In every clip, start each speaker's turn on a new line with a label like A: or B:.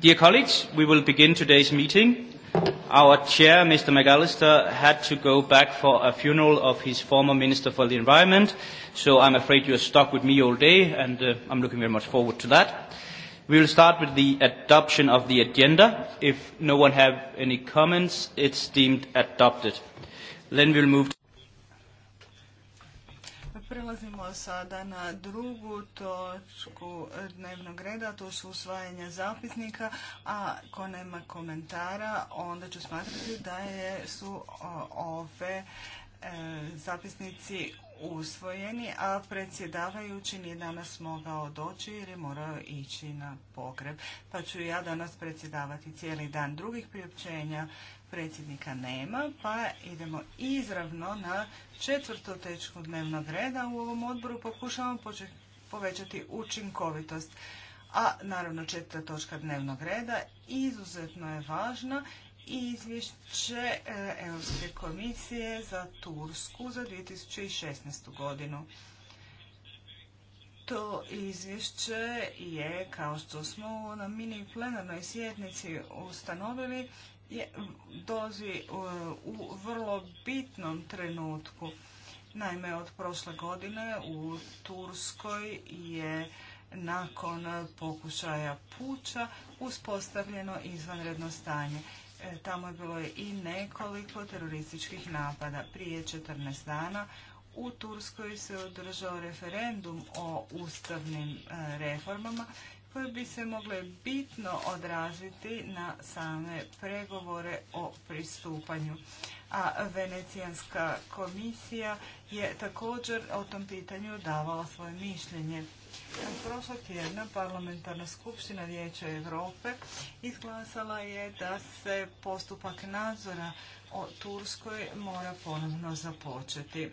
A: Dear colleagues, we will begin today's meeting. Our chair, Mr. McAllister, had to go back for a funeral of his former Minister for the Environment, so I'm afraid you're stuck with me all day, and uh, I'm looking very much forward to that. We will start with the adoption of the agenda. If no one have any comments, it's deemed adopted. Then we'll move to
B: Prelazimo sada na drugu točku dnevnog reda, to su usvajanja zapisnika, a ako nema komentara, onda ću smatrati da je, su ove e, zapisnici usvojeni, a predsjedavajući nije danas mogao doći jer je morao ići na pogreb. Pa ću ja danas predsjedavati cijeli dan drugih priopćenja predsjednika nema, pa idemo izravno na četvrtu tečku dnevnog reda. U ovom odboru pokušavamo povećati učinkovitost. A naravno četvrta točka dnevnog reda izuzetno je važna i izvješće e, Europske komisije za Tursku za 2016. godinu. To izvješće je, kao što smo na mini plenarnoj sjednici ustanovili, je dozi e, u vrlo bitnom trenutku. Naime, od prošle godine u Turskoj je nakon pokušaja puča uspostavljeno izvanredno stanje. E, tamo je bilo i nekoliko terorističkih napada. Prije 14 dana u Turskoj se održao referendum o ustavnim e, reformama koje bi se mogle bitno odraziti na same pregovore o pristupanju. A Venecijanska komisija je također o tom pitanju davala svoje mišljenje. Prošlog tjedna parlamentarna skupština Vijeća Europe izglasala je da se postupak nadzora o Turskoj mora ponovno započeti.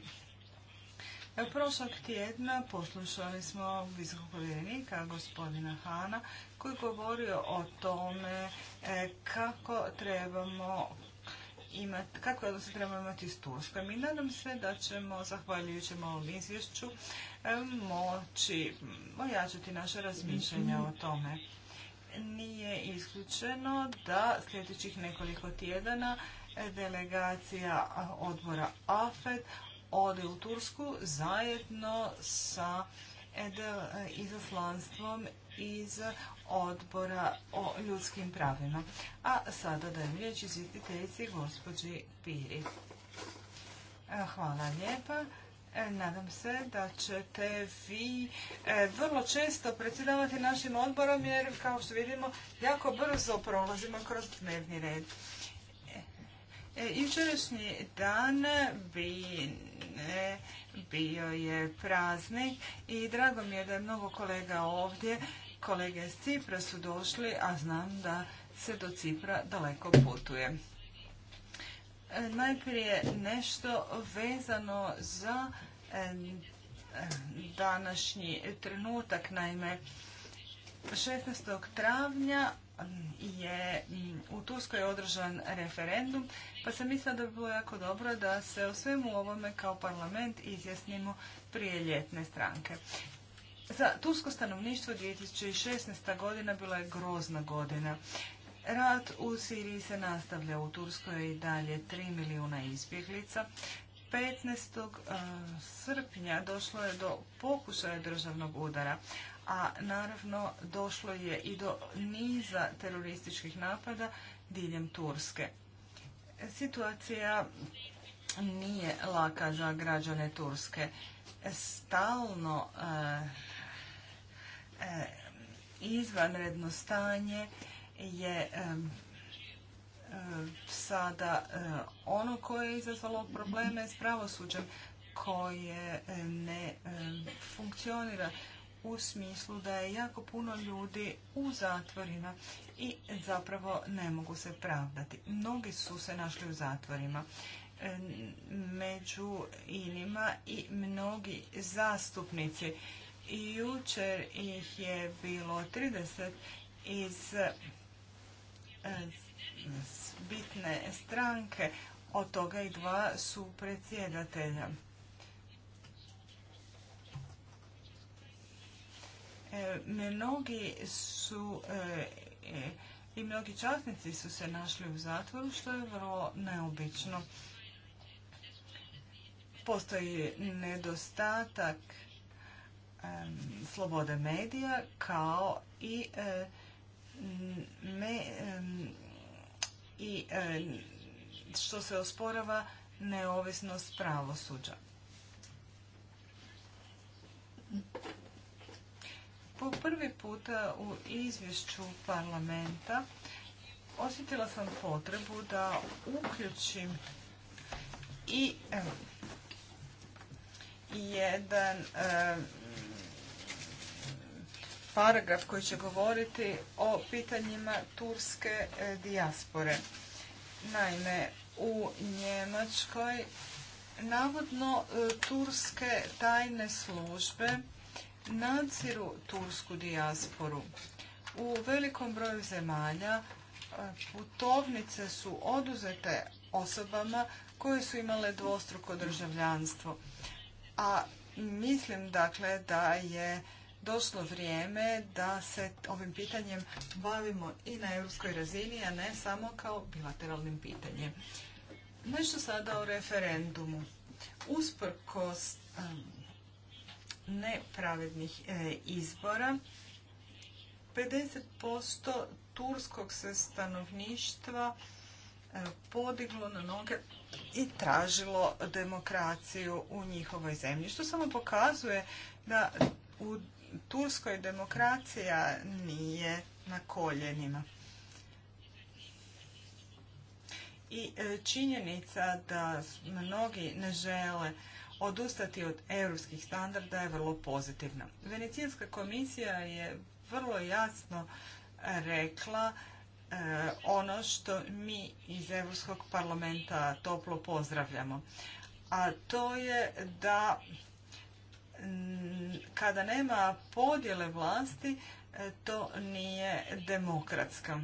B: Prošlog tjedna poslušali smo visokog povjerenika gospodina Hana koji govorio o tome e, kako trebamo imati, kako odnosno trebamo imati s Turskom. I nadam se da ćemo, zahvaljujući ovom izvješću, e, moći ojačati naše razmišljanja o tome. Nije isključeno da sljedećih nekoliko tjedana delegacija odbora AFED, ode u Tursku zajedno sa e, izaslanstvom iz odbora o ljudskim pravima. A sada dajem riječ izvjetiteljici gospođi Piri. E, hvala lijepa. E, nadam se da ćete vi vrlo često predsjedavati našim odborom jer kao što vidimo jako brzo prolazimo kroz dnevni red. Jučerašnji dan bi E, bio je praznik i drago mi je da je mnogo kolega ovdje. Kolege iz Cipra su došli, a znam da se do Cipra daleko putuje. E, najprije nešto vezano za e, današnji trenutak, naime 16. travnja je u Turskoj održan referendum, pa sam mislila da bi bilo jako dobro da se o svemu ovome kao parlament izjasnimo prije ljetne stranke. Za tursko stanovništvo 2016. godina bila je grozna godina. Rat u Siriji se nastavlja, u Turskoj i dalje 3 milijuna izbjeglica. 15. Eh, srpnja došlo je do pokušaja državnog udara, a naravno došlo je i do niza terorističkih napada diljem Turske. Situacija nije laka za građane Turske. Stalno eh, eh, izvanredno stanje je eh, sada ono koje je izazvalo probleme s pravosuđem koje ne funkcionira u smislu da je jako puno ljudi u zatvorima i zapravo ne mogu se pravdati. Mnogi su se našli u zatvorima e, među inima i mnogi zastupnici. I jučer ih je bilo 30 iz e, bitne stranke, od toga i dva su predsjedatelja. E, mnogi su e, e, i mnogi časnici su se našli u zatvoru, što je vrlo neobično. Postoji nedostatak slobode medija kao i i što se osporava neovisnost pravosuđa. Po prvi puta u izvješću parlamenta osjetila sam potrebu da uključim i jedan paragraf koji će govoriti o pitanjima turske e, dijaspore. Naime, u Njemačkoj navodno e, turske tajne službe nadziru tursku dijasporu. U velikom broju zemalja e, putovnice su oduzete osobama koje su imale dvostruko državljanstvo. A mislim dakle da je došlo vrijeme da se ovim pitanjem bavimo i na europskoj razini, a ne samo kao bilateralnim pitanjem. Nešto sada o referendumu. Usprkos nepravednih e, izbora. 50% turskog se stanovništva e, podiglo na noge i tražilo demokraciju u njihovoj zemlji. Što samo pokazuje da u Turskoj demokracija nije na koljenima. I e, činjenica da mnogi ne žele odustati od europskih standarda je vrlo pozitivno. Venecijanska komisija je vrlo jasno rekla e, ono što mi iz Europskog parlamenta toplo pozdravljamo. A to je da kada nema podjele vlasti, e, to nije demokratsko e,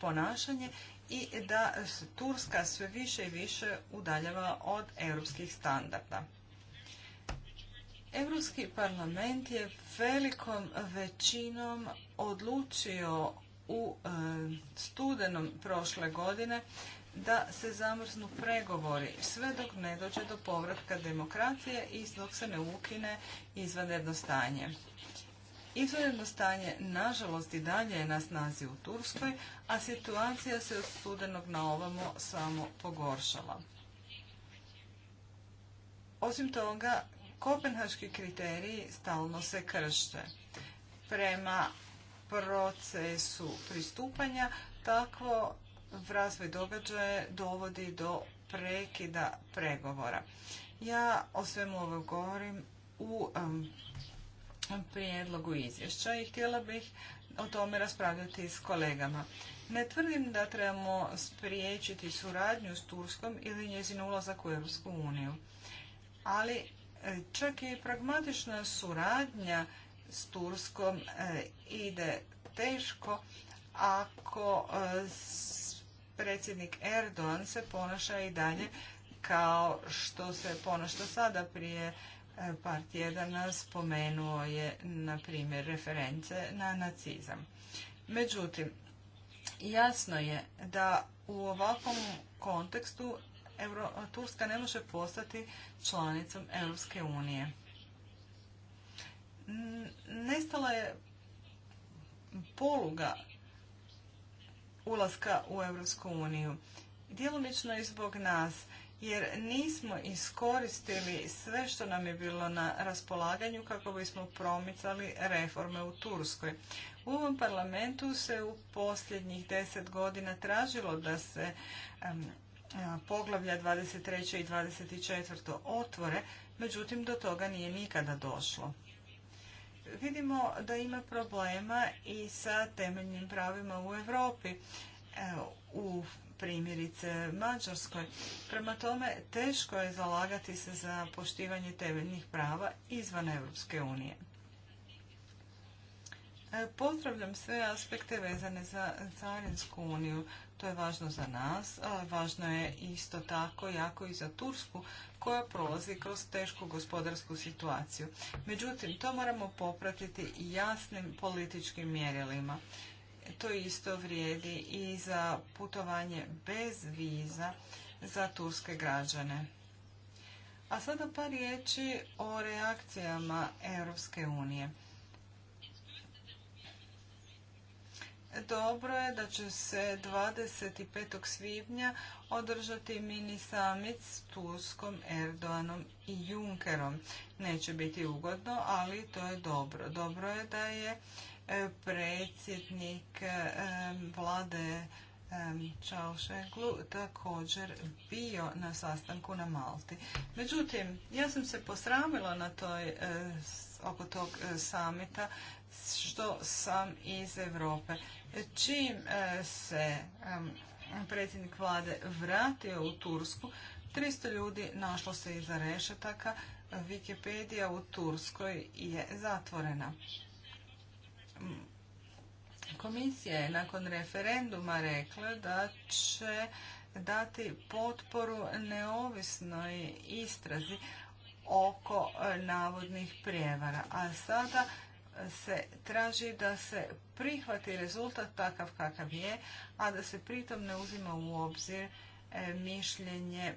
B: ponašanje i da se Turska sve više i više udaljava od europskih standarda. Europski parlament je velikom većinom odlučio u e, studenom prošle godine da se zamrznu pregovori sve dok ne dođe do povratka demokracije i dok se ne ukine izvanredno stanje. Izvanredno stanje, nažalost, i dalje je na snazi u Turskoj, a situacija se od studenog na ovamo samo pogoršala. Osim toga, kopenhaški kriteriji stalno se kršte. Prema procesu pristupanja, takvo razvoj događaje dovodi do prekida pregovora. Ja o svemu ovo govorim u prijedlogu izvješća i htjela bih o tome raspravljati s kolegama. Ne tvrdim da trebamo spriječiti suradnju s Turskom ili njezin ulazak u Europsku uniju. Ali e, čak i pragmatična suradnja s Turskom e, ide teško ako e, predsjednik Erdogan se ponaša i dalje kao što se ponaša sada prije par tjedana spomenuo je, na primjer, reference na nacizam. Međutim, jasno je da u ovakvom kontekstu Turska ne može postati članicom Europske unije. Nestala je poluga ulaska u Europsku uniju. Djelomično i zbog nas, jer nismo iskoristili sve što nam je bilo na raspolaganju kako bismo promicali reforme u Turskoj. U ovom parlamentu se u posljednjih deset godina tražilo da se um, poglavlja 23. i 24. otvore, međutim do toga nije nikada došlo. Vidimo da ima problema i sa temeljnim pravima u Europi. U primjerice Mađarskoj. Prema tome, teško je zalagati se za poštivanje temeljnih prava izvan Europske unije. E, pozdravljam sve aspekte vezane za Carinsku uniju. To je važno za nas, važno je isto tako jako i za Tursku koja prolazi kroz tešku gospodarsku situaciju. Međutim, to moramo popratiti jasnim političkim mjerilima. To isto vrijedi i za putovanje bez viza za turske građane. A sada par riječi o reakcijama Europske unije. Dobro je da će se 25. svibnja održati mini summit s Turskom, Erdoanom i Junkerom. Neće biti ugodno, ali to je dobro. Dobro je da je predsjednik vlade Čaušeglu također bio na sastanku na Malti. Međutim, ja sam se posramila na toj, e, oko tog e, samita što sam iz Europe. Čim e, se predsjednik vlade vratio u Tursku, 300 ljudi našlo se iza rešetaka, Wikipedia u Turskoj je zatvorena. Komisija je nakon referenduma rekla da će dati potporu neovisnoj istrazi oko navodnih prijevara. A sada se traži da se prihvati rezultat takav kakav je, a da se pritom ne uzima u obzir e, mišljenje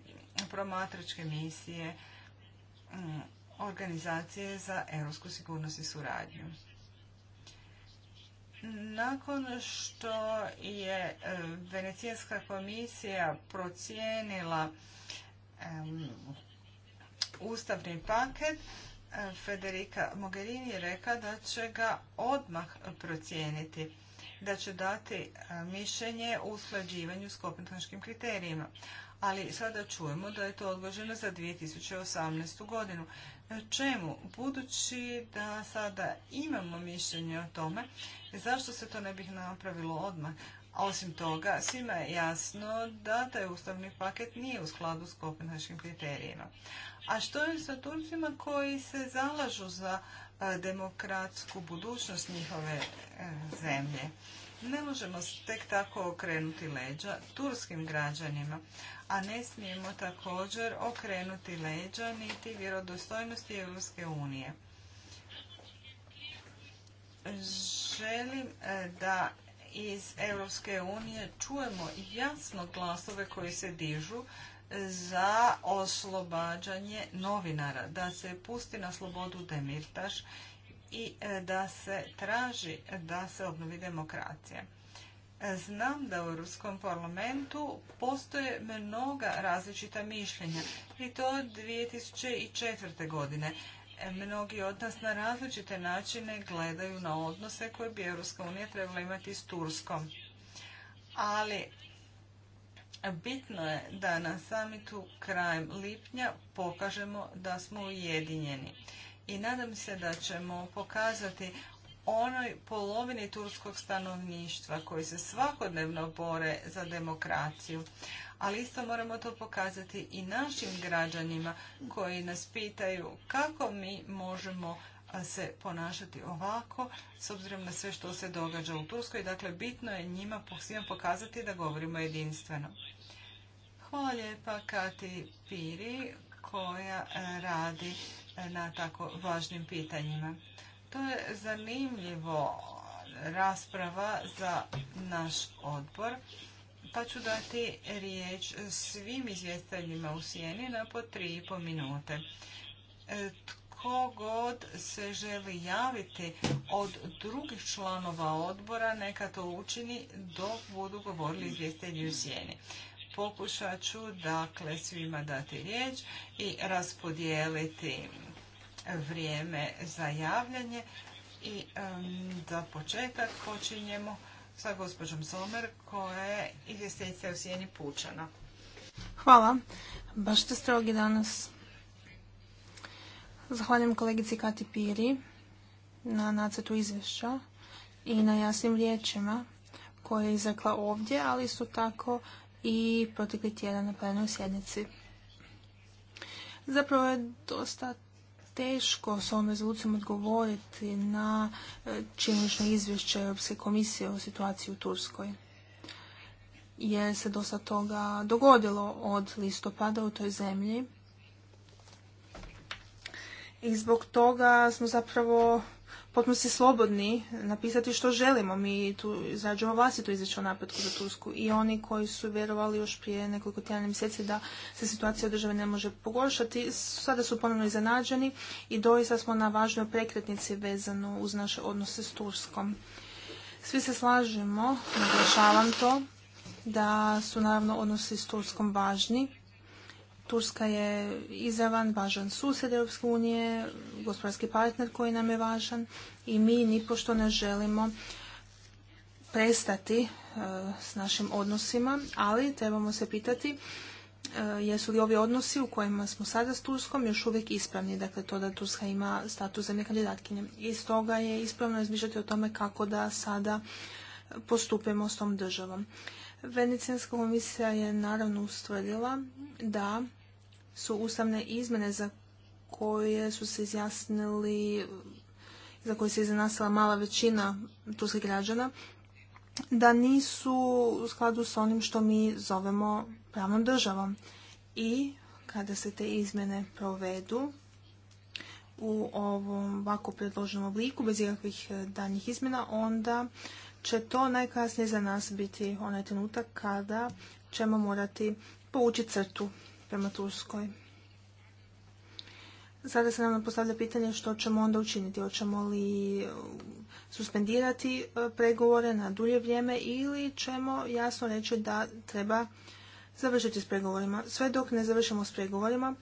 B: promatračke misije mm, organizacije za europsku sigurnost i suradnju. Nakon što je e, Venecijanska komisija procijenila ustavni paket, e, Federica Mogherini je rekla da će ga odmah procijeniti, da će dati e, mišljenje o usklađivanju s kopentanskim kriterijima. Ali sada čujemo da je to odloženo za 2018. godinu čemu? Budući da sada imamo mišljenje o tome, zašto se to ne bih napravilo odmah? osim toga, svima je jasno da taj ustavni paket nije u skladu s kopenhaškim kriterijima. A što je sa Turcima koji se zalažu za e, demokratsku budućnost njihove e, zemlje? Ne možemo tek tako okrenuti leđa turskim građanima a ne smijemo također okrenuti leđa niti vjerodostojnosti Europske unije. Želim e, da iz Europske unije čujemo jasno glasove koji se dižu za oslobađanje novinara, da se pusti na slobodu Demirtaš i e, da se traži da se obnovi demokracija. Znam da u Europskom parlamentu postoje mnoga različita mišljenja i to 2004. godine. Mnogi od nas na različite načine gledaju na odnose koje bi Europska unija trebala imati s Turskom. Ali bitno je da na samitu krajem lipnja pokažemo da smo ujedinjeni. I nadam se da ćemo pokazati onoj polovini turskog stanovništva koji se svakodnevno bore za demokraciju. Ali isto moramo to pokazati i našim građanima koji nas pitaju kako mi možemo se ponašati ovako s obzirom na sve što se događa u Turskoj. Dakle, bitno je njima svima pokazati da govorimo jedinstveno. Hvala lijepa Kati Piri koja e, radi e, na tako važnim pitanjima. To je zanimljivo rasprava za naš odbor. Pa ću dati riječ svim izvjestiteljima u sjeni na po tri i po minute. E, tko god se želi javiti od drugih članova odbora, neka to učini dok budu govorili izvjestitelji u sjeni. Pokušat ću dakle svima dati riječ i raspodijeliti vrijeme za javljanje i za početak počinjemo sa gospođom Somer koja je izvjestiteljica u sjeni Pučana.
C: Hvala. Baš ste strogi danas. Zahvaljujem kolegici Kati Piri na nacetu izvješća i na jasnim riječima koje je izrekla ovdje, ali su tako i protekli tjedan na plenoj sjednici. Zapravo je dosta teško s ovom rezolucijom odgovoriti na e, činjenično izvješće Europske komisije o situaciji u Turskoj. Jer se dosta toga dogodilo od listopada u toj zemlji. I zbog toga smo zapravo potpuno si slobodni napisati što želimo. Mi tu izrađujemo vlastito izvješće o napretku za Tursku i oni koji su vjerovali još prije nekoliko tjedana mjeseci da se situacija u državi ne može pogoršati, sada su ponovno iznenađeni i doista smo na važnoj prekretnici vezano uz naše odnose s Turskom. Svi se slažemo, naglašavam to, da su naravno odnosi s Turskom važni Turska je izavan, važan susjed Europske unije, gospodarski partner koji nam je važan i mi nipošto ne želimo prestati e, s našim odnosima, ali trebamo se pitati e, jesu li ovi odnosi u kojima smo sada s Turskom još uvijek ispravni, dakle to da Turska ima status zemlje kandidatkinje. I stoga je ispravno razmišljati o tome kako da sada postupimo s tom državom. Venecijanska komisija je naravno ustvrdila da su ustavne izmjene za koje su se izjasnili, za koje se izjasnila mala većina turskih građana, da nisu u skladu s onim što mi zovemo pravnom državom. I kada se te izmjene provedu u ovom ovako predloženom obliku, bez ikakvih danjih izmjena, onda će to najkasnije za nas biti onaj trenutak kada ćemo morati povući crtu prema Turskoj. Sada se nam postavlja pitanje što ćemo onda učiniti. Hoćemo li uh, suspendirati uh, pregovore na dulje vrijeme ili ćemo jasno reći da treba završiti s pregovorima. Sve dok ne završimo s pregovorima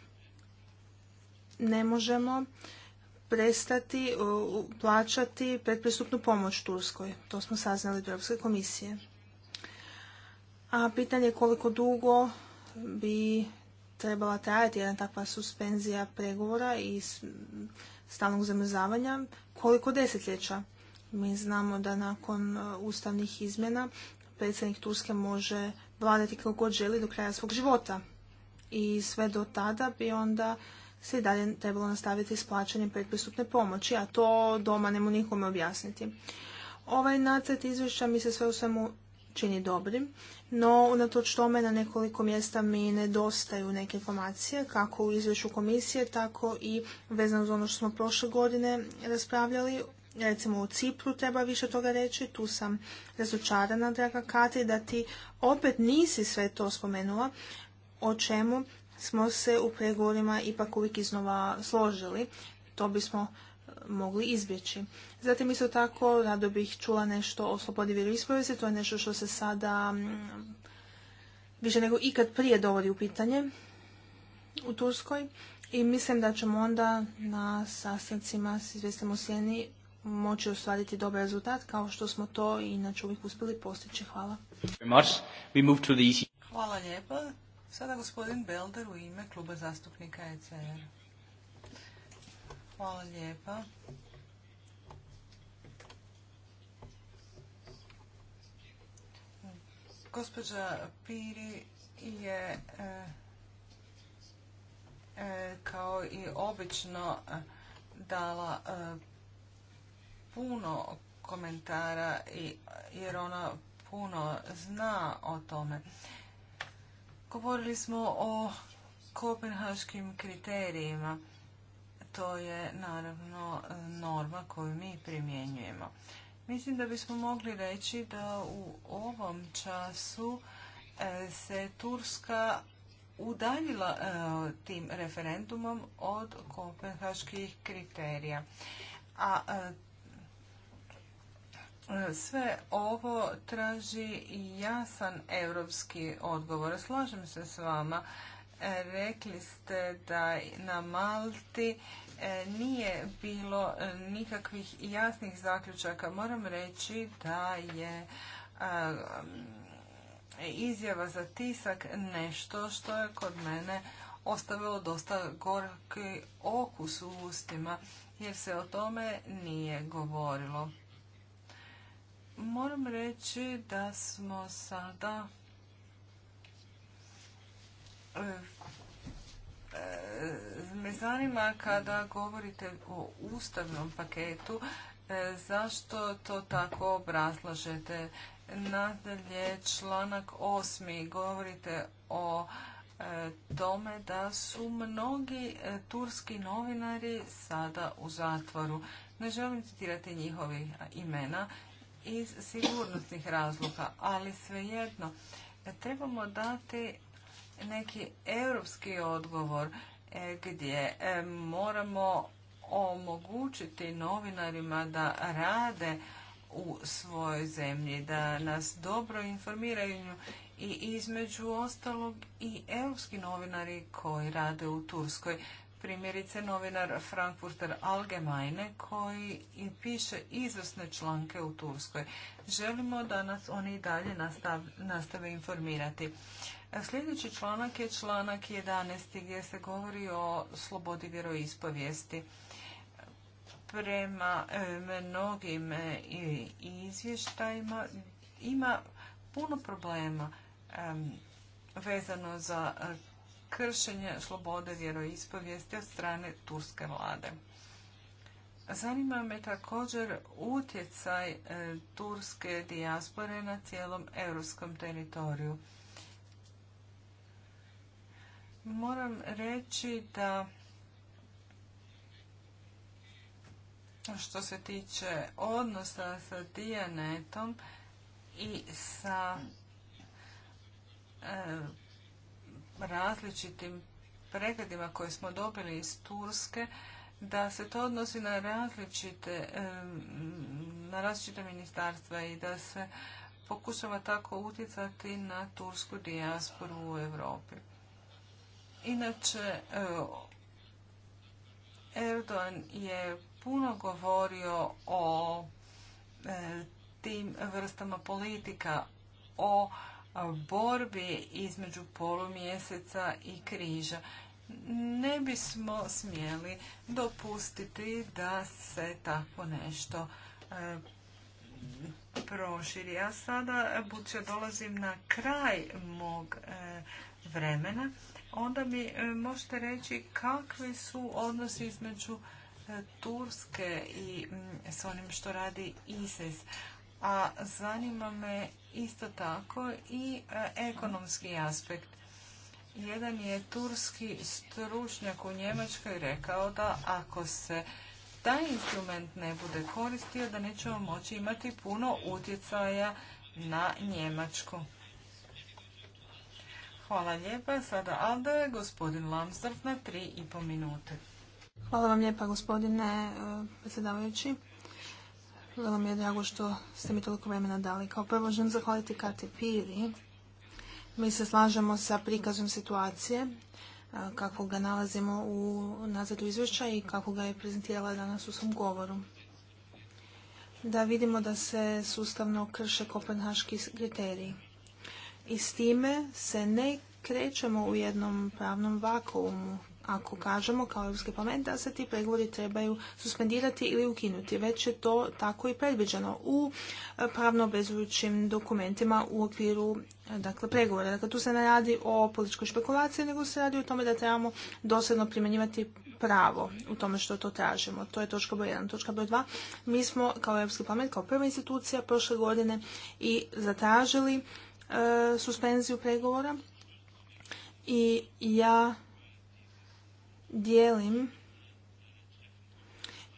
C: ne možemo prestati e, plaćati predpristupnu pomoć Turskoj. To smo saznali od Europske komisije. A pitanje je koliko dugo bi trebala trajati jedna takva suspenzija pregovora i stalnog zamrzavanja, koliko desetljeća. Mi znamo da nakon e, ustavnih izmjena predsjednik Turske može vladati kako god želi do kraja svog života. I sve do tada bi onda se i dalje trebalo nastaviti s plaćanjem pretpristupne pomoći, a to doma nemu nikome objasniti. Ovaj nacrt izvješća mi se sve u svemu čini dobrim, no unatoč tome na nekoliko mjesta mi nedostaju neke informacije, kako u izvješću komisije, tako i vezano uz ono što smo prošle godine raspravljali, recimo u Cipru treba više toga reći, tu sam razočarana, draga Kati, da ti opet nisi sve to spomenula, o čemu smo se u pregovorima ipak uvijek iznova složili. To bismo e, mogli izbjeći. Zatim isto tako rado bih čula nešto o slobodi vjeroispovijesti. To je nešto što se sada više nego ikad prije dovodi u pitanje u Turskoj. I mislim da ćemo onda na sastancima s izvjestem u Sjeni moći ostvariti dobar rezultat, kao što smo to inače uvijek uspjeli postići. Hvala.
A: E
C: Hvala lijepa. Sada gospodin Belder u ime kluba zastupnika ECR.
B: Hvala lijepa. Gospođa Piri je e, e, kao i obično dala e, puno komentara i, jer ona puno zna o tome. Govorili smo o kopenhaškim kriterijima. To je naravno norma koju mi primjenjujemo. Mislim da bismo mogli reći da u ovom času e, se Turska udaljila e, tim referendumom od kopenhaških kriterija. A e, sve ovo traži jasan europski odgovor. Slažem se s vama. E, rekli ste da na Malti e, nije bilo nikakvih jasnih zaključaka. Moram reći da je izjava za tisak nešto što je kod mene ostavilo dosta gorki okus u ustima jer se o tome nije govorilo. Moram reći da smo sada e, e, me zanima kada govorite o ustavnom paketu e, zašto to tako obrazlažete nadalje članak osmi govorite o tome da su mnogi turski novinari sada u zatvoru ne želim citirati njihovi imena iz sigurnosnih razloga, ali svejedno trebamo dati neki europski odgovor e, gdje e, moramo omogućiti novinarima da rade u svojoj zemlji, da nas dobro informiraju i između ostalog i europski novinari koji rade u Turskoj primjerice novinar Frankfurter Allgemeine koji piše izvrsne članke u Turskoj. Želimo da nas oni i dalje nastave informirati. E, sljedeći članak je članak 11. gdje se govori o slobodi vjeroispovijesti. Prema e, mnogim e, izvještajima ima puno problema vezano za kršenje slobode vjeroispovijesti od strane turske vlade. Zanima me također utjecaj e, turske dijaspore na cijelom europskom teritoriju. Moram reći da što se tiče odnosa sa Dijanetom i sa e, različitim pregledima koje smo dobili iz Turske da se to odnosi na različite, na različite ministarstva i da se pokušava tako utjecati na tursku dijasporu u Europi. Inače, e, Erdogan je puno govorio o e, tim vrstama politika, o borbi između polumjeseca i križa. Ne bismo smjeli dopustiti da se tako nešto e, proširi. Ja sada, budući dolazim na kraj mog e, vremena, onda mi e, možete reći kakvi su odnosi između Turske i s onim što radi ISIS a zanima me isto tako i e, ekonomski aspekt. Jedan je turski stručnjak u Njemačkoj rekao da ako se taj instrument ne bude koristio, da nećemo moći imati puno utjecaja na Njemačku. Hvala lijepa. Sada je gospodin Lamsdorf na tri i po minute.
C: Hvala vam lijepa gospodine e, predsjedavajući. Vrlo mi je drago što ste mi toliko vremena dali. Kao prvo želim zahvaliti Kati Piri. Mi se slažemo sa prikazom situacije, kako ga nalazimo u nazadu izvješća i kako ga je prezentirala danas u svom govoru. Da vidimo da se sustavno krše kopenhaški kriteriji. I s time se ne krećemo u jednom pravnom vakuumu ako kažemo kao Europski parlament da se ti pregovori trebaju suspendirati ili ukinuti. Već je to tako i predviđeno u e, pravno obvezujućim dokumentima u okviru e, dakle, pregovora. Dakle, tu se ne radi o političkoj špekulaciji, nego se radi o tome da trebamo dosljedno primjenjivati pravo u tome što to tražimo. To je točka broj 1. Točka broj 2. Mi smo kao Europski parlament, kao prva institucija prošle godine i zatražili e, suspenziju pregovora i ja dijelim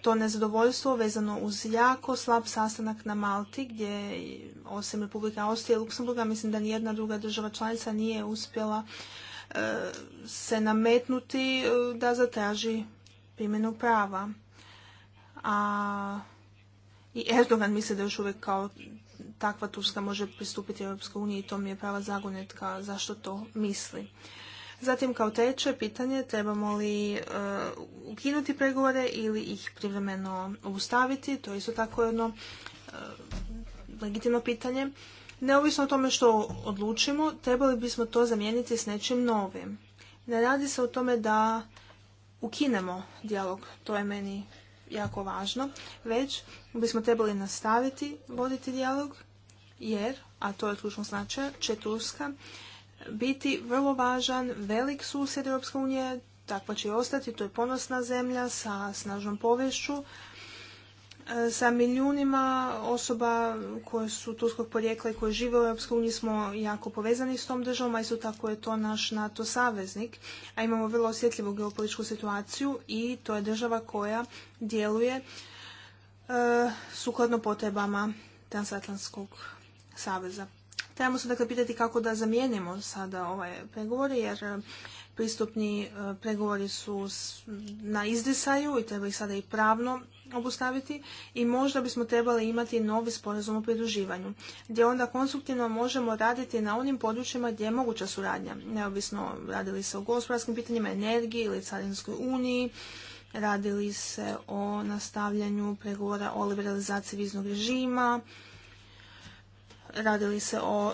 C: to nezadovoljstvo vezano uz jako slab sastanak na Malti gdje osim Republika Austrije i Luksemburga mislim da nijedna druga država članica nije uspjela e, se nametnuti e, da zatraži primjenu prava. A i Erdogan misli da još uvijek kao takva Turska može pristupiti Europskoj uniji i to mi je prava zagonetka zašto to misli. Zatim kao treće pitanje trebamo li e, ukinuti pregovore ili ih privremeno ustaviti? to je isto tako jedno e, legitimno pitanje. Neovisno o tome što odlučimo, trebali bismo to zamijeniti s nečim novim. Ne radi se o tome da ukinemo dijalog, to je meni jako važno, već bismo trebali nastaviti voditi dijalog jer, a to je u značaj, će Turska biti vrlo važan, velik susjed Europske unije, takva će i ostati, to je ponosna zemlja sa snažnom povješću, e, sa milijunima osoba koje su turskog porijekla i koje žive u Europskoj uniji smo jako povezani s tom državom, a isto tako je to naš NATO saveznik, a imamo vrlo osjetljivu geopolitičku situaciju i to je država koja djeluje e, sukladno potrebama Transatlantskog saveza. Trebamo se dakle pitati kako da zamijenimo sada ove ovaj pregovore, jer e, pristupni e, pregovori su na izdisaju i treba ih sada i pravno obustaviti i možda bismo trebali imati novi sporazum o pridruživanju, gdje onda konstruktivno možemo raditi na onim područjima gdje je moguća suradnja, neovisno radili se o gospodarskim pitanjima, energiji ili carinskoj uniji, radili se o nastavljanju pregovora o liberalizaciji viznog režima, radili se o eh,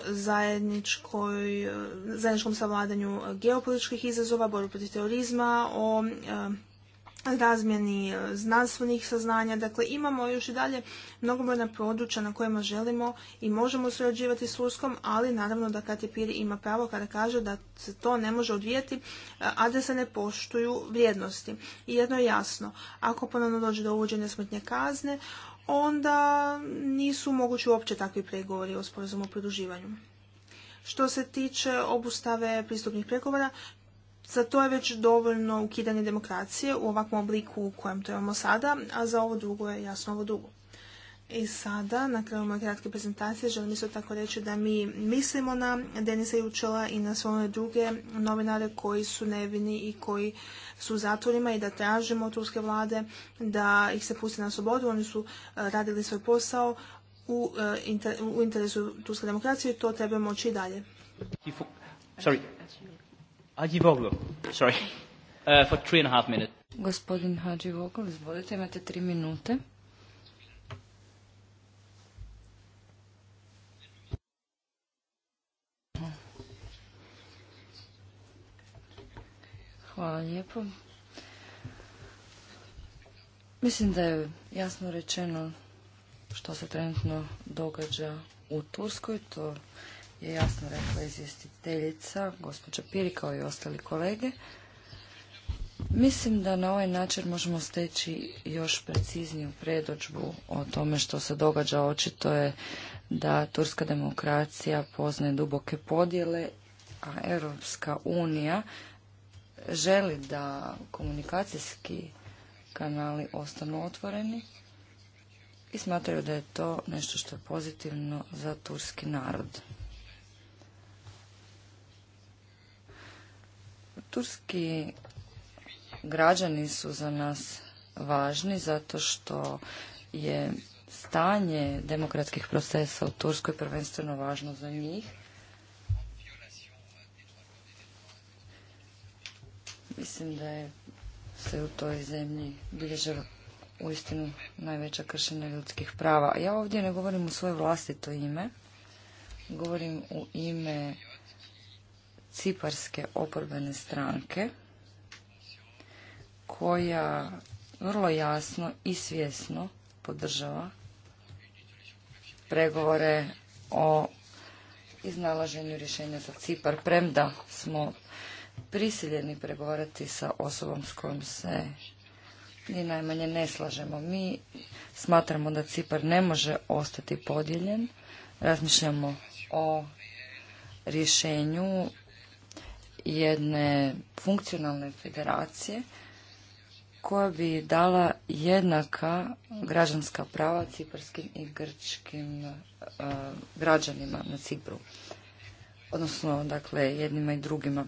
C: zajedničkom savladanju geopolitičkih izazova, boru protiv terorizma, o eh, razmjeni eh, znanstvenih saznanja. Dakle, imamo još i dalje mnogobrojna područja na kojima želimo i možemo surađivati s Turskom, ali naravno da Kati Piri ima pravo kada kaže da se to ne može odvijeti, a da se ne poštuju vrijednosti. I jedno je jasno, ako ponovno dođe do uvođenja smrtnje kazne, onda nisu mogući uopće takvi pregovori o sporazumu o pridruživanju. Što se tiče obustave pristupnih pregovora, za to je već dovoljno ukidanje demokracije u ovakvom obliku u kojem to imamo sada, a za ovo drugo je jasno ovo drugo. I sada, na kraju moje kratke prezentacije, želim isto tako reći da mi mislimo na Denisa Jučela i na sve one druge novinare koji su nevini i koji su u zatvorima i da tražimo od turske vlade da ih se pusti na slobodu. Oni su e, radili svoj posao u, e, interesu turske demokracije i to treba moći i dalje. Gospodin
D: izvolite, imate tri minute. Hvala lijepo. Mislim da je jasno rečeno što se trenutno događa u Turskoj. To je jasno rekla izvjestiteljica, gospođa Piri i ostali kolege. Mislim da na ovaj način možemo steći još precizniju predođbu o tome što se događa. Očito je da turska demokracija poznaje duboke podjele, a Europska unija želi da komunikacijski kanali ostanu otvoreni i smatraju da je to nešto što je pozitivno za turski narod. Turski građani su za nas važni zato što je stanje demokratskih procesa u Turskoj prvenstveno važno za njih Mislim da je se u toj zemlji u uistinu najveća kršenja ljudskih prava. Ja ovdje ne govorim u svoje vlastito ime, govorim u ime Ciparske oporbene stranke koja vrlo jasno i svjesno podržava pregovore o iznalaženju rješenja za Cipar, premda smo prisiljeni pregovarati sa osobom s kojom se ni najmanje ne slažemo. Mi smatramo da Cipar ne može ostati podijeljen. Razmišljamo o rješenju jedne funkcionalne federacije koja bi dala jednaka građanska prava ciparskim i grčkim e, građanima na Cipru. Odnosno, dakle, jednima i drugima.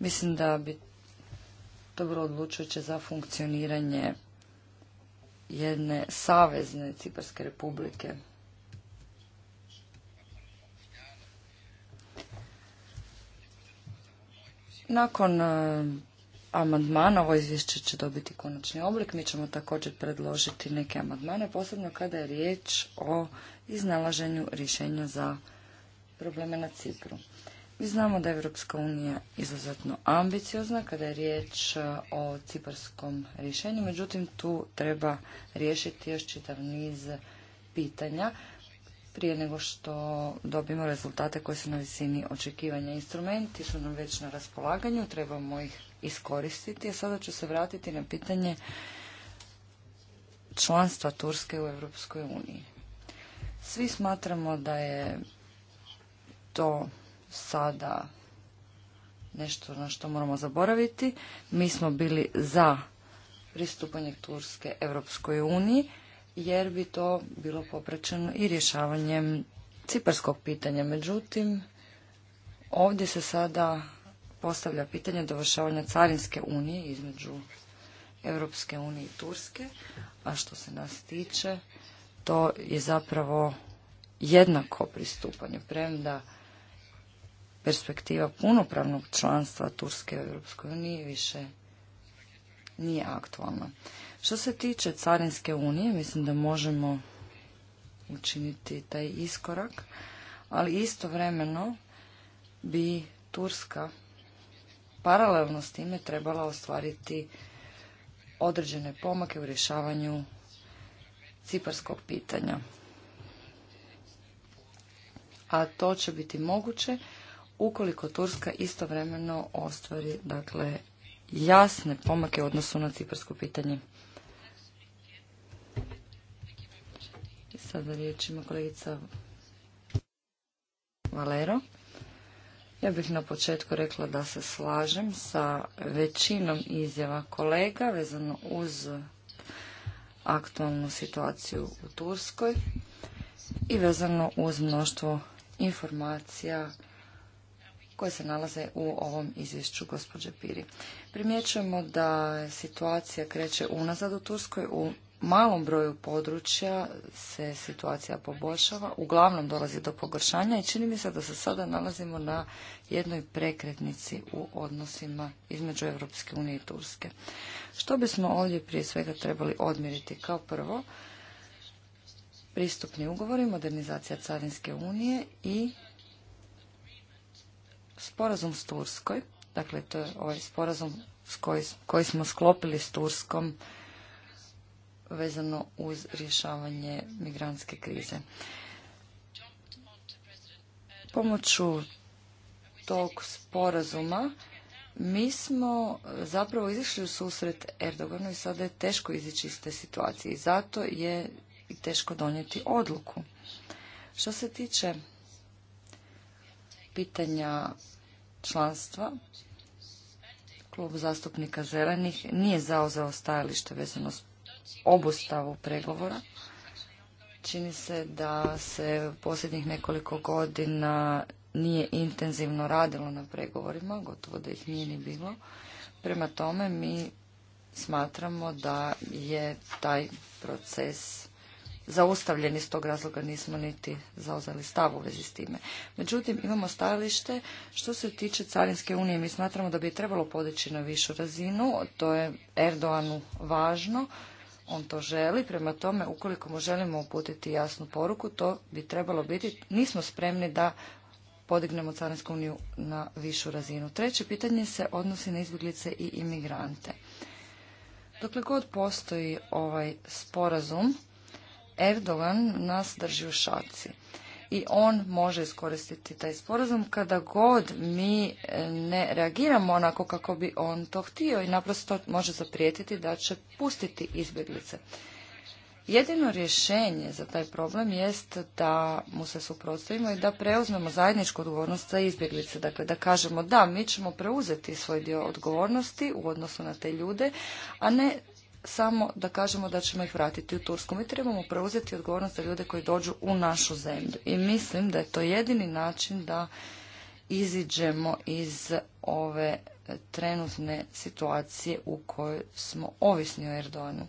D: Mislim da bi dobro bilo odlučujuće za funkcioniranje jedne savezne Ciparske republike. Nakon e, amandmana ovo izvješće će dobiti konačni oblik. Mi ćemo također predložiti neke amandmane, posebno kada je riječ o iznalaženju rješenja za probleme na Cipru. Mi znamo da je Europska unija izuzetno ambiciozna kada je riječ e, o ciparskom rješenju, međutim tu treba riješiti još čitav niz pitanja prije nego što dobimo rezultate koji su na visini očekivanja. Instrumenti su nam već na raspolaganju, trebamo ih iskoristiti. A sada ću se vratiti na pitanje članstva Turske u Europskoj uniji. Svi smatramo da je to sada nešto na što moramo zaboraviti. Mi smo bili za pristupanje Turske Europskoj uniji jer bi to bilo popraćeno i rješavanjem ciparskog pitanja. Međutim, ovdje se sada postavlja pitanje dovršavanja carinske unije između Europske unije i Turske, a što se nas tiče, to je zapravo jednako pristupanje, premda perspektiva punopravnog članstva Turske u Europskoj uniji više nije aktualna. Što se tiče Carinske unije, mislim da možemo učiniti taj iskorak, ali istovremeno bi Turska paralelno s time trebala ostvariti određene pomake u rješavanju ciparskog pitanja. A to će biti moguće ukoliko Turska istovremeno ostvari dakle, jasne pomake u odnosu na ciprsko pitanje. I sada riječ ima kolegica Valero. Ja bih na početku rekla da se slažem sa većinom izjava kolega vezano uz aktualnu situaciju u Turskoj i vezano uz mnoštvo informacija koje se nalaze u ovom izvješću gospođe Piri. Primjećujemo da situacija kreće unazad u Turskoj. U malom broju područja se situacija poboljšava. Uglavnom dolazi do pogoršanja i čini mi se da se sada nalazimo na jednoj prekretnici u odnosima između Europske unije i Turske. Što bismo ovdje prije svega trebali odmjeriti kao prvo? Pristupni ugovori, modernizacija Carinske unije i sporazum s Turskoj, dakle to je ovaj sporazum koji, koji smo sklopili s Turskom vezano uz rješavanje migrantske krize. Pomoću tog sporazuma mi smo zapravo izišli u susret Erdoganu i sada je teško izići iz te situacije i zato je teško donijeti odluku. Što se tiče pitanja članstva, klub zastupnika Zelenih nije zauzeo stajalište vezano s obustavu pregovora. Čini se da se posljednjih nekoliko godina nije intenzivno radilo na pregovorima, gotovo da ih nije ni bilo. Prema tome mi smatramo da je taj proces zaustavljeni, iz tog razloga nismo niti zauzeli stav u vezi s time. Međutim, imamo stajalište što se tiče Carinske unije. Mi smatramo da bi trebalo podići na višu razinu, to je Erdoanu važno, on to želi, prema tome ukoliko mu želimo uputiti jasnu poruku, to bi trebalo biti, nismo spremni da podignemo Carinsku uniju na višu razinu. Treće pitanje se odnosi na izbjeglice i imigrante. Dokle god postoji ovaj sporazum, Erdogan nas drži u šaci i on može iskoristiti taj sporazum kada god mi e, ne reagiramo onako kako bi on to htio i naprosto može zaprijetiti da će pustiti izbjeglice. Jedino rješenje za taj problem jest da mu se suprotstavimo i da preuzmemo zajedničku odgovornost za izbjeglice. Dakle, da kažemo da, mi ćemo preuzeti svoj dio odgovornosti u odnosu na te ljude, a ne samo da kažemo da ćemo ih vratiti u Tursku. Mi trebamo preuzeti odgovornost za ljude koji dođu u našu zemlju. I mislim da je to jedini način da iziđemo iz ove trenutne situacije u kojoj smo ovisni o Erdoganu.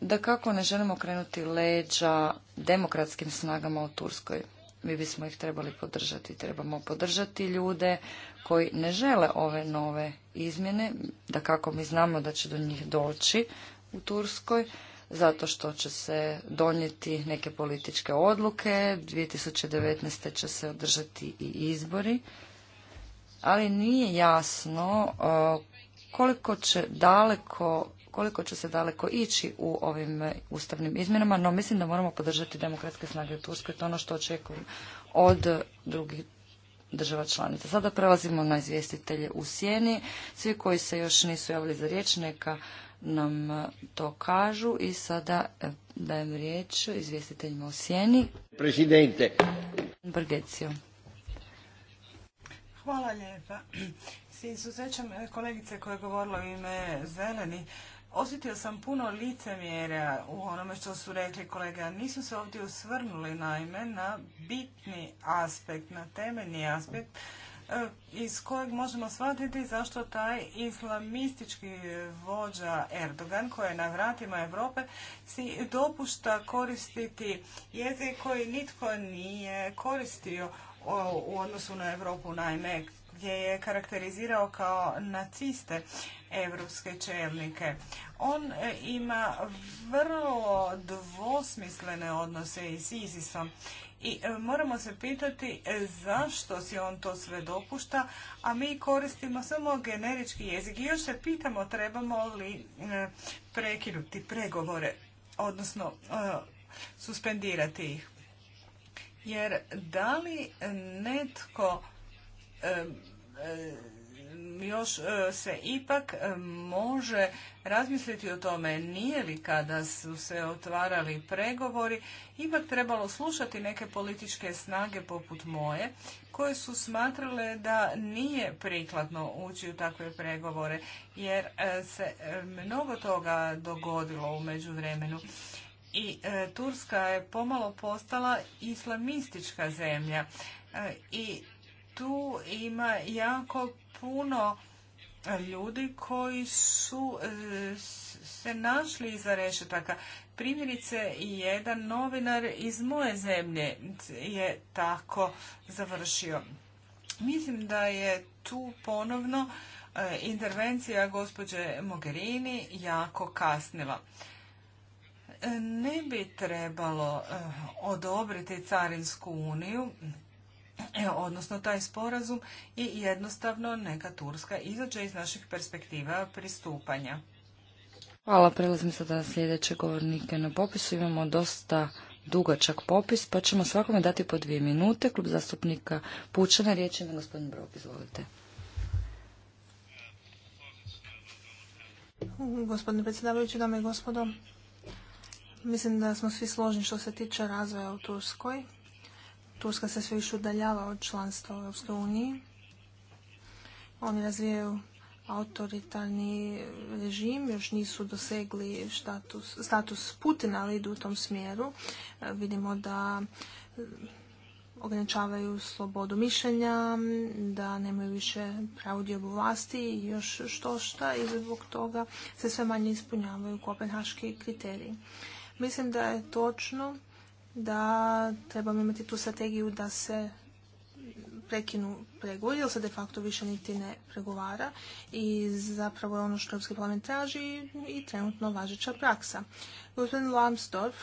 D: Da kako ne želimo krenuti leđa demokratskim snagama u Turskoj. Mi bismo ih trebali podržati. Trebamo podržati ljude koji ne žele ove nove izmjene, da kako mi znamo da će do njih doći u Turskoj, zato što će se donijeti neke političke odluke, 2019. će se održati i izbori, ali nije jasno e, koliko će daleko koliko će se daleko ići u ovim ustavnim izmjenama, no mislim da moramo podržati demokratske snage u Turskoj, to je ono što očekujem od drugih država članica. Sada prelazimo na izvjestitelje u sjeni. Svi koji se još nisu javili za riječ, neka nam to kažu i sada e, dajem riječ izvjestiteljima u sjeni. Presidente. Brgecio.
B: Hvala lijepa. S izuzećem e, kolegice koja je govorila u ime zeleni, Osjetio sam puno licemjera u onome što su rekli kolega. Nisu se ovdje usvrnuli naime na bitni aspekt, na temeljni aspekt e, iz kojeg možemo shvatiti zašto taj islamistički vođa Erdogan koji je na vratima Europe si dopušta koristiti jezik koji nitko nije koristio u odnosu na Europu naime gdje je karakterizirao kao naciste europske čelnike. On e, ima vrlo dvosmislene odnose i s Izisom i e, moramo se pitati e, zašto si on to sve dopušta, a mi koristimo samo generički jezik. I još se pitamo trebamo li prekinuti pregovore, odnosno suspendirati ih. Jer da li netko još e, se ipak e, može razmisliti o tome nije li kada su se otvarali pregovori ipak trebalo slušati neke političke snage poput moje koje su smatrale da nije prikladno ući u takve pregovore jer e, se mnogo toga dogodilo u međuvremenu i Turska je pomalo postala islamistička zemlja i tu ima jako puno ljudi koji su e, se našli iza rešetaka. Primjerice, jedan novinar iz moje zemlje je tako završio. Mislim da je tu ponovno e, intervencija gospođe Mogherini jako kasnila. E, ne bi trebalo odobriti Carinsku uniju odnosno taj sporazum i jednostavno neka Turska izađe iz naših perspektiva pristupanja.
D: Hvala, prelazim sada na sljedeće govornike na popisu. Imamo dosta dugačak popis, pa ćemo svakome dati po dvije minute. Klub zastupnika Pučana, riječ ima gospodin Brok, izvolite.
C: Gospodine predsjedavajući, dame i gospodo, mislim da smo svi složni što se tiče razvoja u Turskoj Turska se sve više udaljava od članstva u unije. Oni razvijaju autoritarni režim, još nisu dosegli status, status Putina, ali idu u tom smjeru. E, vidimo da e, ograničavaju slobodu mišljenja, da nemaju više pravu vlasti i još što šta i zbog toga se sve manje ispunjavaju kopenhaški kriteriji. Mislim da je točno da trebamo imati tu strategiju da se prekinu pregovori, jer se de facto više niti ne pregovara i zapravo je ono što Europski parlament traži i trenutno važeća praksa. Gospodin Lambsdorff,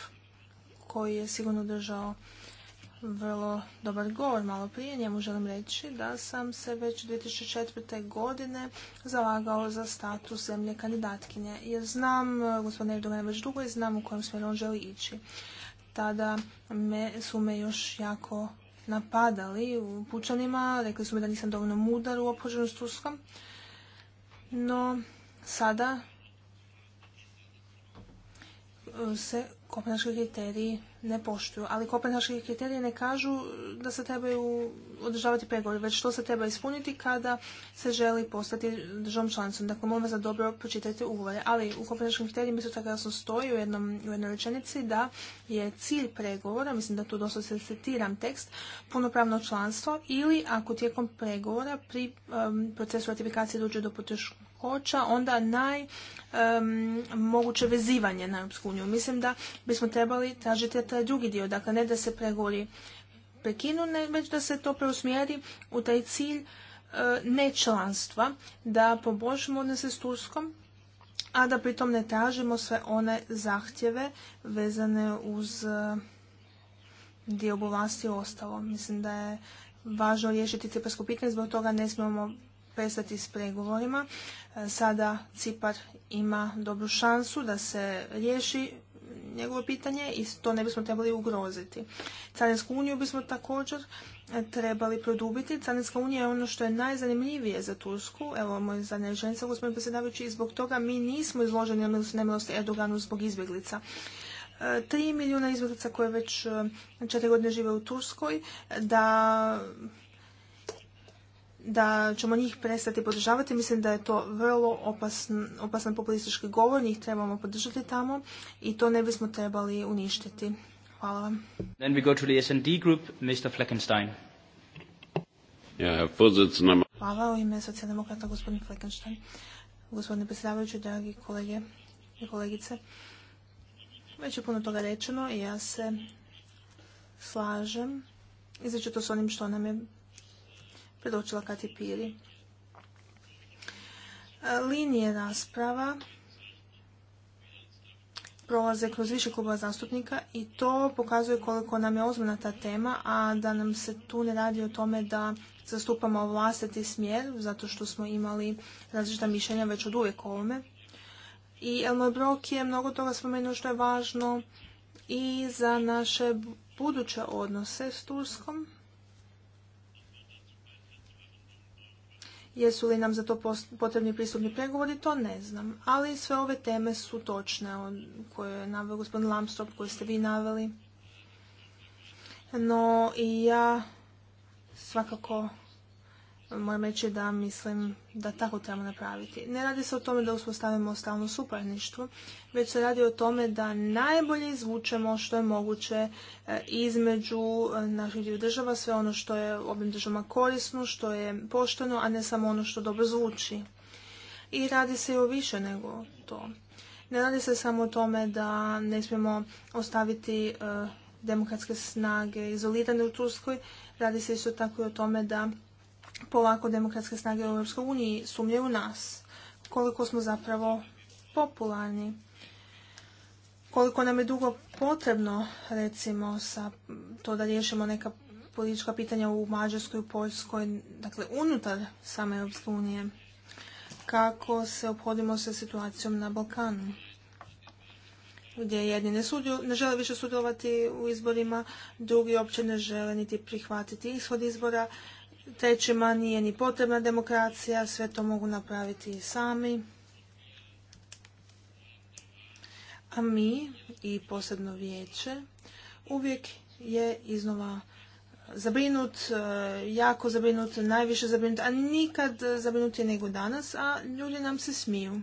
C: koji je sigurno držao vrlo dobar govor malo prije, njemu želim reći da sam se već 2004. godine zalagao za status zemlje kandidatkinje, jer znam gospodine Erdogan već dugo i znam u kojem smjeru on želi ići tada me, su me još jako napadali u pučanima, rekli su mi da nisam dovoljno mudar u opođenu s Turskom. No, sada e, se kopnački kriteriji ne poštuju. Ali kopenhaški kriteriji ne kažu da se trebaju održavati pregovori, već što se treba ispuniti kada se želi postati državom članicom. Dakle, molim vas da dobro pročitajte ugovore. Ali u kopenhaškim kriterijima isto tako jasno stoji u, jednom, jednoj rečenici da je cilj pregovora, mislim da tu dosta se citiram tekst, punopravno članstvo ili ako tijekom pregovora pri um, procesu ratifikacije dođe do poteškoća hoća onda naj moguće vezivanje na Europsku uniju. Mislim da bismo trebali tražiti taj drugi dio, dakle ne da se pregovori prekinu, ne, već da se to preusmjeri u taj cilj uh, nečlanstva, da poboljšamo odnose s Turskom, a da pritom ne tražimo sve one zahtjeve vezane uz e, dio vlasti i ostalo. Mislim da je važno riješiti ciparsko pitanje, zbog toga ne smijemo prestati s pregovorima. E, sada Cipar ima dobru šansu da se riješi njegovo pitanje i to ne bismo trebali ugroziti. Carinsku uniju bismo također e, trebali produbiti. Carinska unija je ono što je najzanimljivije za Tursku. Evo, moj zanečenica, gospodin predsjedavajući, i zbog toga mi nismo izloženi nemilosti Erdoganu zbog izbjeglica. E, tri milijuna izbjeglica koje već četiri godine žive u Turskoj, da da ćemo njih prestati podržavati. Mislim da je to vrlo opasan, opasan populistički govor, njih trebamo podržati tamo i to ne bismo trebali uništiti. Hvala vam.
A: Then we go to the S&D group, Mr. Fleckenstein.
C: Hvala u ime socijaldemokrata gospodin Fleckenstein. Gospodine predsjedavajući, dragi kolege i kolegice, već je puno toga rečeno i ja se slažem to s onim što nam je predočila Kati Piri. Linije rasprava prolaze kroz više kluba zastupnika i to pokazuje koliko nam je ozbiljna ta tema, a da nam se tu ne radi o tome da zastupamo vlastiti smjer, zato što smo imali različita mišljenja već od uvijek ovome. I Elmar Brok je mnogo toga spomenuo što je važno i za naše buduće odnose s Turskom. Jesu li nam za to potrebni pristupni pregovori, to ne znam. Ali sve ove teme su točne, koje je naveo gospodin Lamstop, koje ste vi naveli. No i ja svakako moram reći da mislim da tako trebamo napraviti. Ne radi se o tome da uspostavimo stalno suparništvo, već se radi o tome da najbolje izvučemo što je moguće e, između e, naših dviju država, sve ono što je ovim državama korisno, što je pošteno, a ne samo ono što dobro zvuči. I radi se i o više nego to. Ne radi se samo o tome da ne smijemo ostaviti e, demokratske snage izolirane u Turskoj, radi se isto tako i o tome da polako demokratske snage u EU sumnjaju u nas. Koliko smo zapravo popularni. Koliko nam je dugo potrebno, recimo, sa to da riješimo neka politička pitanja u Mađarskoj, u Poljskoj, dakle unutar same Europske unije. Kako se obhodimo sa situacijom na Balkanu? gdje jedni ne, sudju, ne žele više sudjelovati u izborima, drugi uopće ne žele niti prihvatiti ishod izbora trećima nije ni potrebna demokracija, sve to mogu napraviti sami. A mi i posebno vijeće uvijek je iznova zabrinut, e, jako zabrinut, najviše zabrinut, a nikad zabrinut je nego danas, a ljudi nam se smiju.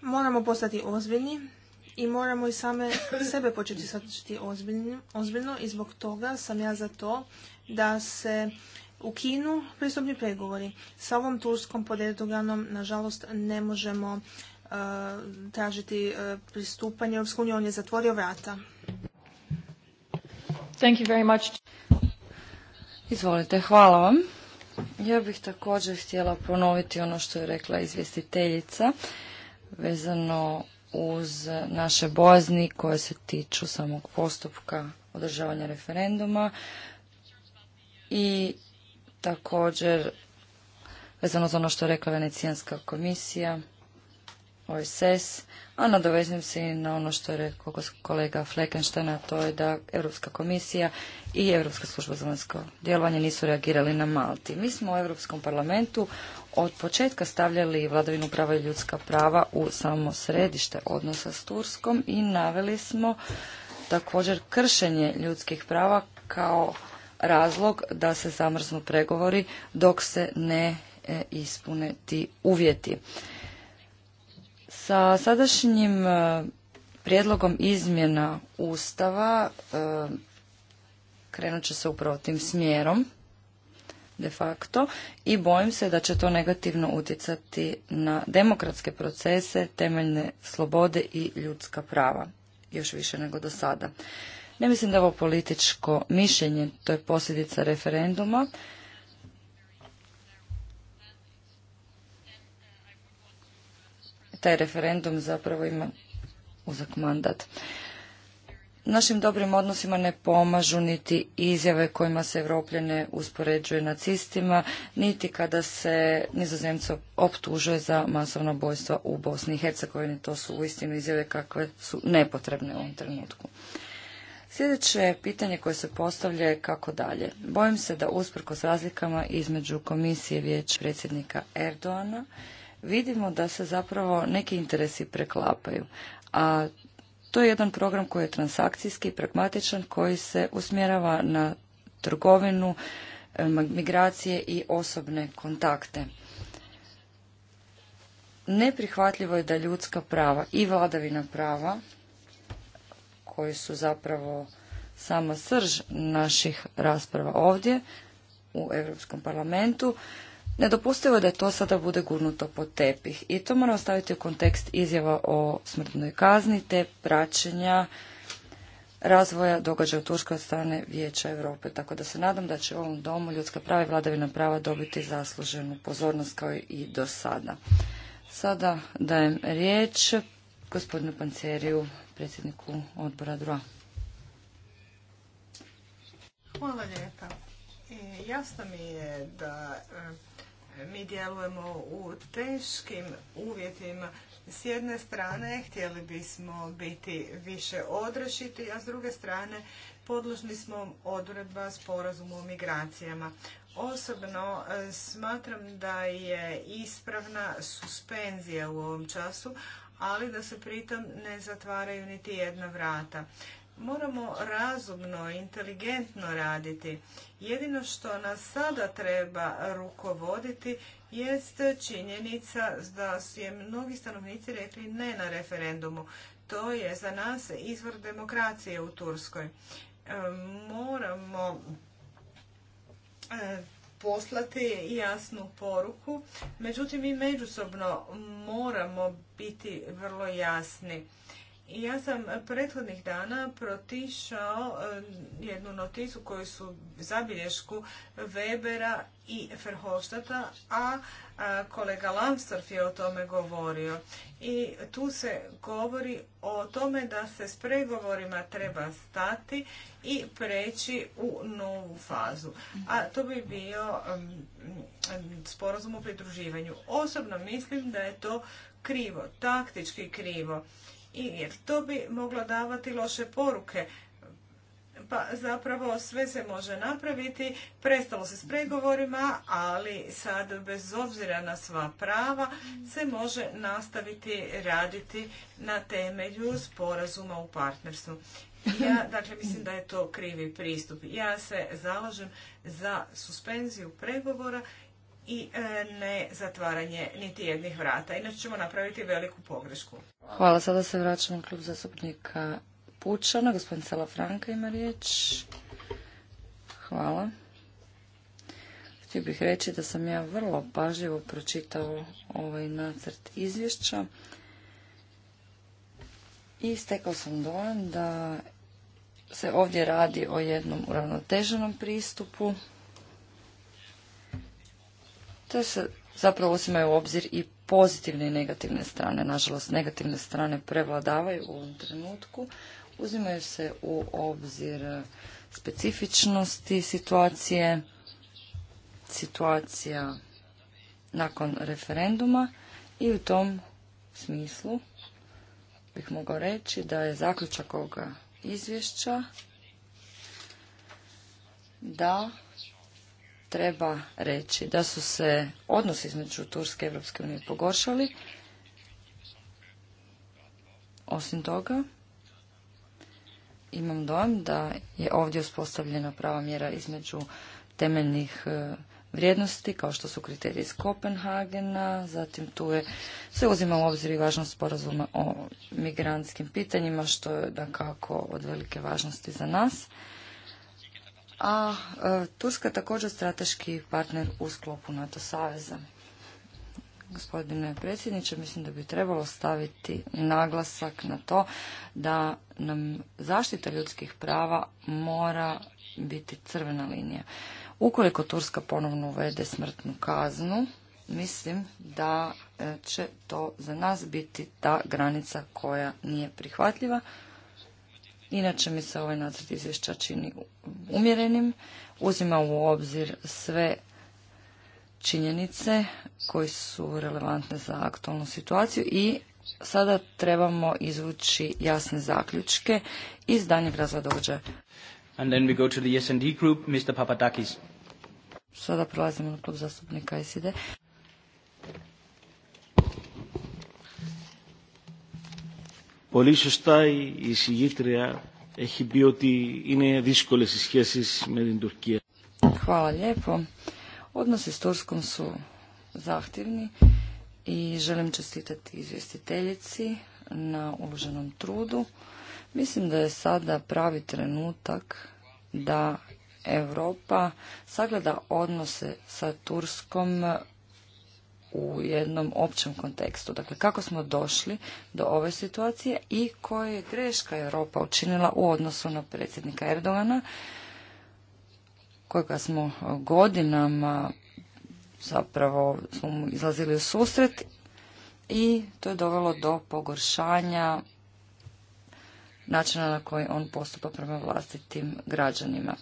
C: Moramo postati ozbiljni i moramo i same sebe početi sačiti ozbiljno i zbog toga sam ja za to da se ukinu pristupni pregovori. Sa ovom Turskom pod nažalost, ne možemo e, tražiti e, pristupanje Europske On je zatvorio vrata.
D: Thank Izvolite, hvala vam. Ja bih također htjela ponoviti ono što je rekla izvjestiteljica vezano uz naše bojazni koje se tiču samog postupka održavanja referenduma i također vezano za ono što je rekla Venecijanska komisija, OSS, a nadovezim se i na ono što je rekao kolega Fleckenstein, a to je da Europska komisija i Europska služba za vanjsko djelovanje nisu reagirali na Malti. Mi smo u Europskom parlamentu od početka stavljali vladavinu prava i ljudska prava u samo središte odnosa s Turskom i naveli smo također kršenje ljudskih prava kao razlog da se zamrznu pregovori dok se ne e, ispune ti uvjeti. Sa sadašnjim e, prijedlogom izmjena Ustava e, krenut će se upravo tim smjerom de facto i bojim se da će to negativno utjecati na demokratske procese, temeljne slobode i ljudska prava još više nego do sada. Ne mislim da je ovo političko mišljenje, to je posljedica referenduma. Taj referendum zapravo ima uzak mandat. Našim dobrim odnosima ne pomažu niti izjave kojima se Evropljene uspoređuje nacistima, niti kada se nizozemco optužuje za masovno bojstvo u Bosni i Hercegovini. To su uistinu izjave kakve su nepotrebne u ovom trenutku. Sljedeće pitanje koje se postavlja je kako dalje. Bojim se da s razlikama između komisije vijeć predsjednika Erdoana vidimo da se zapravo neki interesi preklapaju, a to je jedan program koji je transakcijski i pragmatičan, koji se usmjerava na trgovinu, e, migracije i osobne kontakte. Neprihvatljivo je da ljudska prava i vladavina prava koji su zapravo sama srž naših rasprava ovdje u Europskom parlamentu. Nedopustivo je da to sada bude gurnuto pod tepih i to moramo staviti u kontekst izjava o smrtnoj kazni te praćenja razvoja događaja u Turskoj od strane Vijeća Europe. Tako da se nadam da će u ovom domu ljudska prava i vladavina prava dobiti zasluženu pozornost kao i do sada. Sada dajem riječ gospodinu Panceriju, predsjedniku odbora DROA.
B: Hvala lijepa. E, jasno mi je da e, mi djelujemo u teškim uvjetima. S jedne strane htjeli bismo biti više odrešiti, a s druge strane podložni smo odredba sporazumu o migracijama. Osobno e, smatram da je ispravna suspenzija u ovom času, ali da se pritom ne zatvaraju niti jedna vrata. Moramo razumno, inteligentno raditi. Jedino što nas sada treba rukovoditi jest činjenica da su je mnogi stanovnici rekli ne na referendumu. To je za nas izvor demokracije u Turskoj. E, moramo e, poslati jasnu poruku. Međutim, mi međusobno moramo biti vrlo jasni. Ja sam prethodnih dana protišao eh, jednu noticu koju su zabilješku Webera i Ferhoštata, a kolega Lamstorf je o tome govorio. I tu se govori o tome da se s pregovorima treba stati i preći u novu fazu. A to bi bio sporazum o pridruživanju. Osobno mislim da je to krivo, taktički krivo jer to bi moglo davati loše poruke. Pa zapravo sve se može napraviti, prestalo se s pregovorima, ali sad bez obzira na sva prava se može nastaviti raditi na temelju sporazuma u partnerstvu. Ja, dakle, mislim da je to krivi pristup. Ja se zalažem za suspenziju pregovora i e, ne zatvaranje niti jednih vrata. Inače ćemo napraviti veliku pogrešku. Hvala.
D: Sada se vraćamo klub zastupnika Pučana. Gospodin Franka ima riječ. Hvala. Htio bih reći da sam ja vrlo pažljivo pročitao ovaj nacrt izvješća i stekao sam dojam da se ovdje radi o jednom uravnoteženom pristupu to se zapravo uzimaju u obzir i pozitivne i negativne strane. Nažalost, negativne strane prevladavaju u ovom trenutku. Uzimaju se u obzir specifičnosti situacije, situacija nakon referenduma i u tom smislu bih mogao reći da je zaključak ovoga izvješća da treba reći da su se odnosi između Turske i Europske unije pogoršali. Osim toga, imam dojam da je ovdje uspostavljena prava mjera između temeljnih e, vrijednosti, kao što su kriteriji iz Kopenhagena, zatim tu je, sve uzima u obzir i važnost sporazuma o migrantskim pitanjima, što je da kako od velike važnosti za nas a e, Turska je također strateški partner u sklopu NATO saveza. Gospodine predsjedniče, mislim da bi trebalo staviti naglasak na to da nam zaštita ljudskih prava mora biti crvena linija. Ukoliko Turska ponovno uvede smrtnu kaznu, mislim da e, će to za nas biti ta granica koja nije prihvatljiva Inače mi se ovaj nacrt izvješća čini umjerenim, uzima u obzir sve činjenice koje su relevantne za aktualnu situaciju i sada trebamo izvući jasne zaključke iz danjeg razloga događaja. And Sada prelazimo na klub zastupnika SID.
A: Πολύ σωστά η συγγήτρια έχει
D: Hvala lijepo. Odnosi s Turskom su zahtjevni i želim čestitati izvjestiteljici na uloženom trudu. Mislim da je sada pravi trenutak da Europa sagleda odnose sa Turskom u jednom općem kontekstu. Dakle, kako smo došli do ove situacije i koje je greška Europa učinila u odnosu na predsjednika Erdogana, kojega smo godinama zapravo smo mu izlazili u susret i to je dovelo do pogoršanja načina na koji on postupa prema vlastitim građanima.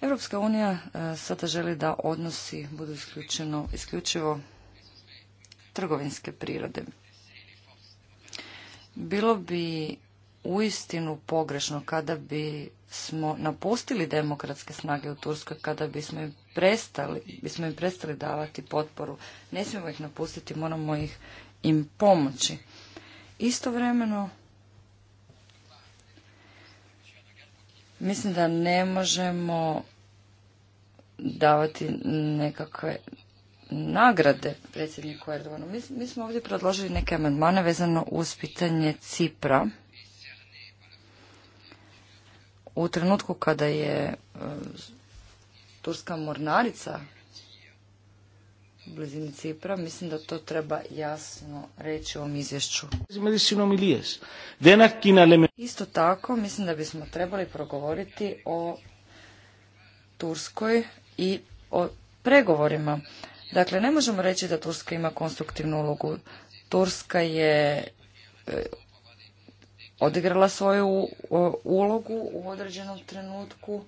D: Europska unija e, sada želi da odnosi budu isključeno, isključivo trgovinske prirode. Bilo bi uistinu pogrešno kada bi smo napustili demokratske snage u Turskoj, kada bismo im prestali, bismo im prestali davati potporu. Ne smijemo ih napustiti, moramo ih im pomoći. Istovremeno mislim da ne možemo davati nekakve nagrade predsjedniku Erdoganu. Mi, mi smo ovdje predložili neke amandmane vezano uz pitanje Cipra. U trenutku kada je e, turska mornarica u blizini Cipra, mislim da to treba jasno reći u ovom izvješću. Isto tako, mislim da bismo trebali progovoriti o Turskoj i o pregovorima Dakle, ne možemo reći da Turska ima konstruktivnu ulogu. Turska je e, odigrala svoju e, ulogu u određenom trenutku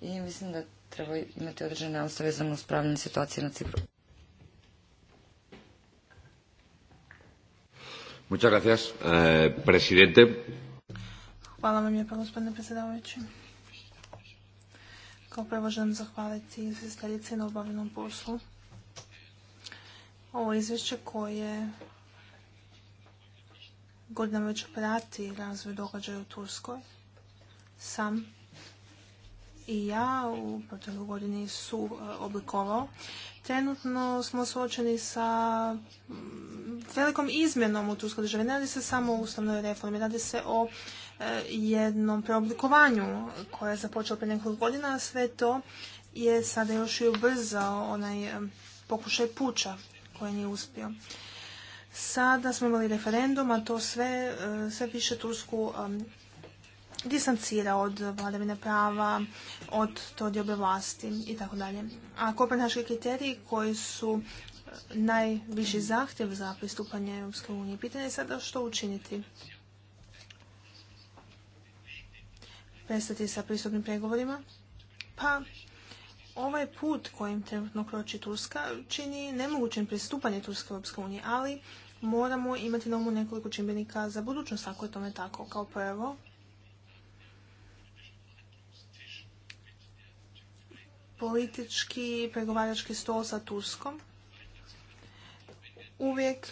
D: i mislim da treba imati određene jamstva vezano uspravljanje situacije na Cipru.
A: Muchas gracias, eh, presidente.
C: Hvala vam lijepa, gospodine predsjedavajući. Kao prvo želim zahvaliti izvjestiteljici na obavljenom poslu ovo izvješće koje godinama već prati razvoj događaja u Turskoj. Sam i ja u protekloj godini su e, oblikovao. Trenutno smo suočeni sa mm, velikom izmjenom u Turskoj državi. Ne radi se samo o ustavnoj reformi, radi se o e, jednom preoblikovanju koje je započelo pre nekoliko godina, a sve to je sada još i ubrzao onaj e, pokušaj puča koji nije uspio. Sada smo imali referendum, a to sve, e, više Tursku distancira od vladavine prava, od trodiobe vlasti i tako dalje. A kopenhaški kriteriji koji su e, najviši zahtjev za pristupanje Europske unije. Pitanje je sada što učiniti. Prestati sa pristupnim pregovorima? Pa Ovaj put kojim trenutno kroči Turska čini nemogućim pristupanje Turske u Europskoj uniji, ali moramo imati na umu nekoliko čimbenika za budućnost ako je tome tako. Kao prvo, politički pregovarački stol sa Turskom uvijek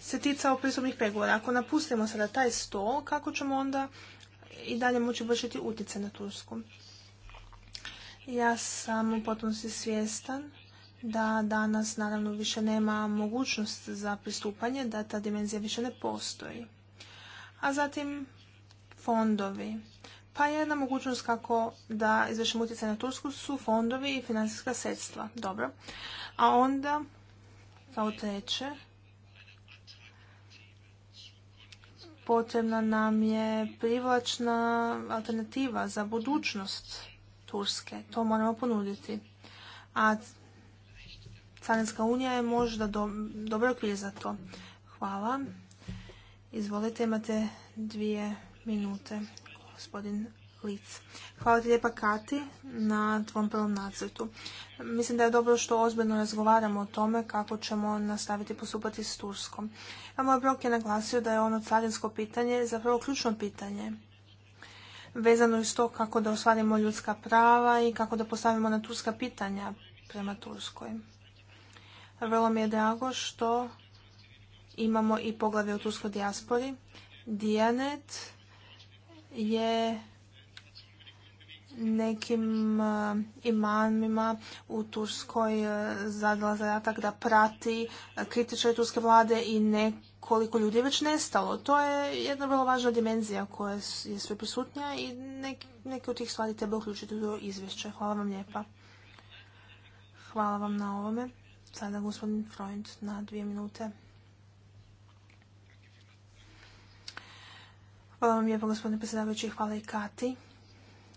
C: se ticao pristupnih pregovora. Ako napustimo sada taj stol, kako ćemo onda i dalje moći vršiti utjecaj na Tursku? Ja sam u potpunosti svjestan da danas naravno više nema mogućnost za pristupanje, da ta dimenzija više ne postoji. A zatim fondovi. Pa jedna mogućnost kako da izvršimo utjecaj na Tursku su fondovi i financijska sredstva. Dobro. A onda, kao treće, potrebna nam je privlačna alternativa za budućnost Turske. To moramo ponuditi. A Carinska unija je možda dobro okvir za to. Hvala. Izvolite, imate dvije minute, gospodin Lic. Hvala ti lijepa, Kati, na tvom prvom nacrtu. Mislim da je dobro što ozbiljno razgovaramo o tome kako ćemo nastaviti postupati s Turskom. A moj brok je naglasio da je ono carinsko pitanje zapravo ključno pitanje vezano uz to kako da ostvarimo ljudska prava i kako da postavimo na turska pitanja prema Turskoj. Vrlo mi je drago što imamo i poglavlje u turskoj dijaspori. Dijanet je nekim eh, imamima u Turskoj eh, zadala zadatak da prati eh, kritičare turske vlade i neke koliko ljudi je već nestalo. To je jedna vrlo važna dimenzija koja je sve prisutnija i neke, od tih stvari treba uključiti u izvješće. Hvala vam lijepa. Hvala vam na ovome. Sada gospodin Freund na dvije minute. Hvala vam lijepo gospodine predsjedavajući, hvala i Kati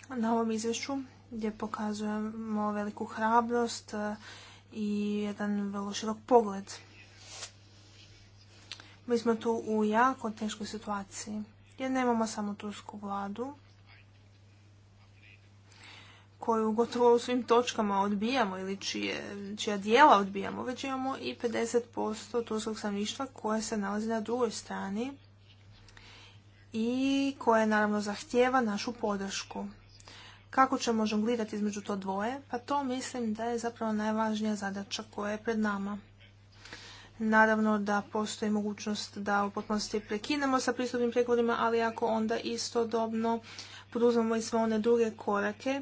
C: na ovom izvješću gdje pokazujemo veliku hrabrost e, i jedan vrlo širok pogled mi smo tu u jako teškoj situaciji, jer nemamo samo tursku vladu, koju gotovo u svim točkama odbijamo ili čija dijela odbijamo, već imamo i 50% turskog stanovništva koje se nalazi na drugoj strani i koje naravno zahtjeva našu podršku. Kako ćemo žonglirati između to dvoje? Pa to mislim da je zapravo najvažnija zadaća koja je pred nama. Naravno da postoji mogućnost da u potpunosti prekinemo sa pristupnim pregovorima, ali ako onda istodobno poduzmemo i sve one druge korake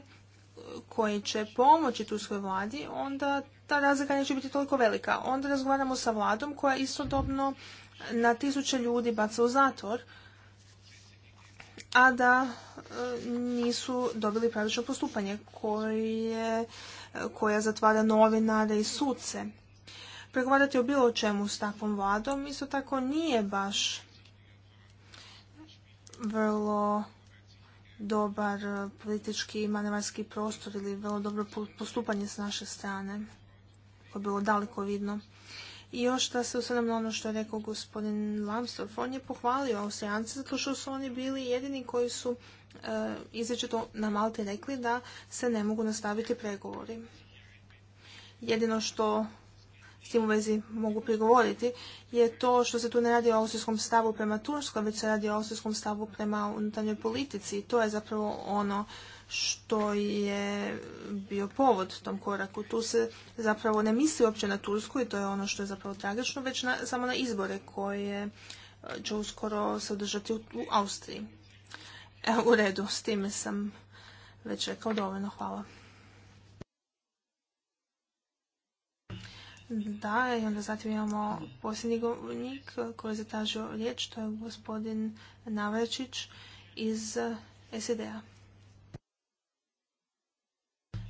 C: koji će pomoći svojoj vladi, onda ta razlika neće biti toliko velika. Onda razgovaramo sa vladom koja istodobno na tisuće ljudi baca u zatvor, a da e, nisu dobili pravično postupanje koje, koja zatvara novinare i suce pregovarati o bilo čemu s takvom vladom isto tako nije baš vrlo dobar politički i manevarski prostor ili vrlo dobro postupanje s naše strane To je bilo daleko vidno. I još da se osvrnem na ono što je rekao gospodin Lambsdorff, on je pohvalio Austrijance zato što su oni bili jedini koji su e, izrečito na Malti rekli da se ne mogu nastaviti pregovori. Jedino što s tim u vezi mogu prigovoriti je to što se tu ne radi o austrijskom stavu prema Turskoj, već se radi o austrijskom stavu prema unutarnjoj politici i to je zapravo ono što je bio povod tom koraku. Tu se zapravo ne misli uopće na Tursku i to je ono što je zapravo tragično, već samo na izbore koje e, će uskoro se održati u, Austriji. Evo u redu, s time sam već rekao dovoljno. Hvala. Da, i onda zatim imamo posljednji govornik koji je zatražio riječ, to je gospodin Navračić iz SED-a.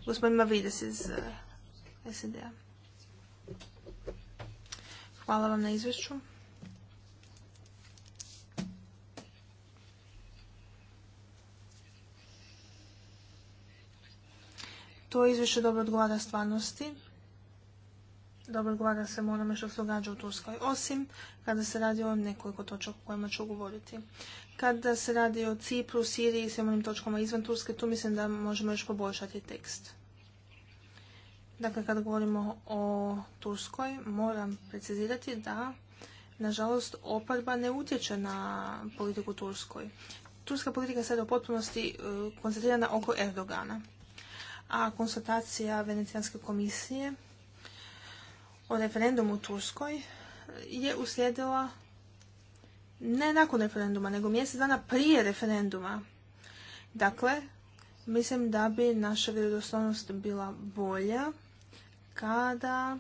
C: Gospodin Mavides iz eh, SED-a. Hvala vam na izvješću. To izvješće dobro odgovara stvarnosti dobro odgovara se onome što se događa u Turskoj, osim kada se radi o nekoliko točaka o kojima ću govoriti. Kada se radi o Cipru, Siriji i svim onim točkama izvan Turske, tu mislim da možemo još poboljšati tekst. Dakle, kada govorimo o Turskoj, moram precizirati da, nažalost, oporba ne utječe na politiku Turskoj. Turska politika je sada u potpunosti e, koncentrirana oko Erdogana. A konstatacija Venecijanske komisije o referendumu u Turskoj e, je uslijedila ne nakon referenduma, nego mjesec dana prije referenduma. Dakle, mislim da bi naša vjerodostojnost bila bolja kada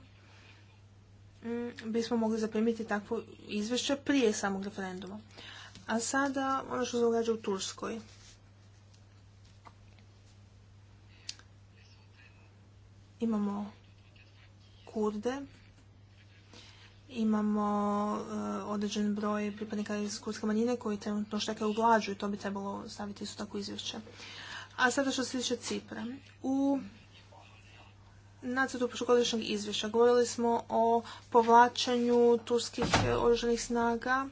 C: mm, bismo mogli zaprimiti takvo izvješće prije samog referenduma. A sada ono što se događa u Turskoj. Imamo kurde imamo eh, određen broj pripadnika iz kurske manjine koji trenutno šteke u to bi trebalo staviti isto tako izvješće. A sada što se tiče Cipra. U nacrtu prošlogodišnjeg izvješća govorili smo o povlačenju turskih eh, oružanih snaga,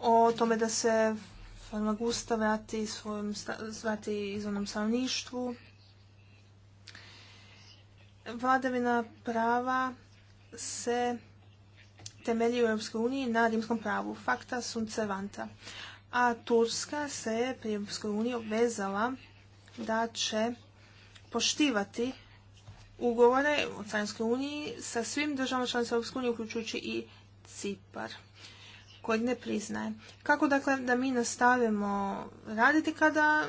C: o tome da se Farmagusta vrati, svojom, vrati izvornom stanovništvu. Vladavina prava se temelji u Europskoj uniji na rimskom pravu, fakta sunt servanta. A Turska se pri Europskoj uniji obvezala da će poštivati ugovore u Carinskoj uniji sa svim državama članica EU unije, uključujući i Cipar koji ne priznaje. Kako dakle da mi nastavimo raditi kada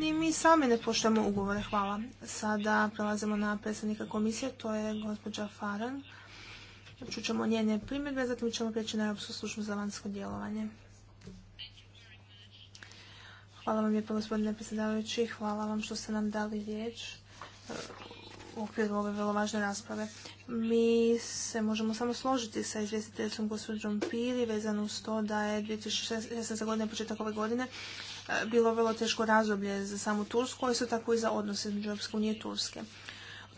C: ni mi sami ne poštujemo ugovore? Hvala. Sada prelazimo na predsjednika komisije, to je gospođa Faran Čućemo njene primjedbe, zatim ćemo preći na Europsku službu za vanjsko djelovanje. Hvala vam lijepo gospodine predsjedavajući, hvala vam što ste nam dali riječ eh, u okviru ove vrlo važne rasprave. Mi se možemo samo složiti sa izvjestiteljicom gospođom Piri vezano uz to da je 2016. godine, početak ove godine, eh, bilo vrlo teško razdoblje za samu Tursku, a isto tako i za odnose između Europske unije i Turske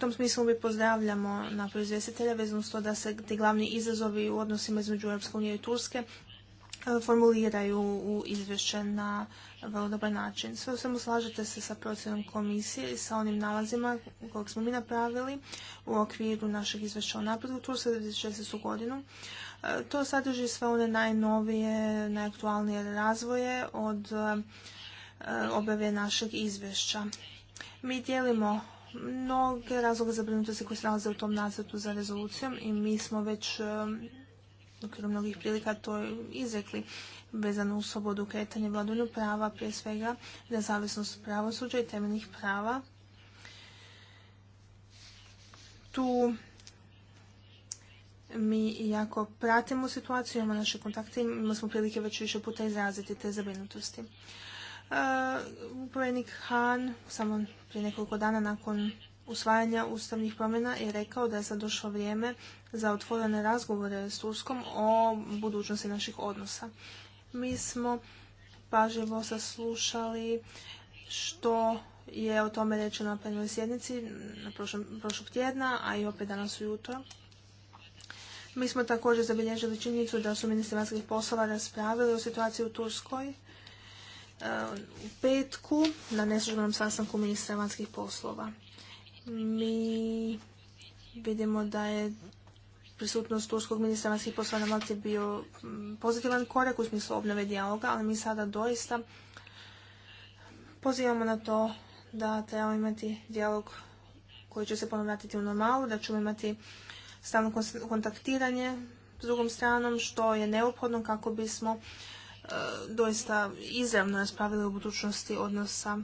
C: tom smislu mi pozdravljamo na proizvjestitelja vezano to da se ti glavni izazovi u odnosima između Europske unije i Turske e, formuliraju u izvješće na vrlo dobar način. Sve u svemu slažete se sa procjenom komisije i sa onim nalazima kojeg smo mi napravili u okviru našeg izvješća o u Turske za 2016. godinu. E, to sadrži sve one najnovije, najaktualnije razvoje od e, objave našeg izvješća. Mi dijelimo mnoge razloge zabrinutosti koji se nalaze u tom nacrtu za rezolucijom i mi smo već um, u okviru mnogih prilika to izrekli vezano u slobodu kretanja vladavinu prava, prije svega nezavisnost pravosuđa i temeljnih prava. Tu mi jako pratimo situaciju, imamo naše kontakte, imali smo prilike već više puta izraziti te zabrinutosti. Povjerenik Han samo prije nekoliko dana nakon usvajanja ustavnih promjena je rekao da je sad došlo vrijeme za otvorene razgovore s Turskom o budućnosti naših odnosa. Mi smo pažljivo saslušali što je o tome rečeno na prvoj sjednici na prošlog tjedna, a i opet danas ujutro. Mi smo također zabilježili činjenicu da su ministri vanjskih poslova raspravili o situaciji u Turskoj u petku na neslužbenom sastanku ministra vanjskih poslova. Mi vidimo da je prisutnost turskog ministra vanjskih poslova na Malti bio mm, pozitivan korak u smislu obnove dijaloga, ali mi sada doista pozivamo na to da trebamo imati dijalog koji će se ponovno vratiti u normalu, da ćemo imati stalno kontaktiranje s drugom stranom, što je neophodno kako bismo E, doista izravno raspravili u budućnosti odnosa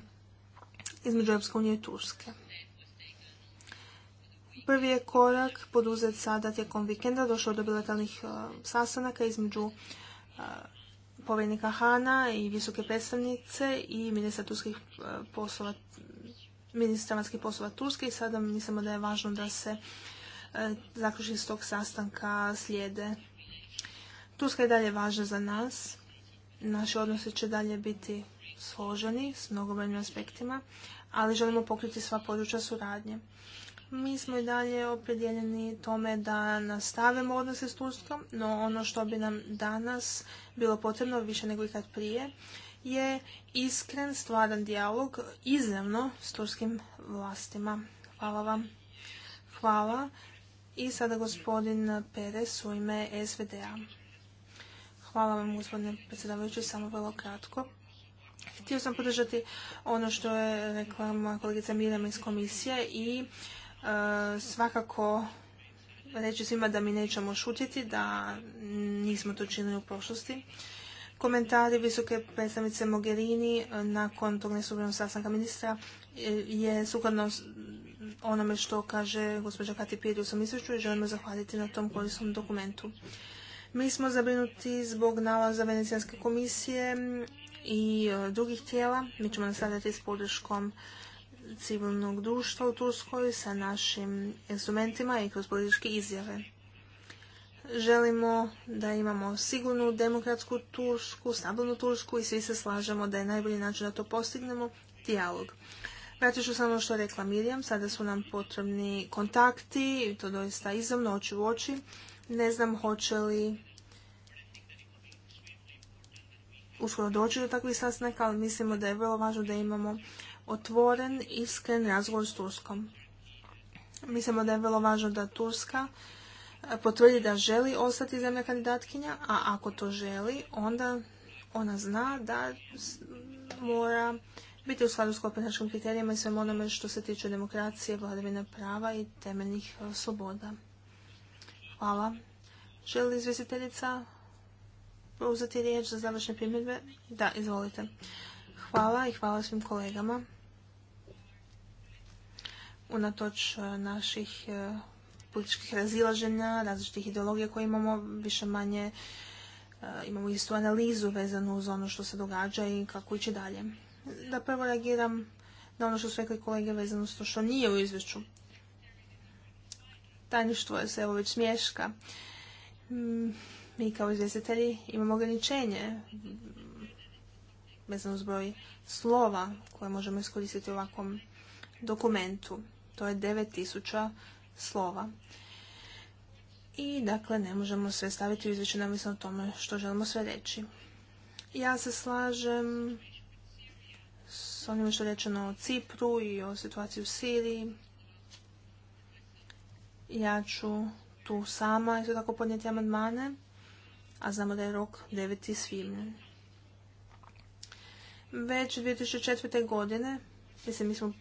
C: između Europske unije i Turske. Prvi je korak poduzet sada tijekom vikenda došlo do bilateralnih e, sastanaka između e, povjerenika Hana i visoke predstavnice i ministra turskih poslova ministra vanjskih poslova Turske i sada mislimo da je važno da se zaključi s tog sastanka slijede. Turska je dalje važna za nas Naši odnose će dalje biti složeni s mnogobrojnim aspektima, ali želimo pokriti sva područja suradnje. Mi smo i dalje opredjeljeni tome da nastavimo odnose s Turskom, no ono što bi nam danas bilo potrebno više nego ikad prije je iskren, stvaran dijalog izravno s turskim vlastima. Hvala vam. Hvala. I sada gospodin Perez u ime SVD-a. Hvala vam gospodine predsjedavajući, samo vrlo kratko. Htio sam podržati ono što je rekla moja kolegica Mirjam iz komisije i e, svakako reći svima da mi nećemo šutiti, da nismo to činili u prošlosti. Komentari visoke predstavnice Mogherini nakon tog nesubranog sastanka ministra e, je sukladno onome što kaže gospođa Kati Pirius u i želimo zahvaliti na tom korisnom dokumentu. Mi smo zabrinuti zbog nalaza Venecijanske komisije i e, drugih tijela. Mi ćemo nastavljati s podrškom civilnog društva u Turskoj sa našim instrumentima i kroz političke izjave. Želimo da imamo sigurnu demokratsku Tursku, stabilnu Tursku i svi se slažemo da je najbolji način da to postignemo dijalog. Vratit ću samo što rekla Miriam, sada su nam potrebni kontakti, to doista izavno, oči u oči ne znam hoće li uskoro doći do takvih sastanaka, ali mislimo da je vrlo važno da imamo otvoren, iskren razgovor s Turskom. Mislimo da je vrlo važno da Turska eh, potvrdi da želi ostati zemlja kandidatkinja, a ako to želi, onda ona zna da mora biti u skladu s kopenačkim kriterijima i svemu onome što se tiče demokracije, vladavine prava i temeljnih eh, sloboda. Hvala. Želi li izvjestiteljica uzeti riječ za završne primjedbe? Da, izvolite. Hvala i hvala svim kolegama. Unatoč e, naših e, političkih razilaženja, različitih ideologija koje imamo, više manje e, imamo istu analizu vezanu uz ono što se događa i kako ići dalje. Da prvo reagiram na ono što su rekli kolege vezano s to što nije u izvješću. Tajništvo se evo već smješka. Mm, mi kao izvjestitelji imamo ograničenje vezano uz broj slova koje možemo iskoristiti u ovakvom dokumentu. To je 9000 slova. I dakle, ne možemo sve staviti u izveću namisno o tome što želimo sve reći. Ja se slažem s onim što je rečeno o Cipru i o situaciji u Siriji. Ja ću tu sama isto tako podnijeti amandmane, a znamo da je rok 9. svibnja. Već 2004. godine, mislim, mi smo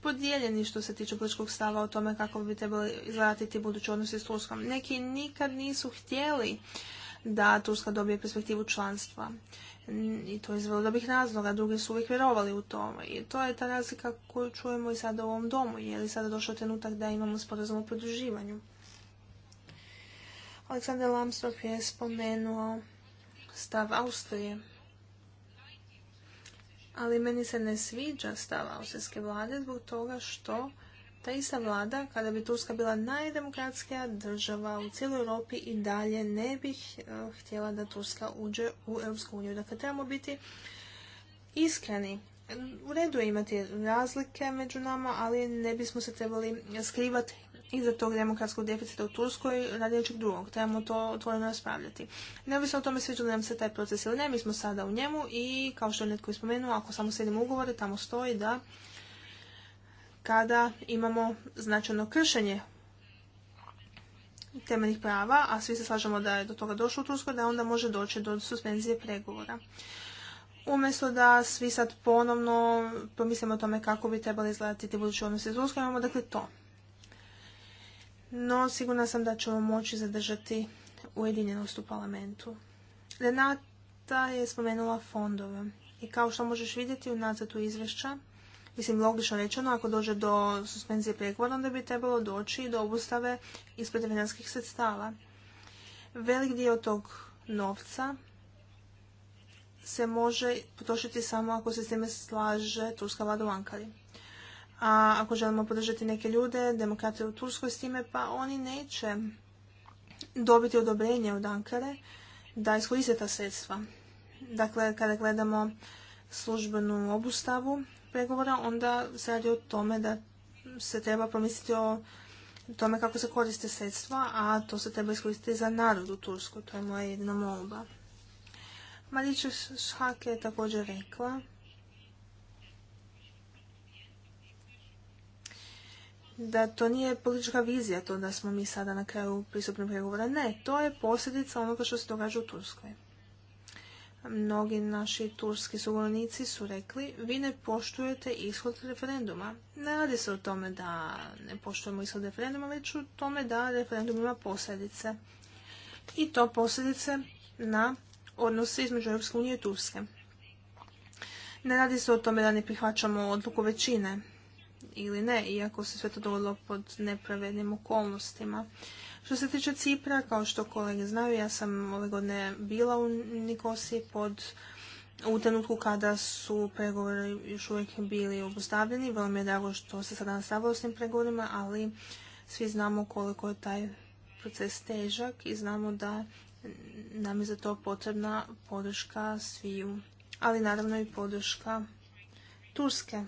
C: podijeljeni što se tiče političkog stava o tome kako bi trebali izgledati budući odnosi s Turskom. Neki nikad nisu htjeli da Turska dobije perspektivu članstva i to je iz bih razloga, drugi su uvijek vjerovali u to. I to je ta razlika koju čujemo i sada u ovom domu, je li sada došao trenutak da imamo sporazum o produživanju. Aleksandar Lamstrop je spomenuo stav Austrije. Ali meni se ne sviđa stav austrijske vlade zbog toga što ta ista vlada, kada bi Turska bila najdemokratskija država u cijeloj Europi i dalje ne bih e, htjela da Turska uđe u Europsku uniju. Dakle, trebamo biti iskreni. U redu je imati razlike među nama, ali ne bismo se trebali skrivati iza tog demokratskog deficita u Turskoj radi nečeg drugog. Trebamo to otvoreno raspravljati. Neovisno o tome sviđa nam se taj proces ili ne, mi smo sada u njemu i kao što je netko spomenuo, ako samo slijedimo ugovore, tamo stoji da kada imamo značajno kršenje temeljnih prava, a svi se slažemo da je do toga došlo u Turskoj, da onda može doći do suspenzije pregovora. Umjesto da svi sad ponovno pomislimo o tome kako bi trebali izgledati ti budući odnosi iz Turskom, imamo dakle to. No, sigurna sam da ćemo moći zadržati ujedinjenost u parlamentu. Renata je spomenula fondove i kao što možeš vidjeti u nacrtu izvješća, Mislim, logično rečeno, ako dođe do suspenzije pregovora, onda bi trebalo doći do obustave ispred financijskih sredstava. Velik dio tog novca se može potrošiti samo ako se s time slaže turska vlada u Ankari. A ako želimo podržati neke ljude, demokrate u Turskoj s time, pa oni neće dobiti odobrenje od Ankare da iskoriste ta sredstva. Dakle, kada gledamo službenu obustavu, pregovora, onda se radi o tome da se treba promisliti o tome kako se koriste sredstva, a to se treba iskoristiti za narod u Tursku. To je moja jedna molba. Marića Šhake je također rekla da to nije politička vizija to da smo mi sada na kraju pristupnih pregovora. Ne, to je posljedica onoga što se događa u Turskoj. Mnogi naši turski sugovornici su rekli vi ne poštujete ishod referenduma. Ne radi se o tome da ne poštujemo ishod referenduma, već o tome da referendum ima posljedice. I to posljedice na odnose između Europske unije i Turske. Ne radi se o tome da ne prihvaćamo odluku većine ili ne, iako se sve to dogodilo pod nepravednim okolnostima. Što se tiče Cipra, kao što kolege znaju, ja sam ove godine bila u Nikosi pod u trenutku kada su pregovori još uvijek bili obustavljeni. Vrlo mi je drago što se sada nastavilo s tim pregovorima, ali svi znamo koliko je taj proces težak i znamo da nam je za to potrebna podrška sviju, ali naravno i podrška Turske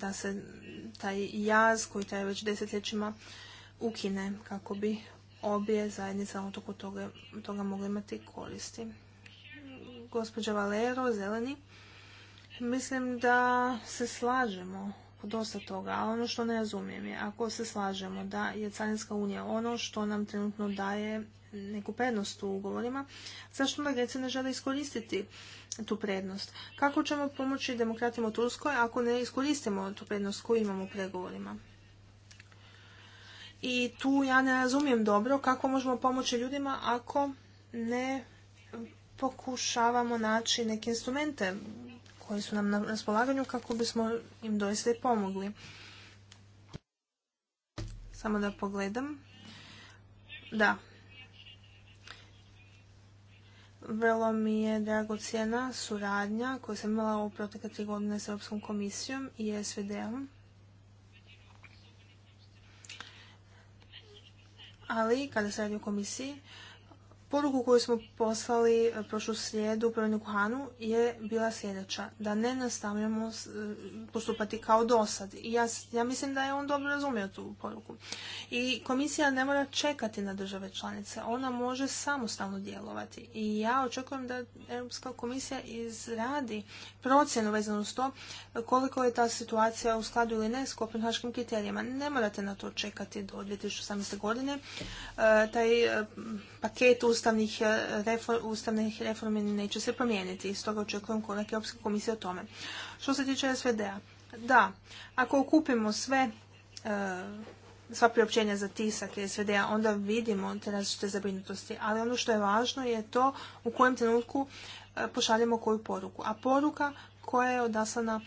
C: da se taj jaz koji traje već desetljećima ukine kako bi obje zajednice na otoku toga, toga imati koristi. Gospođa Valero, zeleni, mislim da se slažemo dosta toga, a ono što ne razumijem je, ako se slažemo da je Carinska unija ono što nam trenutno daje neku prednost u ugovorima, zašto onda Grecija ne žele iskoristiti tu prednost? Kako ćemo pomoći demokratima u Turskoj ako ne iskoristimo tu prednost koju imamo u pregovorima? I tu ja ne razumijem dobro kako možemo pomoći ljudima ako ne pokušavamo naći neke instrumente koji su nam na raspolaganju kako bismo im doista i pomogli. Samo da pogledam. Da, vrlo mi je dragocjena suradnja koju sam imala u protekle tri godine s Europskom komisijom i SVD-om. Ali, kada se radi o komisiji, Poruku koju smo poslali e, prošlu slijedu upravniku Hanu je bila sljedeća, da ne nastavljamo e, postupati kao dosad. I ja, ja mislim da je on dobro razumio tu poruku. I komisija ne mora čekati na države članice, ona može samostalno djelovati. I ja očekujem da Europska komisija izradi procjenu vezanu s to koliko je ta situacija u skladu ili ne s kopenhaškim kriterijima. Ne morate na to čekati do 2018. godine. E, taj paket uz E, ustavnih, reformi neće se promijeniti i stoga očekujem korak Europske komisije o tome. Što se tiče SVD-a, da, ako okupimo sve e, sva priopćenja za tisak i SVD-a, onda vidimo te različite zabrinutosti. Ali ono što je važno je to u kojem trenutku e, pošaljemo koju poruku. A poruka koja je odaslana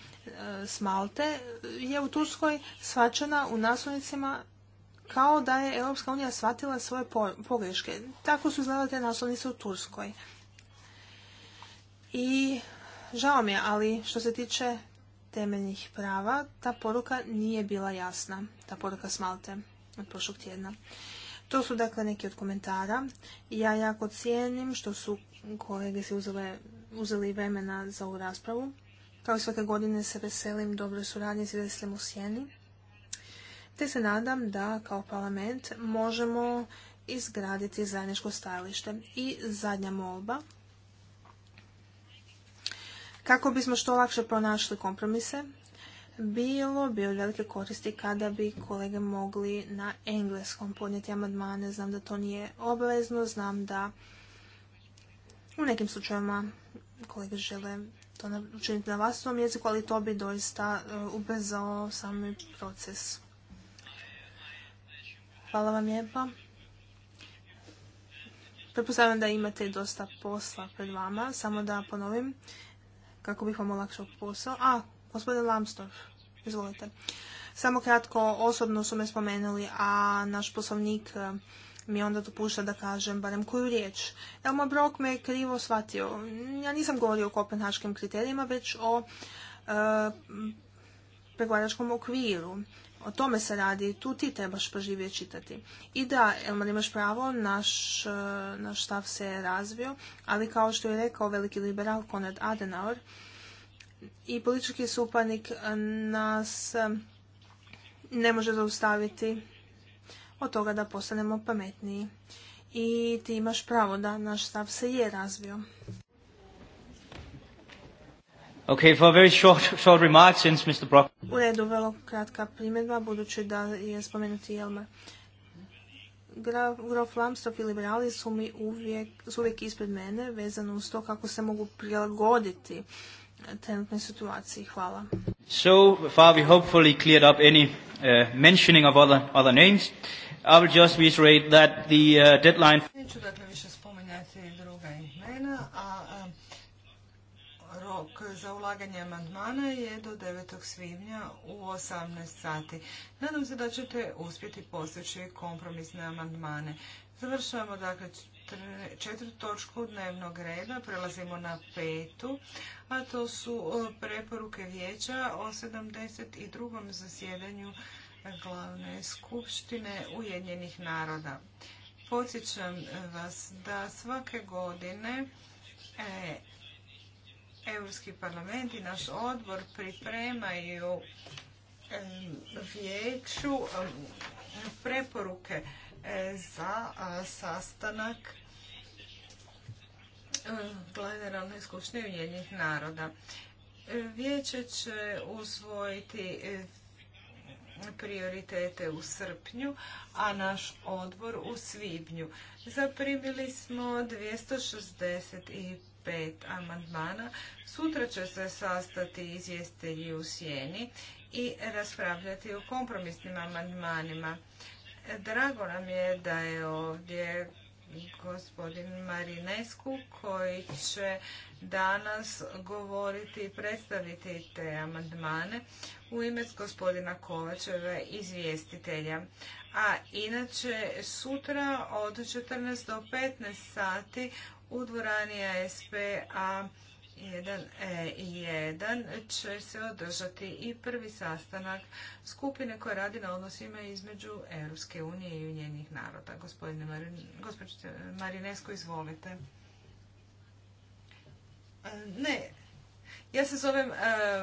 C: s Malte je u Turskoj svačena u naslovnicima kao da je Europska unija shvatila svoje pogreške. Tako su izgledate te naslovnice u Turskoj. I žao mi je, ali što se tiče temeljnih prava, ta poruka nije bila jasna. Ta poruka smalte od prošlog tjedna. To su dakle neki od komentara. Ja jako cijenim što su kolege se uzele, uzeli vremena za ovu raspravu. Kao i svake godine se veselim dobroj suradnji s Veselim u Sjeni te se nadam da kao parlament možemo izgraditi zajedničko stajalište. I zadnja molba. Kako bismo što lakše pronašli kompromise, bilo bi od velike koristi kada bi kolege mogli na engleskom podnijeti amandmane. Znam da to nije obavezno, znam da u nekim slučajevima kolege žele to učiniti na vlastnom jeziku, ali to bi doista e, ubezao sami proces. Hvala vam lijepa. Prepostavljam da imate dosta posla pred vama, samo da ponovim kako bih vam olakšao posao. A, gospodin Lamstorf, izvolite. Samo kratko, osobno su me spomenuli, a naš poslovnik eh, mi onda dopušta da kažem barem koju riječ. Elma Brok me krivo shvatio. Ja nisam govorio o kopenhaškim kriterijima, već o e, pregovaračkom okviru. O tome se radi i tu ti trebaš pažljivije čitati. I da, Elman imaš pravo, naš, e, naš stav se je razvio, ali kao što je rekao veliki liberal Konrad Adenauer, i politički supanik e, nas e, ne može zaustaviti od toga da postanemo pametniji. I ti imaš pravo da naš stav se je razvio.
A: Okay, for very short, short remarks, since Mr. Brock...
C: U redu, vrlo kratka primjedba, budući da je spomenuti Jelmer. Grof Lamstrop i liberali su mi uvijek, su uvijek ispred mene vezano uz to kako se mogu prilagoditi trenutnoj situaciji. Hvala.
A: So far we hopefully cleared up any uh, mentioning of other, other names. I will just reiterate that the uh, deadline...
B: Neću dakle više spominjati druga imena, a, a Rok za ulaganje amandmana je do 9. svibnja u 18 sati. Nadam se da ćete uspjeti postići kompromisne amandmane. Završavamo dakle četvrtu točku dnevnog reda, prelazimo na petu, a to su e, preporuke vijeća o 72. zasjedanju glavne skupštine Ujedinjenih naroda. Podsjećam vas da svake godine e, Europski parlament i naš odbor pripremaju vijeću preporuke e, za sastanak e, generalne skupštine Ujedinjenih naroda. E, vijeće će usvojiti prioritete u srpnju, a naš odbor u svibnju. Zaprimili smo 265 pet amandmana. Sutra će se sastati izvjestelji u sjeni i raspravljati o kompromisnim amandmanima. Drago nam je da je ovdje gospodin Marinesku koji će danas govoriti i predstaviti te amandmane u ime gospodina Kovačeva izvjestitelja. A inače sutra od 14 do 15 sati u dvorani SPA 1 e će se održati i prvi sastanak skupine koja radi na odnosima između Europske unije i njenih naroda. Gospodine Marinesko, izvolite. E, ne, ja se zovem e,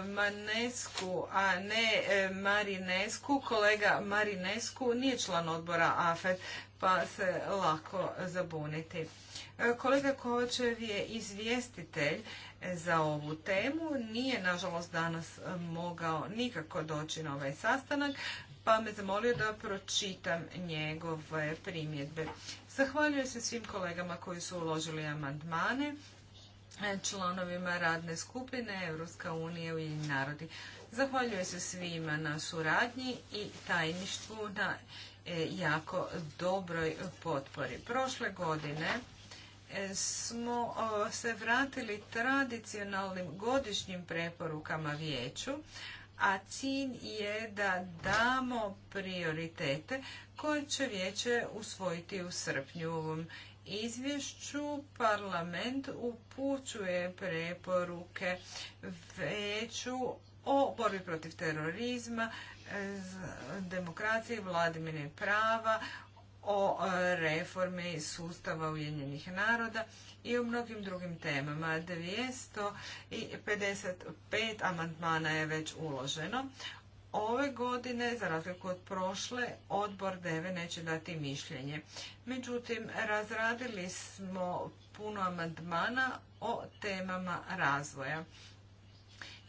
B: Manesku, a ne Marinesku. Kolega Marinesku nije član odbora AFED, pa se lako zabuniti. E, kolega Kovačev je izvjestitelj e, za ovu temu. Nije, nažalost, danas e, mogao nikako doći na ovaj sastanak, pa me zamolio da pročitam njegove primjedbe. Zahvaljujem se svim kolegama koji su uložili amandmane članovima radne skupine Europske unija i narodi. Zahvaljujem se svima na suradnji i tajništvu na jako dobroj potpori. Prošle godine smo se vratili tradicionalnim godišnjim preporukama vijeću, a cilj je da damo prioritete koje će vijeće usvojiti u srpnju ovom izvješću parlament upućuje preporuke vijeću o borbi protiv terorizma, e, demokracije, vladimine prava, o e, reformi sustava Ujedinjenih naroda i o mnogim drugim temama. 255 amandmana je već uloženo. Ove godine, za razliku od prošle, odbor DEVE neće dati mišljenje. Međutim, razradili smo puno amandmana o temama razvoja.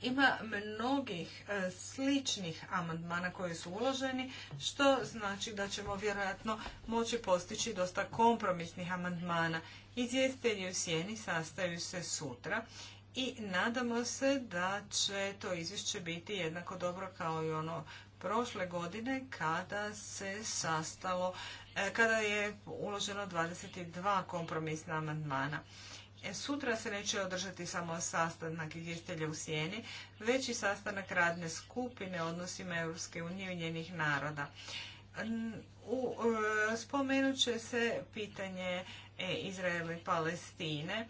B: Ima mnogih e, sličnih amandmana koji su uloženi, što znači da ćemo vjerojatno moći postići dosta kompromisnih amandmana. Izvjestelji u sjeni sastaju se sutra i nadamo se da će to izvješće biti jednako dobro kao i ono prošle godine kada se sastalo, e, kada je uloženo 22 kompromisna amandmana. Sutra se neće održati samo sastanak izvjestitelja u Sjeni, već i sastanak radne skupine odnosima Europske unije i njenih naroda. U, e, spomenut će se pitanje e, Izraela i Palestine, e,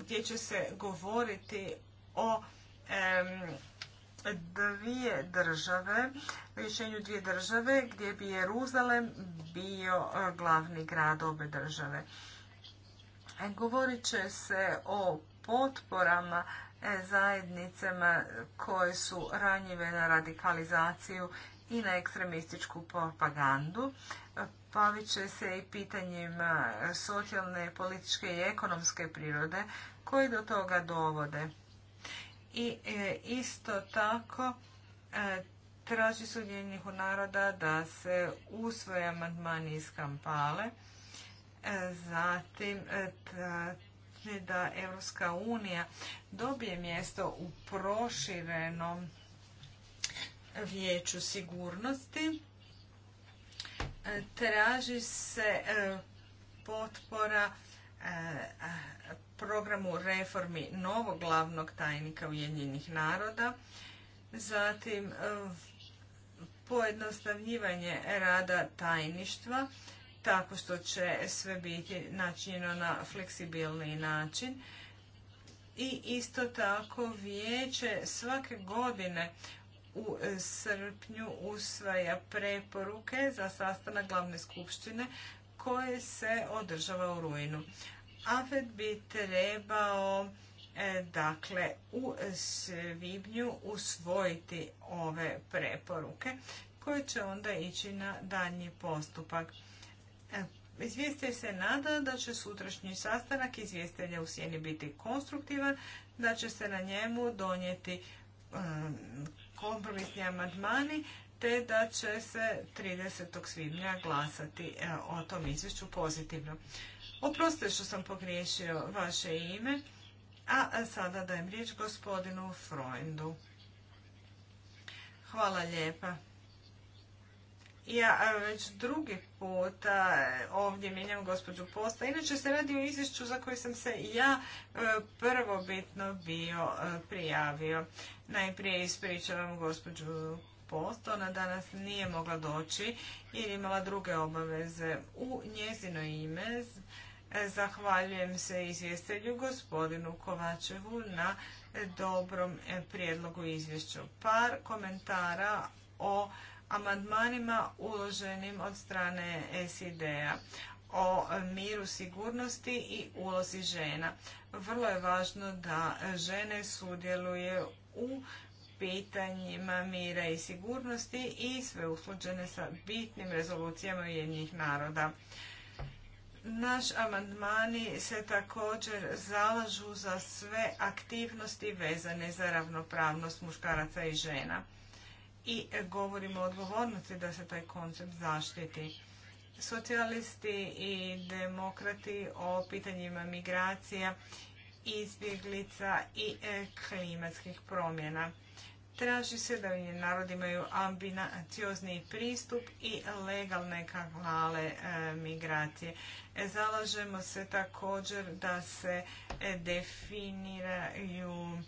B: gdje će se govoriti o dvije države, rješenju dvije države gdje bi Jeruzalem bio glavni grad obe države. Govorit će se o potporama e, zajednicama koje su ranjive na radikalizaciju i na ekstremističku propagandu. Bavit će se i pitanjima socijalne, političke i ekonomske prirode koji do toga dovode. I e, isto tako e, traži su naroda da se usvoje amandmani iz kampale zatim e, da Europska unija dobije mjesto u proširenom vijeću sigurnosti. E, traži se e, potpora programu reformi novog glavnog tajnika Ujedinjenih naroda, zatim pojednostavljivanje rada tajništva, tako što će sve biti načinjeno na fleksibilni način. I isto tako vijeće svake godine u srpnju usvaja preporuke za sastanak glavne skupštine koje se održava u rujnu. AFED bi trebao e, dakle u svibnju usvojiti ove preporuke koje će onda ići na daljnji postupak. Izvjestitelj se nada da će sutrašnji sastanak izvjestitelja u sjeni biti konstruktivan, da će se na njemu donijeti um, kompromisni amandmani, te da će se 30. svibnja glasati e, o tom izvješću pozitivno. Oprostite što sam pogriješio vaše ime, a sada dajem riječ gospodinu Freundu. Hvala lijepa. Ja već drugi puta e, ovdje mijenjam gospođu Posta. Inače se radi o izvješću za koji sam se ja e, prvobitno bio e, prijavio. Najprije ispričavam gospođu posta. Ona danas nije mogla doći jer imala druge obaveze u njezino ime. Zahvaljujem se izvjestelju gospodinu Kovačevu na dobrom prijedlogu izvješću. Par komentara o amandmanima uloženim od strane SID-a o miru, sigurnosti i ulozi žena. Vrlo je važno da žene sudjeluje u pitanjima mira i sigurnosti i sve usluđene sa bitnim rezolucijama Ujedinjenih naroda. Naš amandmani se također zalažu za sve aktivnosti vezane za ravnopravnost muškaraca i žena i govorimo o odgovornosti da se taj koncept zaštiti. Socijalisti i demokrati o pitanjima migracija, izbjeglica i e, klimatskih promjena. Traži se da je narod imaju ambiciozni pristup i legalne kanale e, migracije. E, zalažemo se također da se definiraju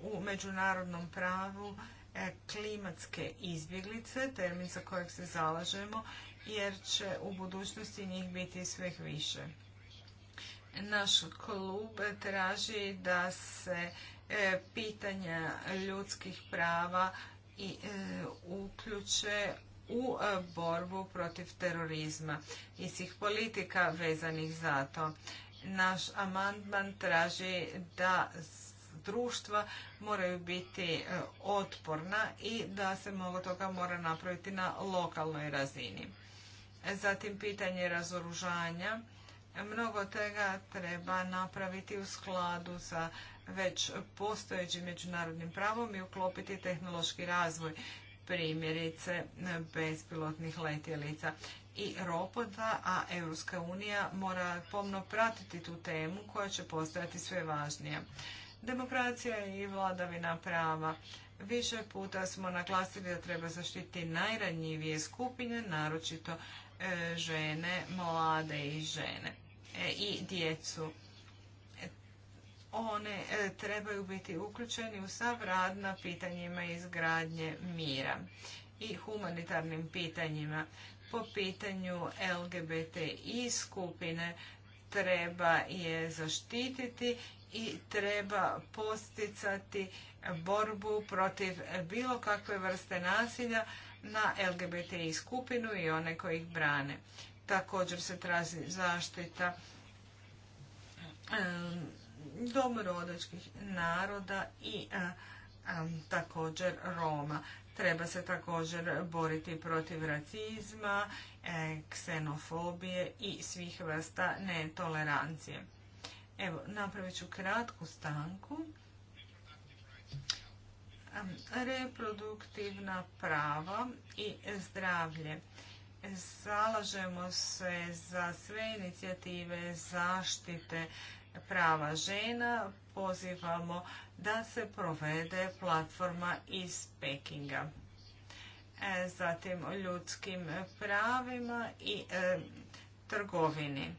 B: u međunarodnom pravu E, klimatske izbjeglice, termin za kojeg se zalažemo, jer će u budućnosti njih biti sve više. Naš klub traži da se e, pitanja ljudskih prava e, uključe u borbu protiv terorizma i svih politika vezanih za to. Naš amandman traži da društva moraju biti e, otporna i da se mnogo toga mora napraviti na lokalnoj razini. E, zatim pitanje razoružanja. E, mnogo toga treba napraviti u skladu sa već postojećim međunarodnim pravom i uklopiti tehnološki razvoj primjerice bespilotnih letjelica i robota, a Europska unija mora pomno pratiti tu temu koja će postojati sve važnija. Demokracija i vladavina prava. Više puta smo naglasili da treba zaštiti najranjivije skupine, naročito e, žene, mlade i žene e, i djecu. One e, trebaju biti uključeni u sav rad na pitanjima izgradnje mira i humanitarnim pitanjima. Po pitanju LGBTI skupine treba je zaštititi i treba posticati borbu protiv bilo kakve vrste nasilja na LGBTI skupinu i one koji ih brane. Također se traži zaštita domorodačkih naroda i također Roma. Treba se također boriti protiv racizma, ksenofobije i svih vrsta netolerancije. Evo, napravit ću kratku stanku. Reproduktivna prava i zdravlje. Zalažemo se za sve inicijative zaštite prava žena. Pozivamo da se provede platforma iz Pekinga. E, zatim o ljudskim pravima i trgovini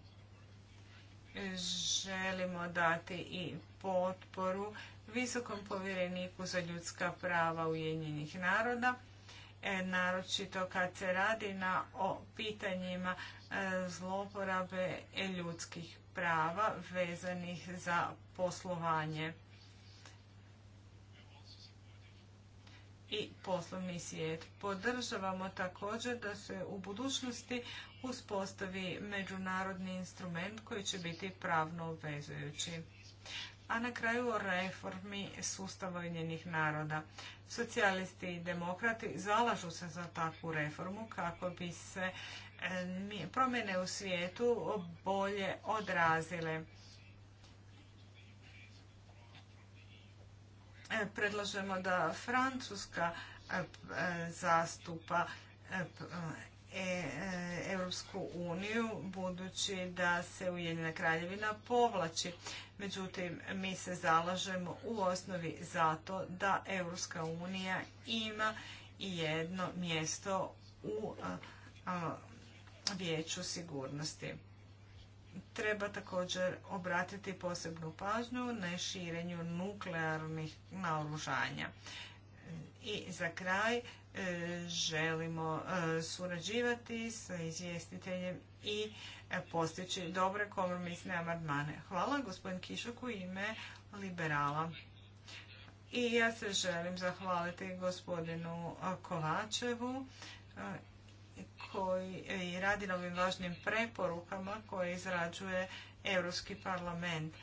B: želimo dati i potporu visokom povjereniku za ljudska prava Ujedinjenih naroda, e, naročito kad se radi na o pitanjima e, zloporabe ljudskih prava vezanih za poslovanje i poslovni svijet. Podržavamo također da se u budućnosti uspostavi međunarodni instrument koji će biti pravno obvezujući. A na kraju o reformi sustava Ujedinjenih naroda. Socijalisti i demokrati zalažu se za takvu reformu kako bi se e, promjene u svijetu bolje odrazile. E, predlažemo da Francuska e, zastupa E, e, Europsku uniju, budući da se Ujedinjena kraljevina povlači. Međutim, mi se zalažemo u osnovi zato da Europska unija ima jedno mjesto u vijeću sigurnosti. Treba također obratiti posebnu pažnju na širenju nuklearnih naoružanja. I za kraj, E, želimo e, surađivati sa izvjestiteljem i e, postići dobre kompromisne amandmane. Hvala gospodin Kišok u ime liberala. I ja se želim zahvaliti gospodinu Kovačevu koji radi na ovim važnim preporukama koje izrađuje Europski parlament.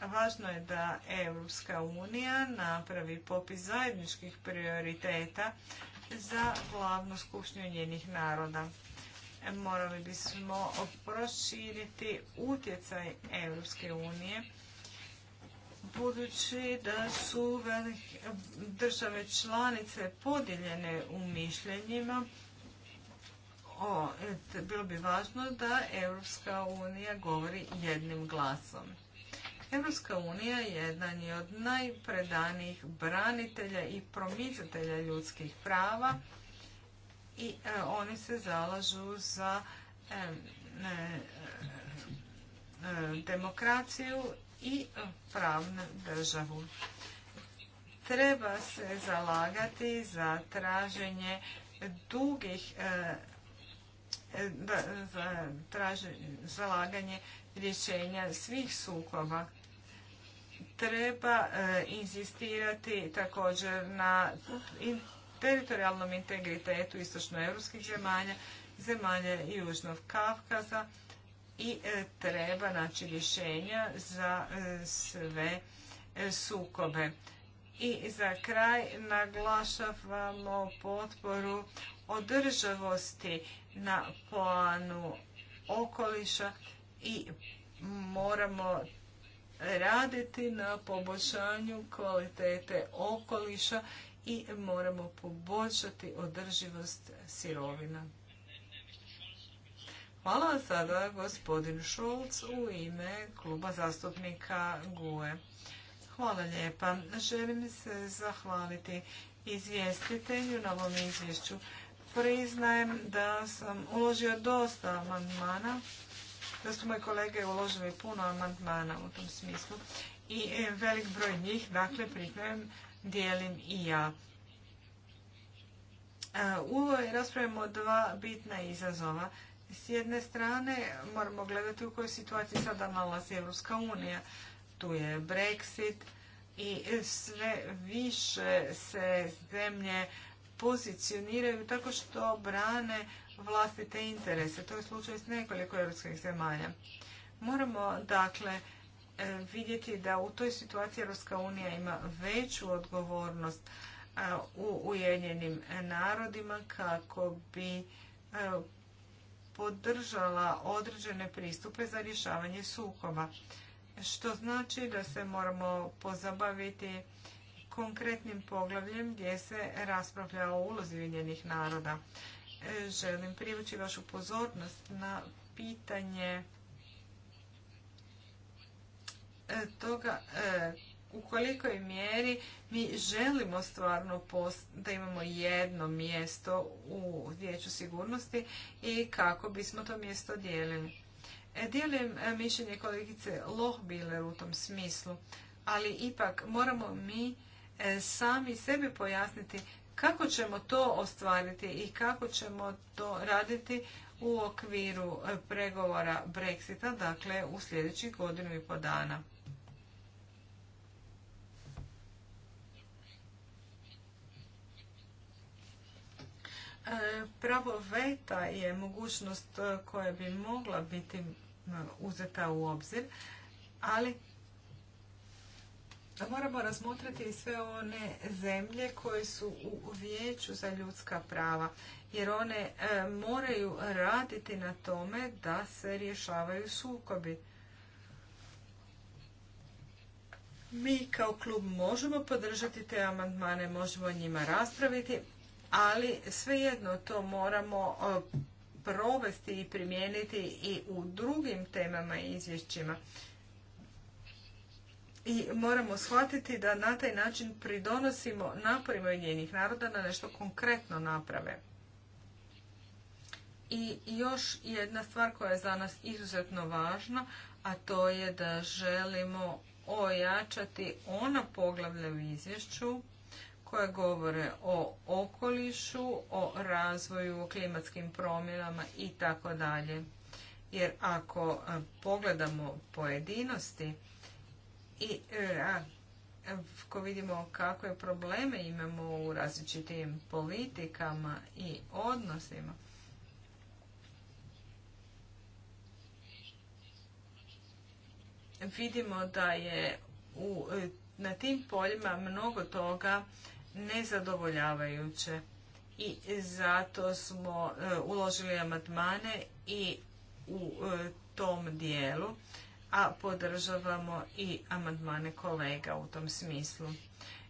B: Važno je da Europska unija napravi popis zajedničkih prioriteta za glavnu skupštinu njenih naroda. E, morali bismo proširiti utjecaj Europske unije budući da su države članice podijeljene u mišljenjima e, bilo bi važno da Europska unija govori jednim glasom. Europska unija jedan je od najpredanijih branitelja i promicatelja ljudskih prava i e, oni se zalažu za e, e, demokraciju i pravnu državu. Treba se zalagati za traženje dugih traženje, zalaganje rješenja svih sukoba treba e, insistirati također na teritorijalnom integritetu istočnoevropskih zemalja, zemalja Južnog Kavkaza i e, treba naći rješenja za e, sve sukobe. I za kraj naglašavamo potporu održavosti na planu okoliša i moramo raditi na poboljšanju kvalitete okoliša i moramo poboljšati održivost sirovina. Hvala sada gospodin Šulc u ime kluba zastupnika GUE. Hvala lijepa. Želim se zahvaliti izvjestitelju na ovom izvješću. Priznajem da sam uložio dosta amandmana da su moji kolege uložili puno amandmana u tom smislu i e, velik broj njih, dakle, pripremim, dijelim i ja. E, u ovoj raspravimo dva bitna izazova. S jedne strane moramo gledati u kojoj situaciji sada nalazi Evropska unija. Tu je Brexit i sve više se zemlje pozicioniraju tako što brane vlastite interese. To je slučaj s nekoliko europskih zemalja. Moramo dakle e, vidjeti da u toj situaciji Europska unija ima veću odgovornost e, u Ujedinjenim narodima kako bi e, podržala određene pristupe za rješavanje sukoba. Što znači da se moramo pozabaviti konkretnim poglavljem gdje se raspravlja o ulozi Ujedinjenih naroda želim privući vašu pozornost na pitanje e, toga e, u kolikoj mjeri mi želimo stvarno da imamo jedno mjesto u vijeću sigurnosti i kako bismo to mjesto dijelili. E, dijelim mišljenje kolegice Lohbiler u tom smislu, ali ipak moramo mi sami sebi pojasniti kako ćemo to ostvariti i kako ćemo to raditi u okviru e, pregovora Brexita, dakle u sljedećih godinu i po dana? E, pravo veta je mogućnost e, koja bi mogla biti uzeta u obzir, ali moramo razmotriti sve one zemlje koje su u vijeću za ljudska prava, jer one e, moraju raditi na tome da se rješavaju sukobi. Mi kao klub možemo podržati te amandmane, možemo o njima raspraviti, ali svejedno to moramo e, provesti i primijeniti i u drugim temama i izvješćima i moramo shvatiti da na taj način pridonosimo naporima Ujedinjenih naroda na nešto konkretno naprave. I još jedna stvar koja je za nas izuzetno važna, a to je da želimo ojačati ona poglavlja u izvješću koje govore o okolišu, o razvoju, o klimatskim promjenama i tako dalje. Jer ako pogledamo pojedinosti, i e, ako vidimo kakve probleme imamo u različitim politikama i odnosima, vidimo da je u, e, na tim poljima mnogo toga nezadovoljavajuće i zato smo e, uložili amandmane i u tom dijelu a podržavamo i amandmane kolega u tom smislu.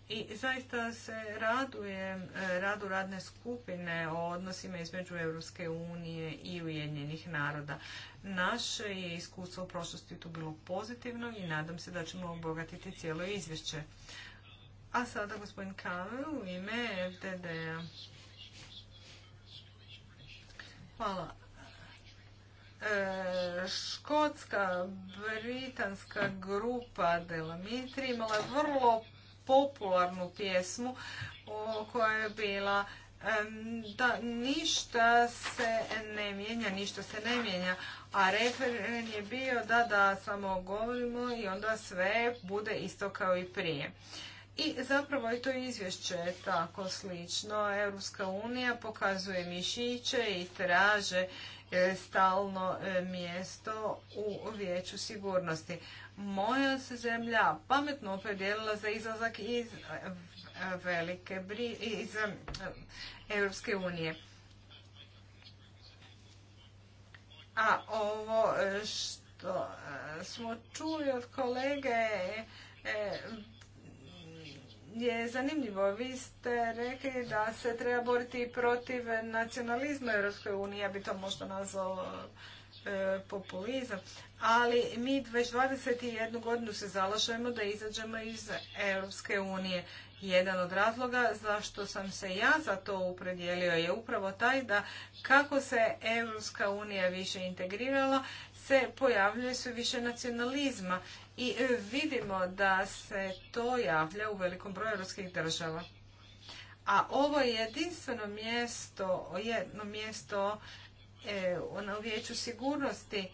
B: I zaista se raduje e, radu radne skupine o odnosima između Europske unije i Ujedinjenih naroda. Naše je iskustvo u prošlosti tu bilo pozitivno i nadam se da ćemo obogatiti cijelo izvješće. A sada gospodin Kavel u ime FDD-a. Hvala. E, škotska britanska grupa Delamitri imala vrlo popularnu pjesmu koja je bila da ništa se ne mijenja, ništa se ne mijenja. A referen je bio da, da, samo govorimo i onda sve bude isto kao i prije. I zapravo je to izvješće tako slično. Europska unija pokazuje mišiće i traže E, stalno e, mjesto u vijeću sigurnosti. Moja se zemlja pametno opredijelila za izlazak iz e, Velike Bri iz Europske unije. A ovo što smo čuli od kolege je zanimljivo. Vi ste rekli da se treba boriti protiv nacionalizma Europskoj unije. ja bi to možda nazvao e, populizam, ali mi već 21 godinu se zalažemo da izađemo iz Europske unije. Jedan od razloga zašto sam se ja za to upredjelio je upravo taj da kako se Europska unija više integrirala, se pojavljuje sve više nacionalizma i e, vidimo da se to javlja u velikom broju europskih država. A ovo je jedinstveno mjesto, jedno mjesto e, na ono, vijeću sigurnosti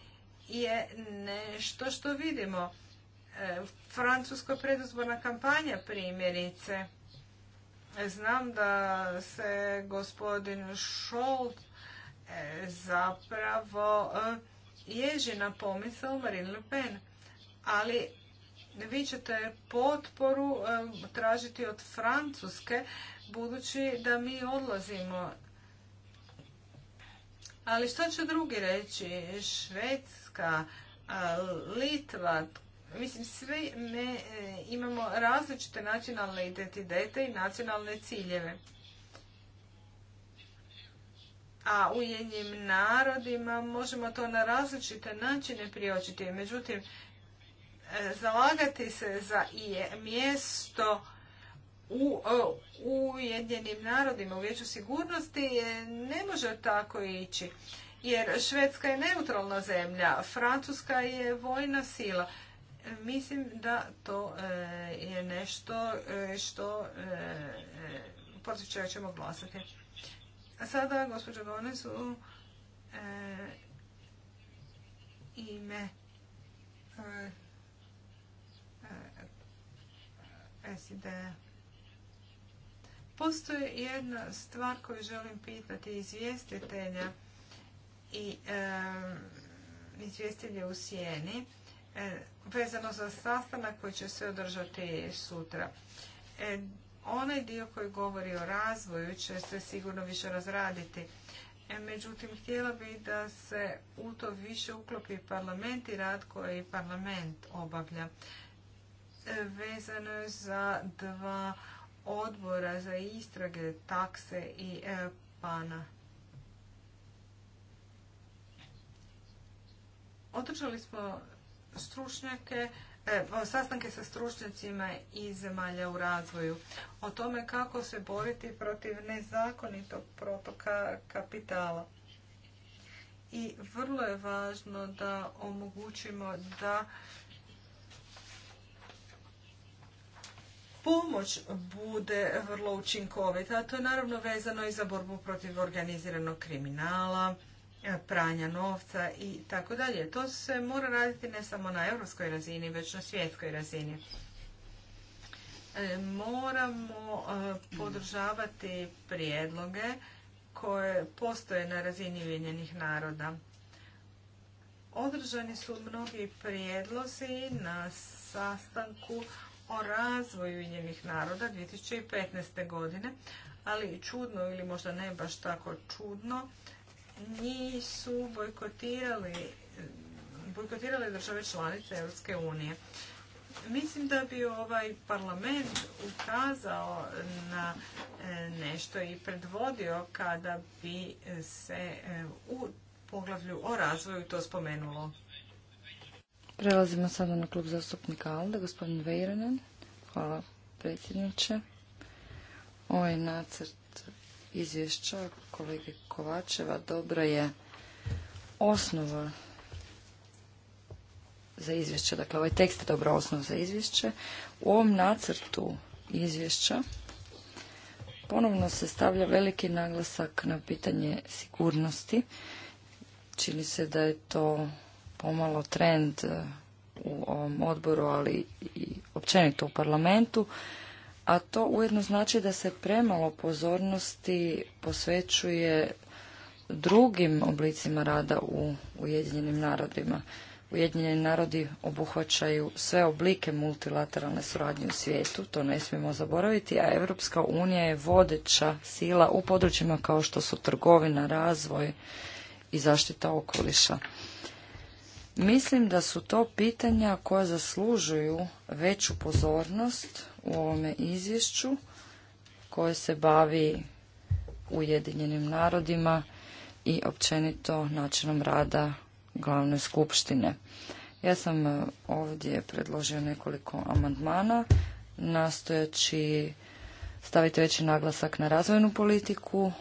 B: je nešto što vidimo. u e, Francuska predizborna kampanja primjerice. Znam da se gospodin Scholz e, zapravo ježi na pomisao Marine Le Pen ali vi ćete potporu tražiti od Francuske budući da mi odlazimo. Ali što će drugi reći? Švedska, Litva, mislim svi mi e, imamo različite nacionalne identitete i nacionalne ciljeve. A u jednim narodima možemo to na različite načine priočiti. Međutim, zalagati se za mjesto u Ujedinjenim narodima, u Vijeću sigurnosti, ne može tako ići. Jer Švedska je neutralna zemlja, Francuska je vojna sila. Mislim da to e, je nešto e, što e, protiv ćemo glasati. A sada, gospođo Gones, ime SID-a. Postoji jedna stvar koju želim pitati izvjestitelja i e, izvjestitelje u Sijeni e, vezano za sastanak koji će se održati sutra. E, onaj dio koji govori o razvoju će se sigurno više razraditi. E, međutim, htjela bi da se u to više uklopi parlament i rad koji parlament obavlja vezano je za dva odbora za istrage, takse i e, pana. Otočali smo stručnjake, e, sastanke sa stručnjacima iz zemalja u razvoju o tome kako se boriti protiv nezakonitog protoka kapitala. I vrlo je važno da omogućimo da pomoć bude vrlo učinkovita. A to je naravno vezano i za borbu protiv organiziranog kriminala, pranja novca i tako dalje. To se mora raditi ne samo na europskoj razini, već na svjetskoj razini. E, moramo e, podržavati prijedloge koje postoje na razini Ujedinjenih naroda. Održani su mnogi prijedlozi na sastanku o razvoju Ujedinjenih naroda 2015. godine, ali čudno ili možda ne baš tako čudno, nisu bojkotirali bojkotirale države članice Europske unije. Mislim da bi ovaj parlament ukazao na e, nešto i predvodio kada bi se e, u poglavlju o razvoju to spomenulo.
D: Prelazimo sada na klub zastupnika Alde, gospodin Vejranen. Hvala predsjedniče. Ovaj nacrt izvješća kolege Kovačeva dobra je osnova za izvješće. Dakle, ovaj tekst je dobra osnova za izvješće. U ovom nacrtu izvješća ponovno se stavlja veliki naglasak na pitanje sigurnosti. Čini se da je to pomalo trend e, u ovom odboru, ali i općenito u parlamentu, a to ujedno znači da se premalo pozornosti posvećuje drugim oblicima rada u Ujedinjenim narodima. Ujedinjeni narodi obuhvaćaju sve oblike multilateralne suradnje u svijetu, to ne smijemo zaboraviti, a Europska unija je vodeća sila u područjima kao što su trgovina, razvoj i zaštita okoliša. Mislim da su to pitanja koja zaslužuju veću pozornost u ovome izvješću koje se bavi Ujedinjenim narodima i općenito načinom rada glavne skupštine. Ja sam e, ovdje predložio nekoliko amandmana nastojeći staviti veći naglasak na razvojnu politiku,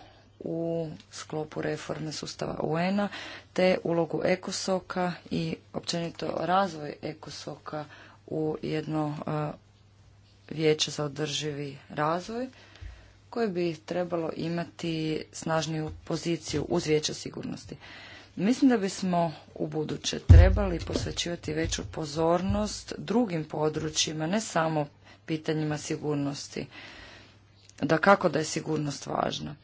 D: u sklopu reforme sustava UN-a, te ulogu ekosoka i općenito razvoj ekosoka u jedno e, vijeće za održivi razvoj koje bi trebalo imati snažniju poziciju uz vijeće sigurnosti. Mislim da bismo u buduće trebali posvećivati veću pozornost drugim područjima, ne samo pitanjima sigurnosti. Da kako da je sigurnost važna,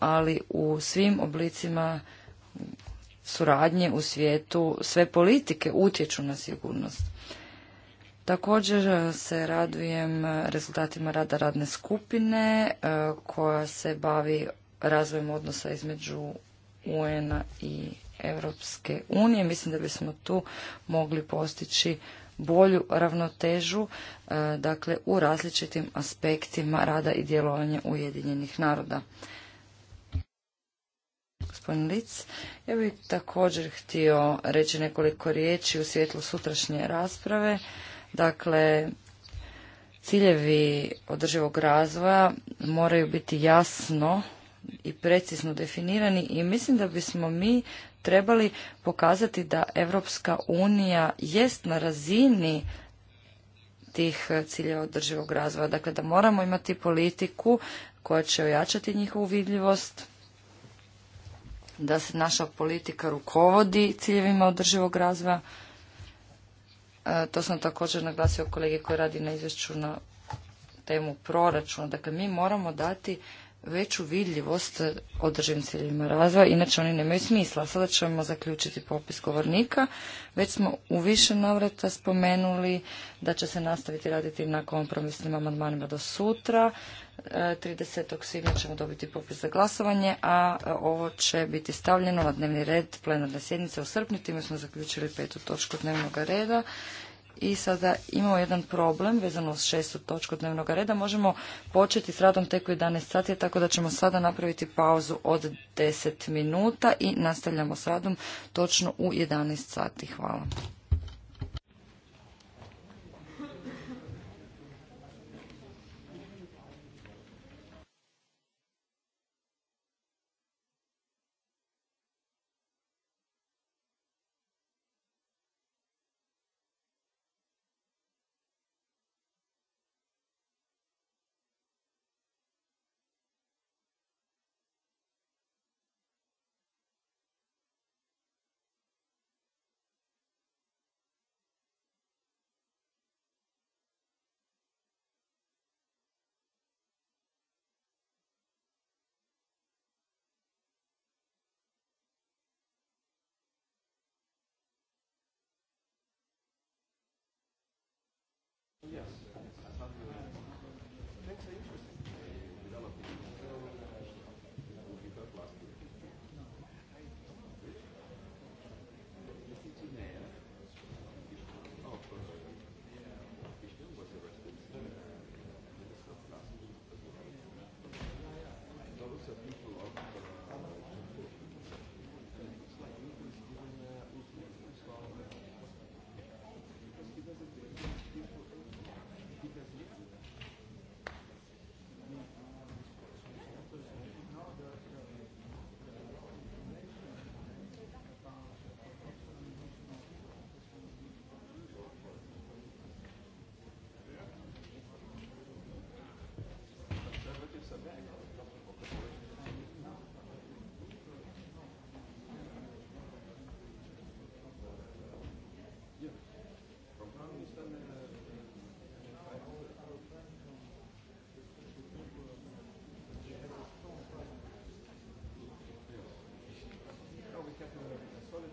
D: ali u svim oblicima suradnje u svijetu sve politike utječu na sigurnost. Također e, se radujem rezultatima rada radne skupine e, koja se bavi razvojem odnosa između UN-a i Europske unije. Mislim da bismo tu mogli postići bolju ravnotežu e, dakle u različitim aspektima rada i djelovanja Ujedinjenih naroda gospodin Lic. Ja bih također htio reći nekoliko riječi u svjetlu sutrašnje rasprave. Dakle, ciljevi održivog razvoja moraju biti jasno i precizno definirani i mislim da bismo mi trebali pokazati da Europska unija jest na razini tih ciljeva održivog razvoja. Dakle, da moramo imati politiku koja će ojačati njihovu vidljivost, da se naša politika rukovodi ciljevima održivog razvoja. E, to sam također naglasio kolege koji radi na izvješću na temu proračuna. Dakle, mi moramo dati veću vidljivost održivim ciljevima razvoja, inače oni nemaju smisla. Sada ćemo zaključiti popis govornika. Već smo u više navrata spomenuli da će se nastaviti raditi na kompromisnim amandmanima do sutra. 30. E, svibnja ćemo dobiti popis za glasovanje, a e, ovo će biti stavljeno na dnevni red plenarne sjednice u srpnju. Time smo zaključili petu točku dnevnog reda i sada imamo jedan problem vezano s šestu točku dnevnog reda. Možemo početi s radom tek u 11 sati, tako da ćemo sada napraviti pauzu od 10 minuta i nastavljamo s radom točno u 11 sati. Hvala.
A: Yes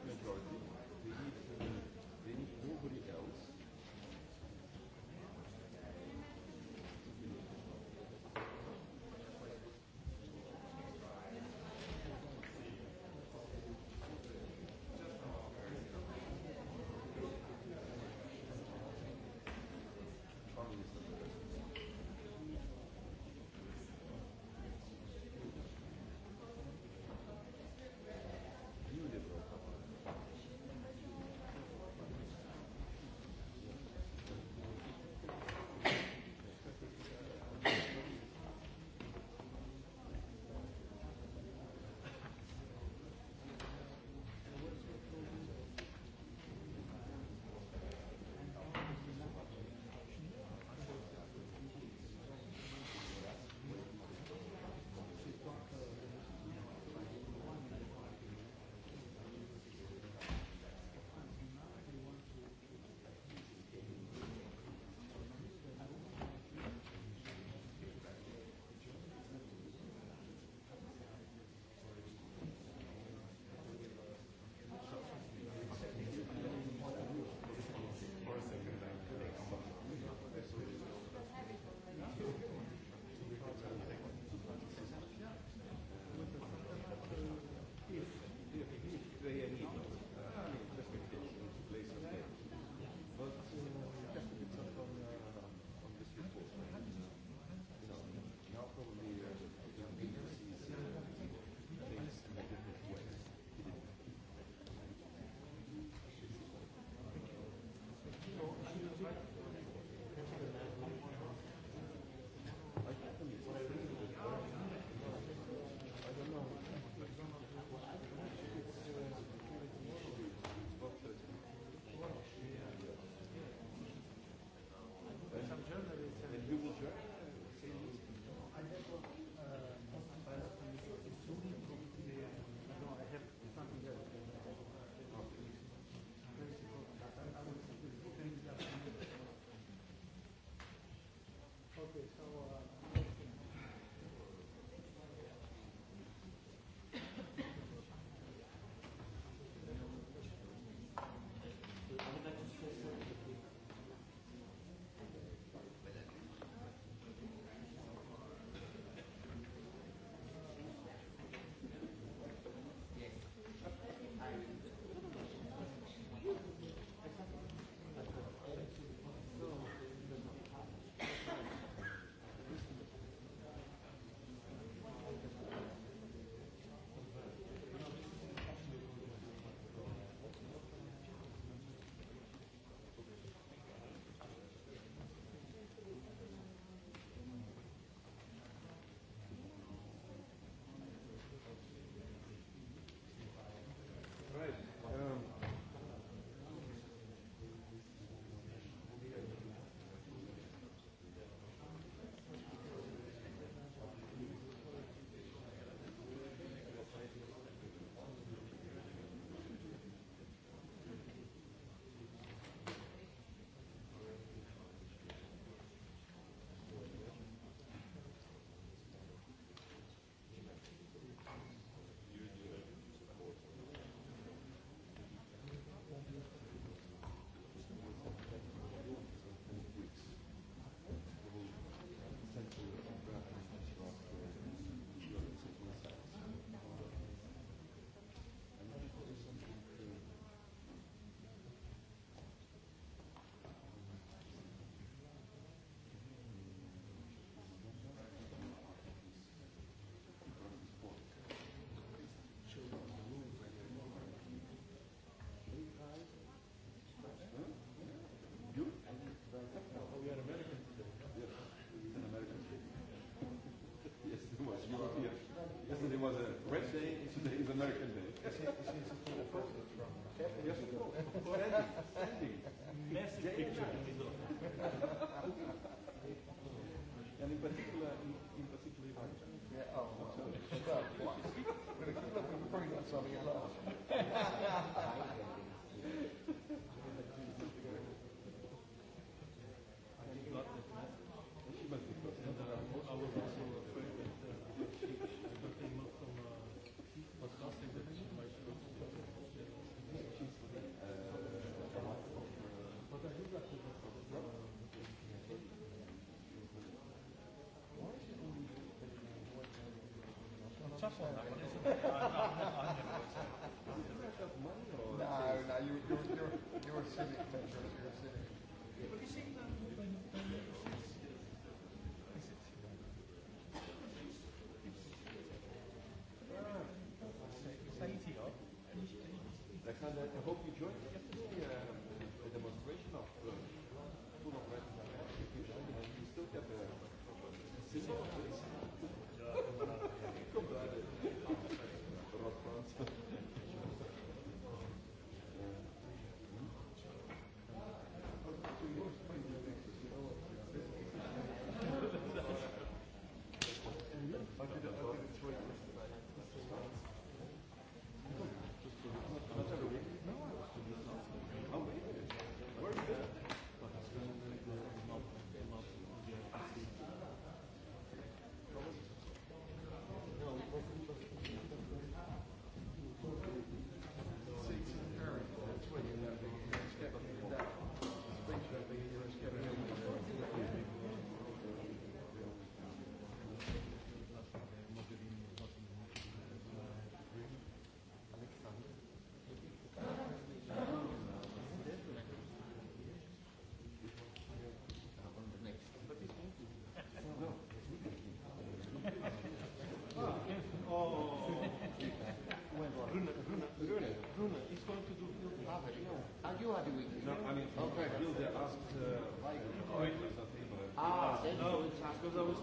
A: majority Red
C: Day is, today is American Day. Yes, of course. Andy,
A: Andy. Massive picture in the middle. you No, I mean, asked uh, Ah, no, I was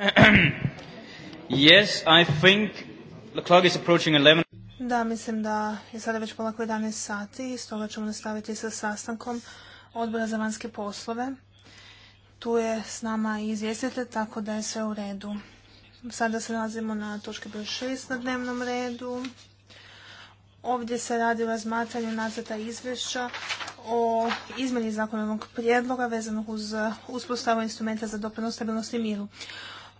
C: Da, mislim da je sada već polako 11 sati i stoga ćemo nastaviti sa sastankom odbora za vanjske poslove. Tu je s nama i izvjestitelj, tako da je sve u redu. Sada se nalazimo na točke broj 6 na dnevnom redu. Ovdje se radi o razmatranju nacrta izvješća o izmjeni zakonodavnog prijedloga vezanog uz uspostavu instrumenta za doprinos stabilnosti i miru.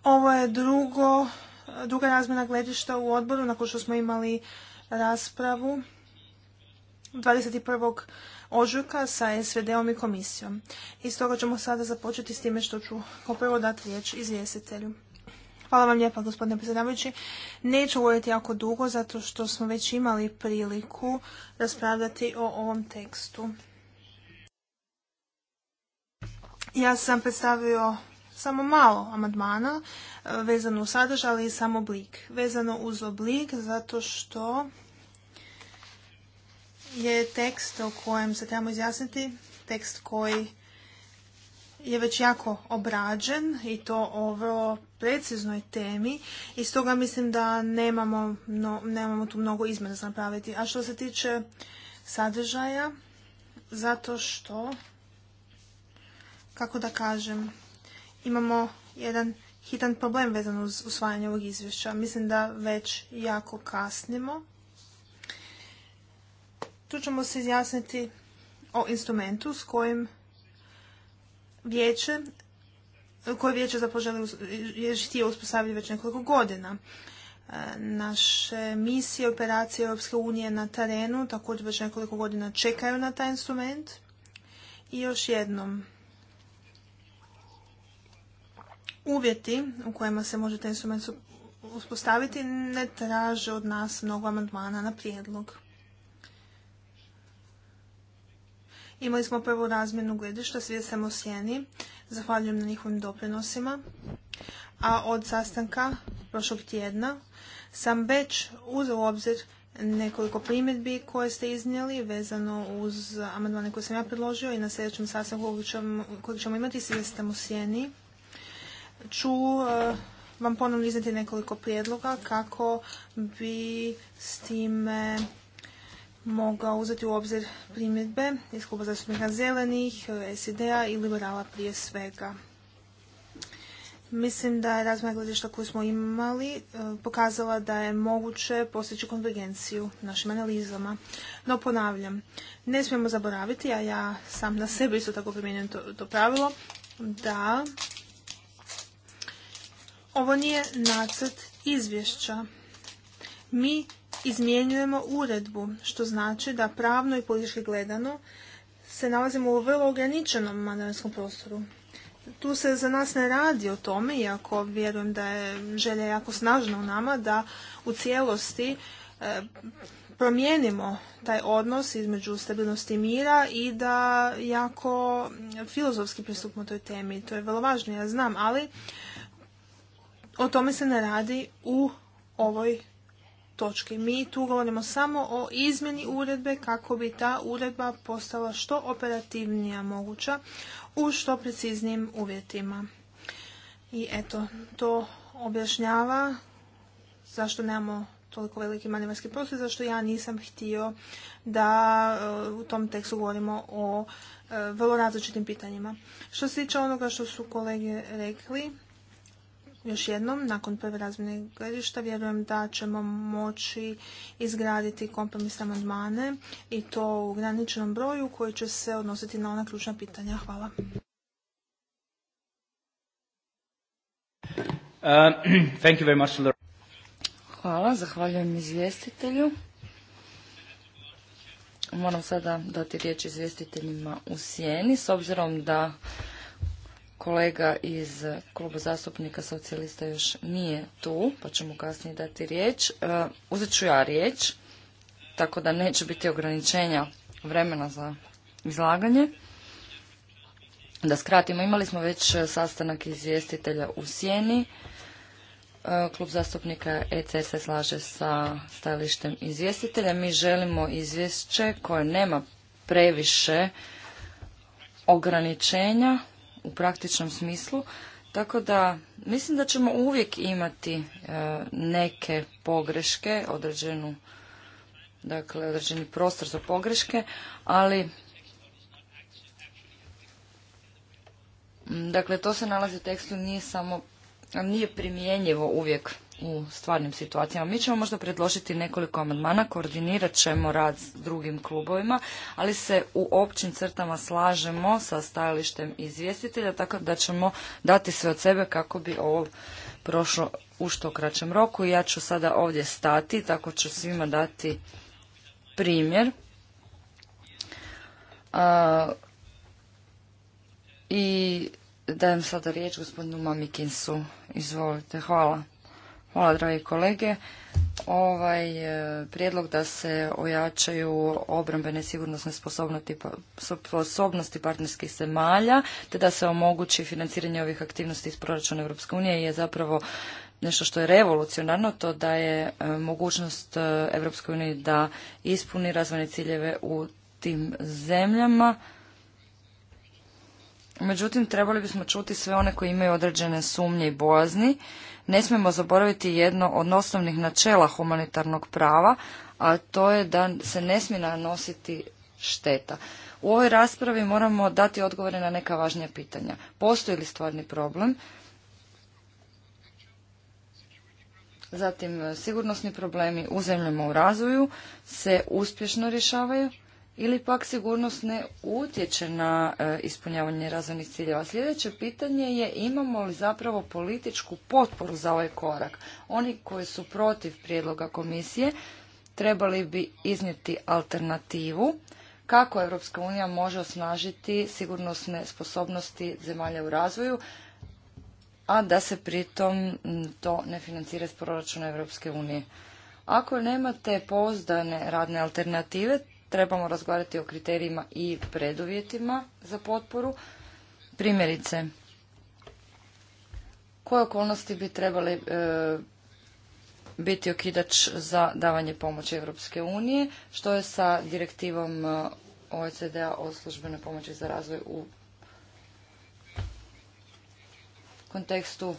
C: Ovo je drugo, druga razmjena gledišta u odboru nakon što smo imali raspravu 21. ožujka sa SVD-om i komisijom. I toga ćemo sada započeti s time što ću kao dati riječ izvjestitelju. Hvala vam lijepa, gospodine predsjedavajući. Neću govoriti jako dugo, zato što smo već imali priliku raspravljati o ovom tekstu. Ja sam predstavio samo malo amandmana e, vezano u sadržaj, ali i samo oblik. Vezano uz oblik zato što je tekst o kojem se trebamo izjasniti, tekst koji je već jako obrađen i to o vrlo preciznoj temi i stoga mislim da nemamo, nemamo tu mnogo izmjena za napraviti. A što se tiče sadržaja, zato što, kako da kažem, imamo jedan hitan problem vezan uz usvajanje ovog izvješća. Mislim da već jako kasnimo. Tu ćemo se izjasniti o instrumentu s kojim vijeće koje vijeće zapravo želi, je već nekoliko godina. E, naše misije, operacije Europske unije na terenu također već nekoliko godina čekaju na taj instrument. I još jednom, Uvjeti u kojima se može instrument uspostaviti ne traže od nas mnogo amandmana na prijedlog. Imali smo prvu razmjenu gledišta s Vjesem o Sjeni. Zahvaljujem na njihovim doprinosima. A od sastanka prošlog tjedna sam već uzeo u obzir nekoliko primjedbi koje ste iznijeli vezano uz amandmane koje sam ja predložio i na sljedećem sastanku kojeg ćemo imati s Vjesem o Sjeni ću e, vam ponovno izneti nekoliko prijedloga kako bi s time mogao uzeti u obzir primjedbe iz kluba zastupnika zelenih, SID-a i liberala prije svega. Mislim da je razmjena gledišta koju smo imali e, pokazala da je moguće postići konvergenciju našim analizama. No ponavljam, ne smijemo zaboraviti, a ja sam na sebi isto tako primjenjujem to, to pravilo, da ovo nije nacrt izvješća. Mi izmjenjujemo uredbu, što znači da pravno i politički gledano se nalazimo u vrlo ograničenom mandarinskom prostoru. Tu se za nas ne radi o tome, iako vjerujem da je želja jako snažna u nama, da u cijelosti e, promijenimo taj odnos između stabilnosti i mira i da jako filozofski pristupimo toj temi. To je vrlo važno, ja znam, ali o tome se ne radi u ovoj točki. Mi tu govorimo samo o izmjeni uredbe kako bi ta uredba postala što operativnija moguća u što preciznijim uvjetima. I eto, to objašnjava zašto nemamo toliko veliki manevarski prostor, zašto ja nisam htio da e, u tom tekstu govorimo o e, vrlo različitim pitanjima. Što se tiče onoga što su kolege rekli, još jednom, nakon prve razmjene gledišta, vjerujem da ćemo moći izgraditi kompromisne amandmane i to u graničnom broju koji će se odnositi na ona ključna pitanja. Hvala.
A: Uh,
C: Hvala, zahvaljujem
D: izvjestitelju. Moram sada dati riječ izvjestiteljima u sjeni, s obzirom da kolega iz kluba zastupnika socijalista još nije tu, pa ćemo kasnije dati riječ. E, uzet ću ja riječ, tako da neće biti ograničenja vremena za izlaganje. Da skratimo, imali smo već sastanak izvjestitelja u Sjeni. E, Klub zastupnika ECR se slaže sa stajalištem izvjestitelja. Mi želimo izvješće koje nema previše ograničenja u praktičnom smislu. Tako da mislim da ćemo uvijek imati e, neke pogreške, određenu dakle određeni prostor za pogreške, ali dakle to se nalazi u tekstu nije samo nije primjenjivo uvijek u stvarnim situacijama. Mi ćemo možda predložiti nekoliko amandmana, koordinirat ćemo rad s drugim klubovima, ali se u općim crtama slažemo sa stajalištem izvjestitelja, tako da ćemo dati sve od sebe kako bi ovo prošlo u što kraćem roku. Ja ću sada ovdje stati, tako ću svima dati primjer. I dajem sada riječ gospodinu Mamikinsu. Izvolite, hvala. Hvala, dragi kolege. Ovaj e, prijedlog da se ojačaju obrambene sigurnosne pa, sposobnosti partnerskih zemalja, te da se omogući financiranje ovih aktivnosti iz proračuna Europske unije je zapravo nešto što je revolucionarno, to da je e, mogućnost e, Europskoj uniji da ispuni razvojne ciljeve u tim zemljama. Međutim, trebali bismo čuti sve one koji imaju određene sumnje i bojazni ne smijemo zaboraviti jedno od osnovnih načela humanitarnog prava, a to je da se ne smije nanositi šteta. U ovoj raspravi moramo dati odgovore na neka važnija pitanja. Postoji li stvarni problem? Zatim sigurnosni problemi u zemljama u razvoju se uspješno rješavaju ili pak sigurnost ne utječe na e, ispunjavanje razvojnih ciljeva. Sljedeće pitanje je imamo li zapravo političku potporu za ovaj korak. Oni koji su protiv prijedloga komisije trebali bi iznijeti alternativu kako EU unija može osnažiti sigurnosne sposobnosti zemalja u razvoju, a da se pritom to ne financira iz proračuna EU. unije. Ako nemate pozdane radne alternative, trebamo razgovarati o kriterijima i preduvjetima za potporu. Primjerice, koje okolnosti bi trebali e, biti okidač za davanje pomoći Europske unije, što je sa direktivom e, OECD-a o službenoj pomoći za razvoj u kontekstu e,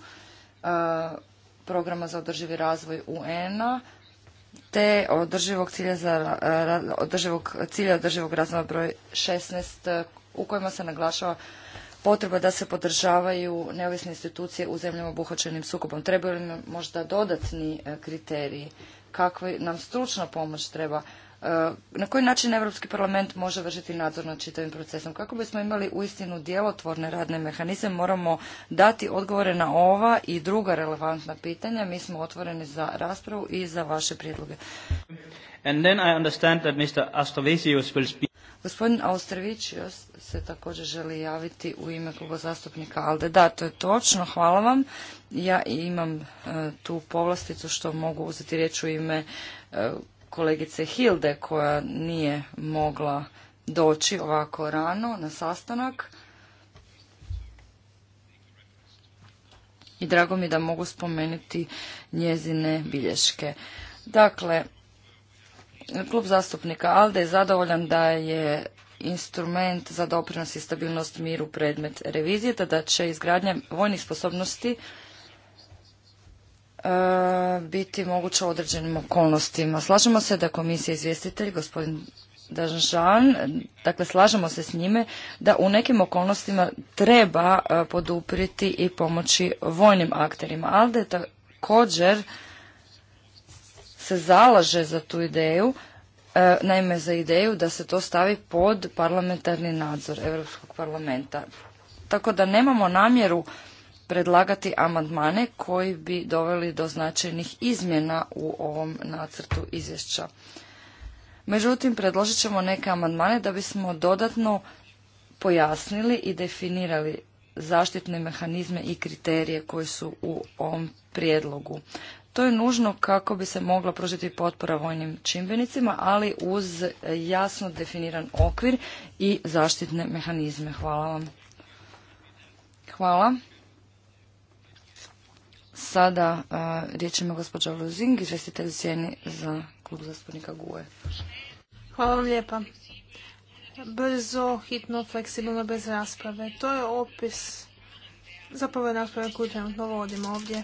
D: programa za održivi razvoj UN-a, te održivog cilja, za, održivog, cilja održivog razvoja broj 16 e, u kojima se naglašava potreba da se podržavaju neovisne institucije u zemljama obuhvaćenim sukobom. Trebaju li nam možda dodatni e, kriteriji? Kakva nam stručna pomoć treba? E, na koji način Europski parlament može vršiti nadzor nad čitavim procesom. Kako bismo imali uistinu djelotvorne radne mehanizme, moramo dati odgovore na ova i druga relevantna pitanja. Mi smo otvoreni za raspravu i za vaše prijedloge. And then I Gospodin Austrevićios se također želi javiti u ime kluba zastupnika Alde. Da, to je točno, hvala vam. Ja imam e, tu povlasticu što mogu uzeti riječ u ime e, kolegice Hilde koja nije mogla doći ovako rano na sastanak. I drago mi da mogu spomenuti njezine bilješke. Dakle, klub zastupnika ALDE je zadovoljan da je instrument za doprinos i stabilnost miru predmet revizije, da će izgradnja vojnih sposobnosti E, biti moguće u određenim okolnostima. Slažemo se da komisija izvjestitelj, gospodin Dažan, dakle slažemo se s njime da u nekim okolnostima treba e, poduprijeti i pomoći vojnim akterima. je također se zalaže za tu ideju, e, naime za ideju da se to stavi pod parlamentarni nadzor Europskog parlamenta. Tako da nemamo namjeru predlagati amandmane koji bi doveli do značajnih izmjena u ovom nacrtu izvješća. Međutim, predložit ćemo neke amandmane da bismo dodatno pojasnili i definirali zaštitne mehanizme i kriterije koji su u ovom prijedlogu. To je nužno kako bi se mogla pružiti potpora vojnim čimbenicima, ali uz jasno definiran okvir i zaštitne mehanizme. Hvala vam. Hvala. Sada e, riječ ima gospođa Luzing, izvestitelj cijeni za klub zastupnika GUE.
C: Hvala vam lijepa. Brzo, hitno, fleksibilno, bez rasprave. To je opis zapravo rasprave koju trenutno vodimo ovdje.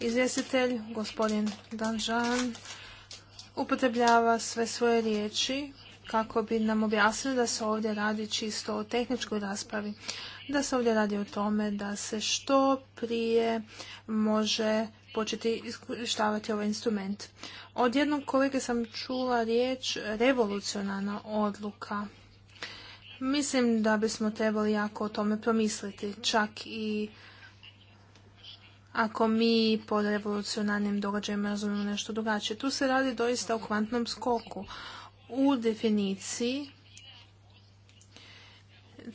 C: Izvjestitelj, gospodin Danžan, upotrebljava sve svoje riječi kako bi nam objasnili da se ovdje radi čisto o tehničkoj raspravi da se ovdje radi o tome da se što prije može početi iskorištavati ovaj instrument. Od jednog kolege sam čula riječ revolucionarna odluka. Mislim da bismo trebali jako o tome promisliti, čak i ako mi pod revolucionarnim događajima razumijemo nešto drugačije. Tu se radi doista o kvantnom skoku. U definiciji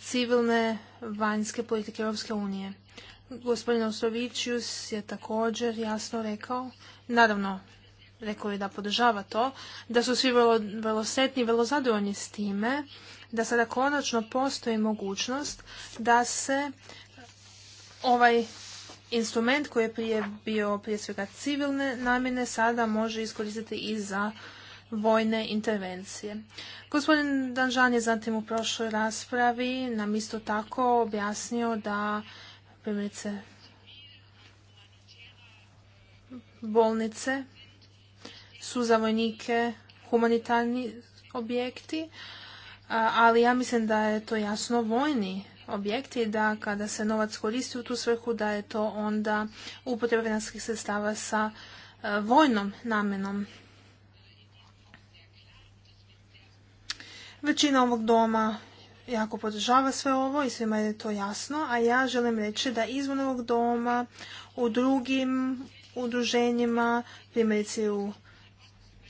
C: civilne vanjske politike Europske unije. Gospodin Ostrovićius je također jasno rekao, naravno rekao je da podržava to, da su svi vrlo, sretni i vrlo zadovoljni s time, da sada konačno postoji mogućnost da se ovaj instrument koji je prije bio prije svega civilne namjene sada može iskoristiti i za vojne intervencije. Gospodin Danžan je zatim u prošloj raspravi nam isto tako objasnio da primjerice bolnice su za vojnike humanitarni objekti, ali ja mislim da je to jasno vojni objekti, da kada se novac koristi u tu svrhu, da je to onda upotreba finanskih sredstava sa e, vojnom namenom. Većina ovog doma jako podržava sve ovo i svima je to jasno, a ja želim reći da izvan ovog doma u drugim udruženjima, primjerice u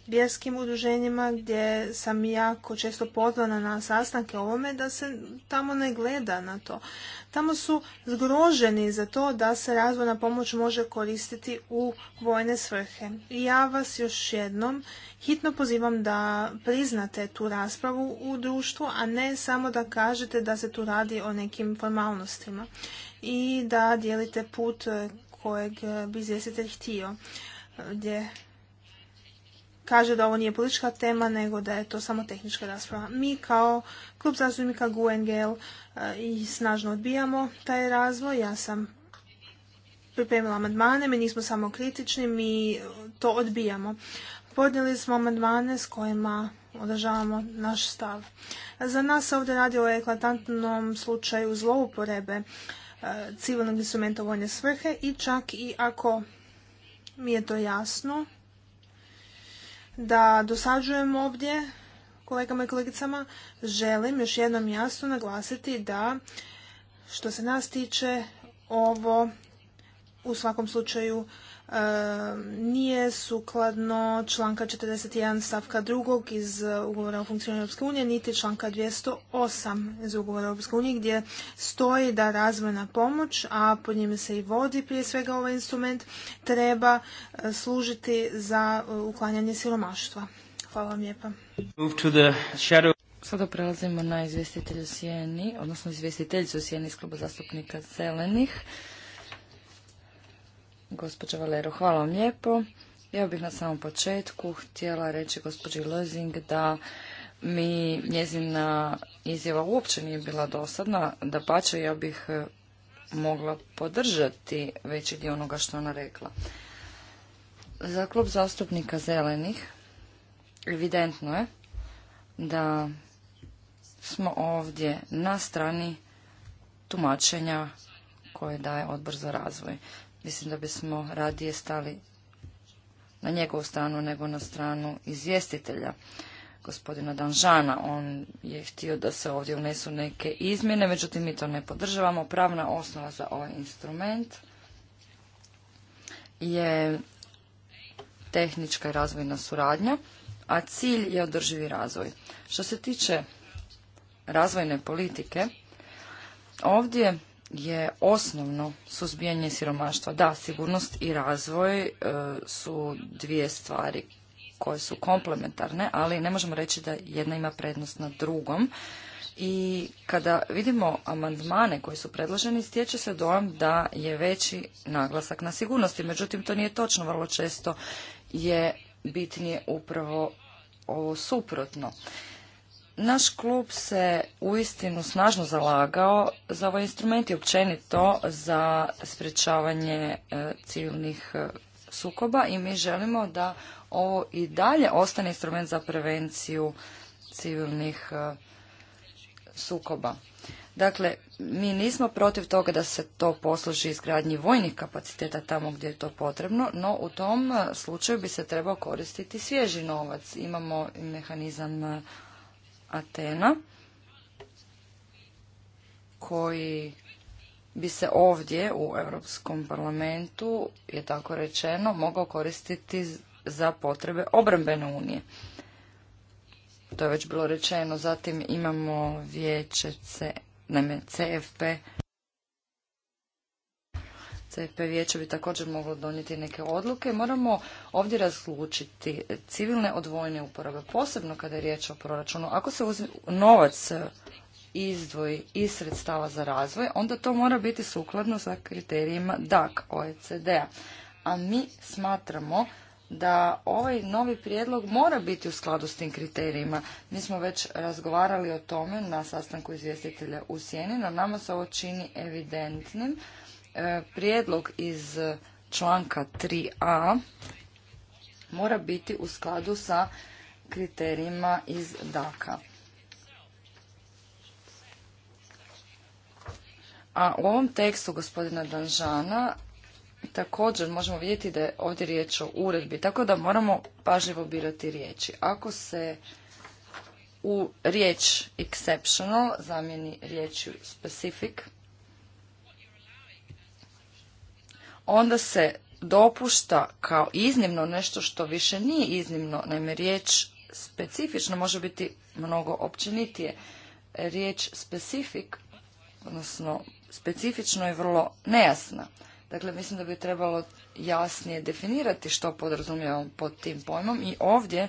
C: vjerskim udruženjima gdje sam jako često pozvana na sastanke ovome da se tamo ne gleda na to. Tamo su zgroženi za to da se razvojna pomoć može koristiti u vojne svrhe. I ja vas još jednom hitno pozivam da priznate tu raspravu u društvu, a ne samo da kažete da se tu radi o nekim formalnostima i da dijelite put kojeg bi izvjestitelj htio gdje kaže da ovo nije politička tema, nego da je to samo tehnička rasprava. Mi kao klub zastupnika GUNGL eh, i snažno odbijamo taj razvoj. Ja sam pripremila amandmane, mi nismo samo kritični, mi to odbijamo. Podnijeli smo amandmane s kojima održavamo naš stav. Za nas se ovdje radi o eklatantnom slučaju zlouporebe eh, civilnog instrumenta vojne svrhe i čak i ako mi je to jasno, da dosađujem ovdje kolegama i kolegicama, želim još jednom jasno naglasiti da što se nas tiče ovo u svakom slučaju nije sukladno članka 41 stavka 2 iz e, ugovora o funkcioniranju Europske unije, niti članka 208 iz ugovora o Europske unije, gdje stoji da razvojna pomoć, a pod njime se i vodi prije svega ovaj instrument, treba e, služiti za e, uklanjanje siromaštva. Hvala vam lijepa.
D: Sada prelazimo na izvjestitelje sjeni Sijeni, odnosno izvjestiteljicu sjeni Sijeni iz kluba zastupnika Zelenih. Gospođa Valero, hvala vam lijepo. Ja bih na samom početku htjela reći gospođi Lozing da mi njezina izjava uopće nije bila dosadna, da pače ja bih eh, mogla podržati veći dio onoga što ona rekla. Za klub zastupnika zelenih evidentno je da smo ovdje na strani tumačenja koje daje odbor za razvoj. Mislim da bismo radije stali na njegovu stranu nego na stranu izvjestitelja gospodina Danžana. On je htio da se ovdje unesu neke izmjene, međutim mi to ne podržavamo. Pravna osnova za ovaj instrument je tehnička i razvojna suradnja, a cilj je održivi razvoj. Što se tiče razvojne politike, ovdje je osnovno suzbijanje siromaštva. Da, sigurnost i razvoj e, su dvije stvari koje su komplementarne, ali ne možemo reći da jedna ima prednost na drugom. I kada vidimo amandmane koji su predloženi, stječe se dojam da je veći naglasak na sigurnosti. Međutim, to nije točno. Vrlo često je bitnije upravo ovo suprotno. Naš klub se uistinu snažno zalagao za ovaj instrument i općenito za sprječavanje e, civilnih e, sukoba i mi želimo da ovo i dalje ostane instrument za prevenciju civilnih e, sukoba. Dakle, mi nismo protiv toga da se to posluži izgradnji vojnih kapaciteta tamo gdje je to potrebno, no u tom slučaju bi se trebao koristiti svježi novac. Imamo mehanizam Atena koji bi se ovdje u Europskom parlamentu, je tako rečeno, mogao koristiti za potrebe obrambene unije. To je već bilo rečeno. Zatim imamo vijeće CFP CP vijeće bi također moglo donijeti neke odluke. Moramo ovdje razlučiti civilne od vojne uporabe, posebno kada je riječ o proračunu. Ako se uzme novac izdvoji iz sredstava za razvoj, onda to mora biti sukladno sa kriterijima DAC OECD-a. A mi smatramo da ovaj novi prijedlog mora biti u skladu s tim kriterijima. Mi smo već razgovarali o tome na sastanku izvjestitelja u Sjeni, na nama se ovo čini evidentnim E, prijedlog iz članka 3a mora biti u skladu sa kriterijima iz DAKA. A u ovom tekstu gospodina Danžana također možemo vidjeti da je ovdje riječ o uredbi, tako da moramo pažljivo birati riječi. Ako se u riječ exceptional zamijeni riječ specific, onda se dopušta kao iznimno nešto što više nije iznimno, naime riječ specifično može biti mnogo općenitije. Riječ specifik, odnosno specifično je vrlo nejasna. Dakle, mislim da bi trebalo jasnije definirati što podrazumijevamo pod tim pojmom i ovdje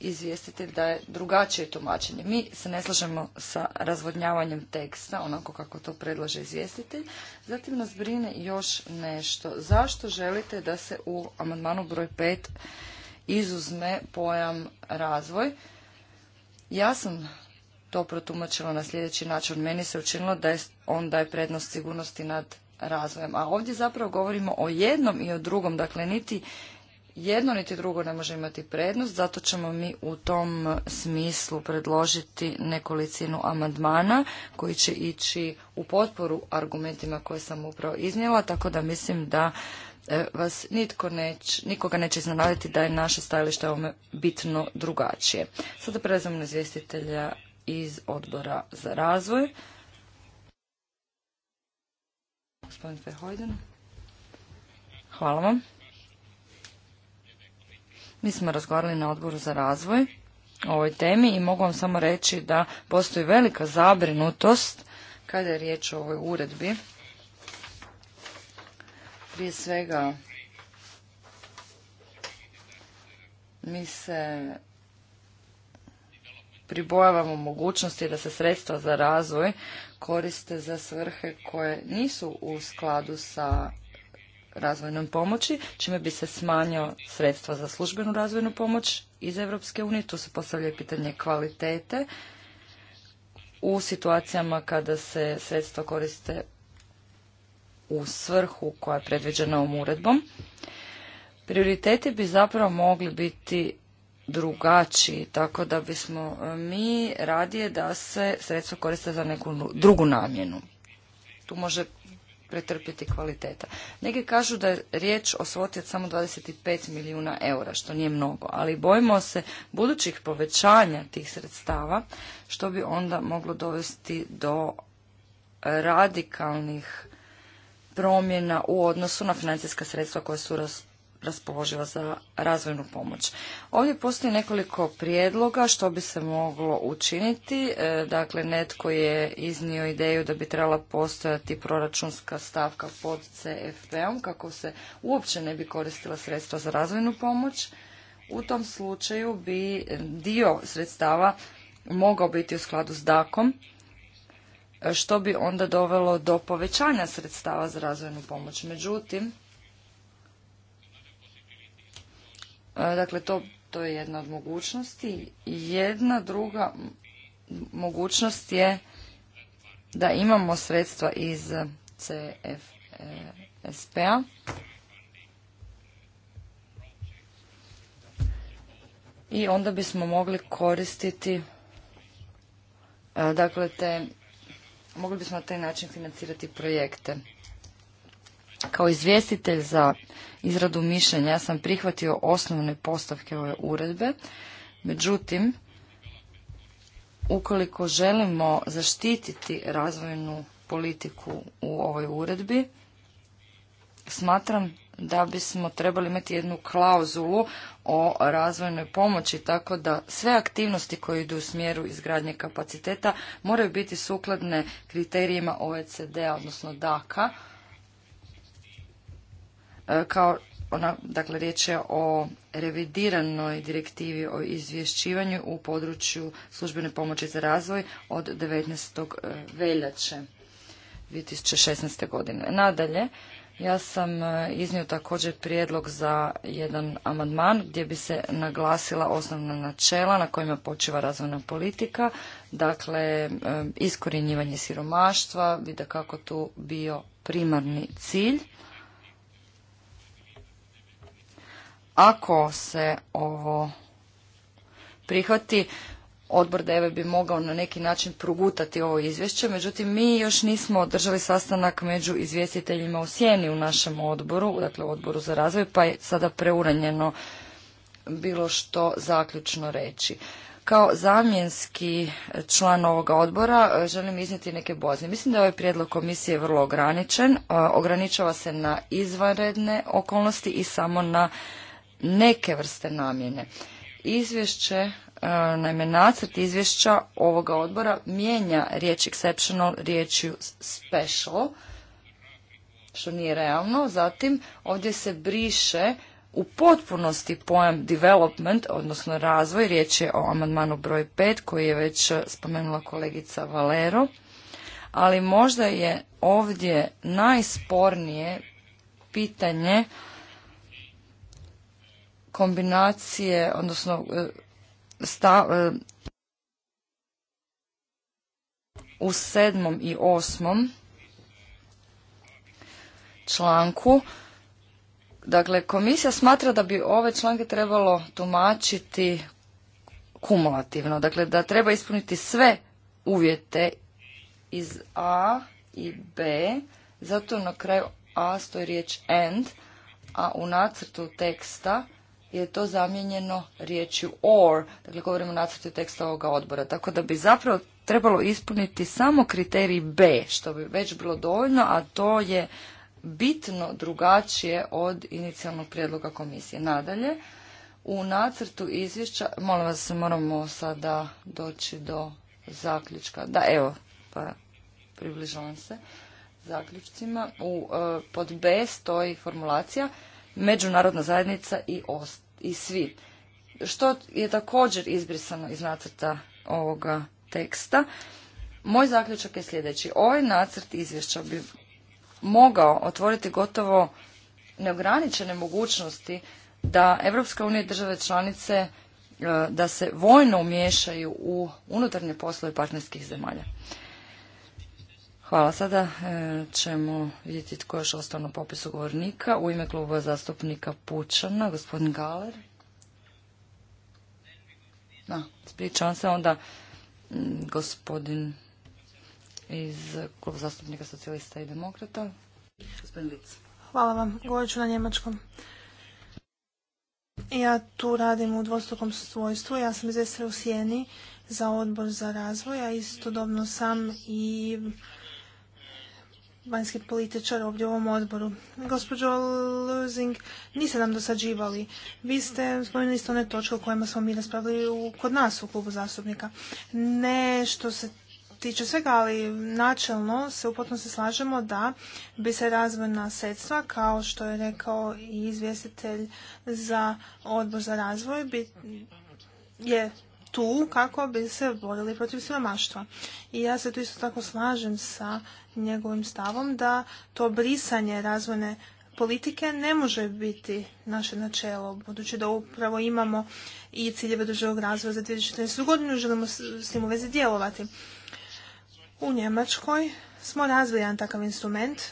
D: izvijestitelj da je drugačije tumačenje. Mi se ne slažemo sa razvodnjavanjem teksta, onako kako to predlaže izvjestitelj. Zatim nas brine još nešto. Zašto želite da se u amandmanu broj 5 izuzme pojam razvoj? Ja sam to protumačila na sljedeći način. Meni se učinilo da je on daje prednost sigurnosti nad razvojem. A ovdje zapravo govorimo o jednom i o drugom, dakle niti jedno niti drugo ne može imati prednost, zato ćemo mi u tom smislu predložiti nekolicinu amandmana koji će ići u potporu argumentima koje sam upravo iznijela, tako da mislim da e, vas nitko neć, nikoga neće iznenaditi da je naše stajalište ovome bitno drugačije. Sada prelazimo na izvjestitelja iz odbora za razvoj. Gospodin Hvala vam. Mi smo razgovarali na odboru za razvoj o ovoj temi i mogu vam samo reći da postoji velika zabrinutost kada je riječ o ovoj uredbi. Prije svega mi se pribojavamo mogućnosti da se sredstva za razvoj koriste za svrhe koje nisu u skladu sa razvojnom pomoći, čime bi se smanjio sredstva za službenu razvojnu pomoć iz Europske unije. Tu se postavlja pitanje kvalitete u situacijama kada se sredstva koriste u svrhu koja je predviđena ovom uredbom. Prioriteti bi zapravo mogli biti drugačiji, tako da bismo e, mi radije da se sredstva koriste za neku drugu namjenu. Tu može pretrpjeti kvaliteta. Neki kažu da je riječ o svoti od samo 25 milijuna eura, što nije mnogo, ali bojimo se budućih povećanja tih sredstava, što bi onda moglo dovesti do radikalnih promjena u odnosu na financijska sredstva koja su raspoloživa za razvojnu pomoć. Ovdje postoji nekoliko prijedloga što bi se moglo učiniti. E, dakle, netko je iznio ideju da bi trebala postojati proračunska stavka pod CFP-om kako se uopće ne bi koristila sredstva za razvojnu pomoć. U tom slučaju bi dio sredstava mogao biti u skladu s DAKom, e, što bi onda dovelo do povećanja sredstava za razvojnu pomoć. Međutim, E, dakle, to, to je jedna od mogućnosti. Jedna druga mogućnost je da imamo sredstva iz CFSP-a. E I onda bismo mogli koristiti e, dakle te, mogli bismo na taj način financirati projekte. Kao izvjestitelj za izradu mišljenja ja sam prihvatio osnovne postavke ove uredbe, međutim, ukoliko želimo zaštititi razvojnu politiku u ovoj uredbi, smatram da bismo trebali imati jednu klauzulu o razvojnoj pomoći, tako da sve aktivnosti koje idu u smjeru izgradnje kapaciteta moraju biti sukladne kriterijima OECD-a, odnosno DAKA, E, kao ona, dakle riječ je o revidiranoj direktivi o izvješćivanju u području službene pomoći za razvoj od 19. E, veljače 2016. godine. Nadalje, ja sam e, iznio također prijedlog za jedan amandman gdje bi se naglasila osnovna načela na kojima počiva razvojna politika, dakle iskorjenjivanje siromaštva bi da kako tu bio primarni cilj Ako se ovo prihvati, odbor DEVE bi mogao na neki način progutati ovo izvješće, međutim mi još nismo održali sastanak među izvjestiteljima u Sjeni u našem odboru, dakle u odboru za razvoj, pa je sada preuranjeno bilo što zaključno reći. Kao zamjenski član ovoga odbora e, želim iznijeti neke bozne. Mislim da je ovaj prijedlog komisije vrlo ograničen. E, ograničava se na izvanredne okolnosti i samo na neke vrste namjene. Izvješće, e, naime nacrt izvješća ovoga odbora mijenja riječ exceptional riječju special, što nije realno. Zatim ovdje se briše u potpunosti pojam development, odnosno razvoj, riječ je o amandmanu broj 5 koji je već spomenula kolegica Valero, ali možda je ovdje najspornije pitanje kombinacije, odnosno e, e, u sedmom i osmom članku. Dakle, komisija smatra da bi ove članke trebalo tumačiti kumulativno. Dakle, da treba ispuniti sve uvjete iz A i B. Zato na kraju A stoji riječ AND, a u nacrtu teksta je to zamijenjeno riječju or, dakle govorimo o nacrtu teksta ovoga odbora. Tako da bi zapravo trebalo ispuniti samo kriterij B, što bi već bilo dovoljno, a to je bitno drugačije od inicijalnog prijedloga komisije. Nadalje, u nacrtu izvješća, molim vas, moramo sada doći do zaključka. Da, evo, pa približavam se zaključcima. U, eh, pod B stoji formulacija međunarodna zajednica i, i svi. Što je također izbrisano iz nacrta ovoga teksta. Moj zaključak je sljedeći. Ovaj nacrt izvješća bi mogao otvoriti gotovo neograničene mogućnosti da Europska unija i države članice e, da se vojno umiješaju u unutarnje poslove partnerskih zemalja. Hvala. Sada e, ćemo vidjeti tko je još ostao na popisu govornika. U ime kluba zastupnika Pučana, gospodin Galer. Da, spričavam se onda mm, gospodin iz kluba zastupnika socijalista i demokrata. Gospodin
C: Hvala vam. Govorit ću na njemačkom. Ja tu radim u dvostokom svojstvu. Ja sam iz u Sjeni za odbor za razvoj, a istodobno sam i vanjski političar ovdje u ovom odboru. Gospođo Luzing, niste nam dosađivali. Vi ste spomenuli ste one točke o kojima smo mi raspravili kod nas u klubu zastupnika. Ne što se tiče svega, ali načelno se upotno se slažemo da bi se razvojna sredstva, kao što je rekao i izvjestitelj za odbor za razvoj, je tu kako bi se borili protiv siromaštva. I ja se tu isto tako slažem sa njegovim stavom da to brisanje razvojne politike ne može biti naše načelo, budući da upravo imamo i ciljeve državog razvoja za 2014. godinu, želimo s tim u vezi djelovati. U Njemačkoj smo razvili jedan takav instrument,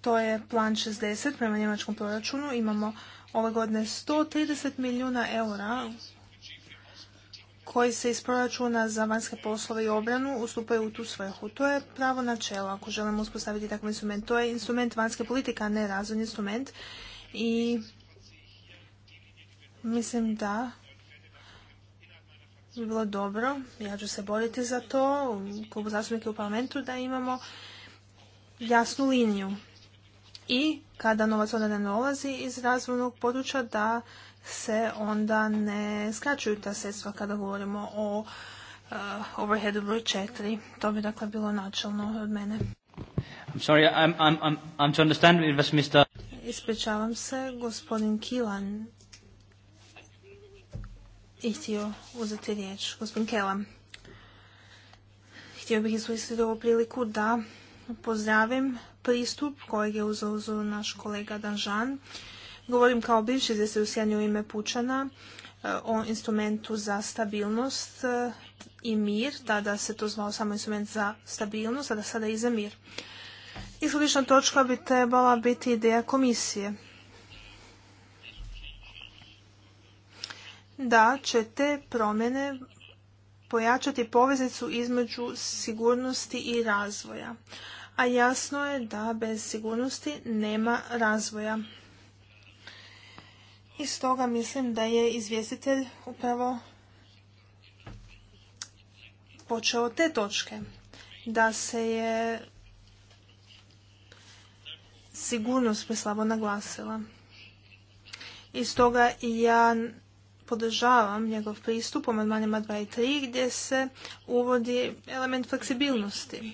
C: to je plan 60 prema njemačkom proračunu, imamo ove godine 130 milijuna eura koji se iz proračuna za vanjske poslove i obranu ustupaju u tu svrhu. To je pravo načelo ako želimo uspostaviti takav instrument. To je instrument vanjske politike, a ne razvojni instrument. I mislim da bi bilo dobro, ja ću se boriti za to, u klubu zastupnika u parlamentu, da imamo jasnu liniju. I kada novac onda ne dolazi iz razvojnog područja, da se onda ne skraćuju ta sredstva kada govorimo o uh, overheadu broj 4. To bi dakle bilo načelno od mene.
A: I'm
C: Ispričavam se, gospodin Kilan i htio uzeti riječ. Gospodin Kelan, htio bih iskoristiti ovu priliku da pozdravim pristup kojeg je uzeo naš kolega Danžan Govorim kao bivši izvjestitelj u sjeni u ime Pučana e, o instrumentu za stabilnost e, i mir, tada se to zvao samo instrument za stabilnost, a da sada i za mir. Ishodišna točka bi trebala biti ideja komisije. Da će te promjene pojačati poveznicu između sigurnosti i razvoja. A jasno je da bez sigurnosti nema razvoja. I stoga mislim da je izvjestitelj upravo počeo te točke. Da se je sigurnost slabo naglasila. I stoga ja podržavam njegov pristup u amandmanima 2 i 3 gdje se uvodi element fleksibilnosti.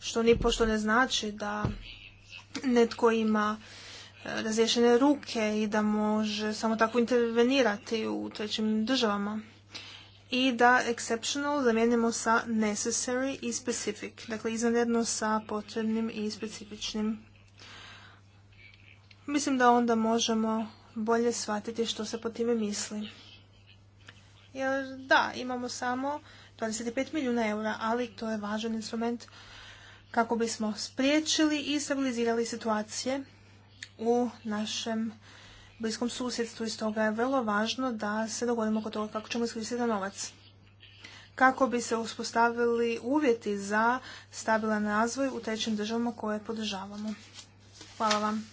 C: Što ni pošto ne znači da netko ima e, razriješene ruke i da može samo tako intervenirati u trećim državama. I da exceptional zamijenimo sa necessary i specific, dakle izvanredno sa potrebnim i specifičnim. Mislim da onda možemo bolje shvatiti što se po time misli. Jer da, imamo samo 25 milijuna eura, ali to je važan instrument kako bismo spriječili i stabilizirali situacije u našem bliskom susjedstvu i stoga je vrlo važno da se dogodimo kod toga kako ćemo iskoristiti novac. Kako bi se uspostavili uvjeti za stabilan razvoj u trećim državama koje podržavamo. Hvala vam.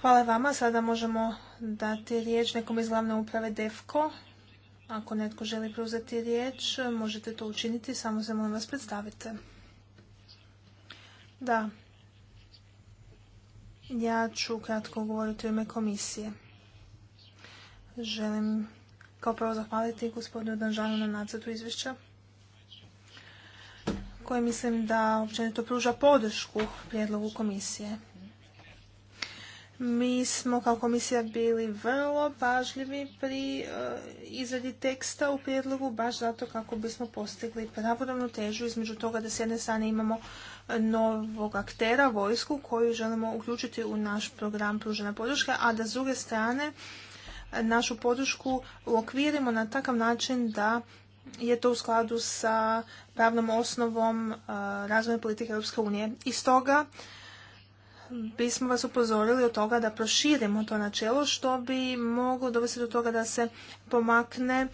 C: Hvala vama. Sada možemo dati riječ nekom iz glavne uprave DEFKO ako netko želi preuzeti riječ, možete to učiniti, samo se molim vas predstavite. Da, ja ću kratko govoriti u ime komisije. Želim kao prvo zahvaliti gospodinu Danžanu na nacrtu izvješća koje mislim da općenito pruža podršku prijedlogu komisije. Mi smo kao komisija bili vrlo pažljivi pri eh, izradi teksta u prijedlogu, baš zato kako bismo postigli pravu težu između toga da s jedne strane imamo eh, novog aktera, vojsku, koju želimo uključiti u naš program pružena podrška, a da s druge strane eh, našu podršku uokvirimo na takav način da je to u skladu sa pravnom osnovom razvoja razvojne politike Europske unije. I stoga bismo vas upozorili od toga da proširimo to načelo što bi moglo dovesti do toga da se pomakne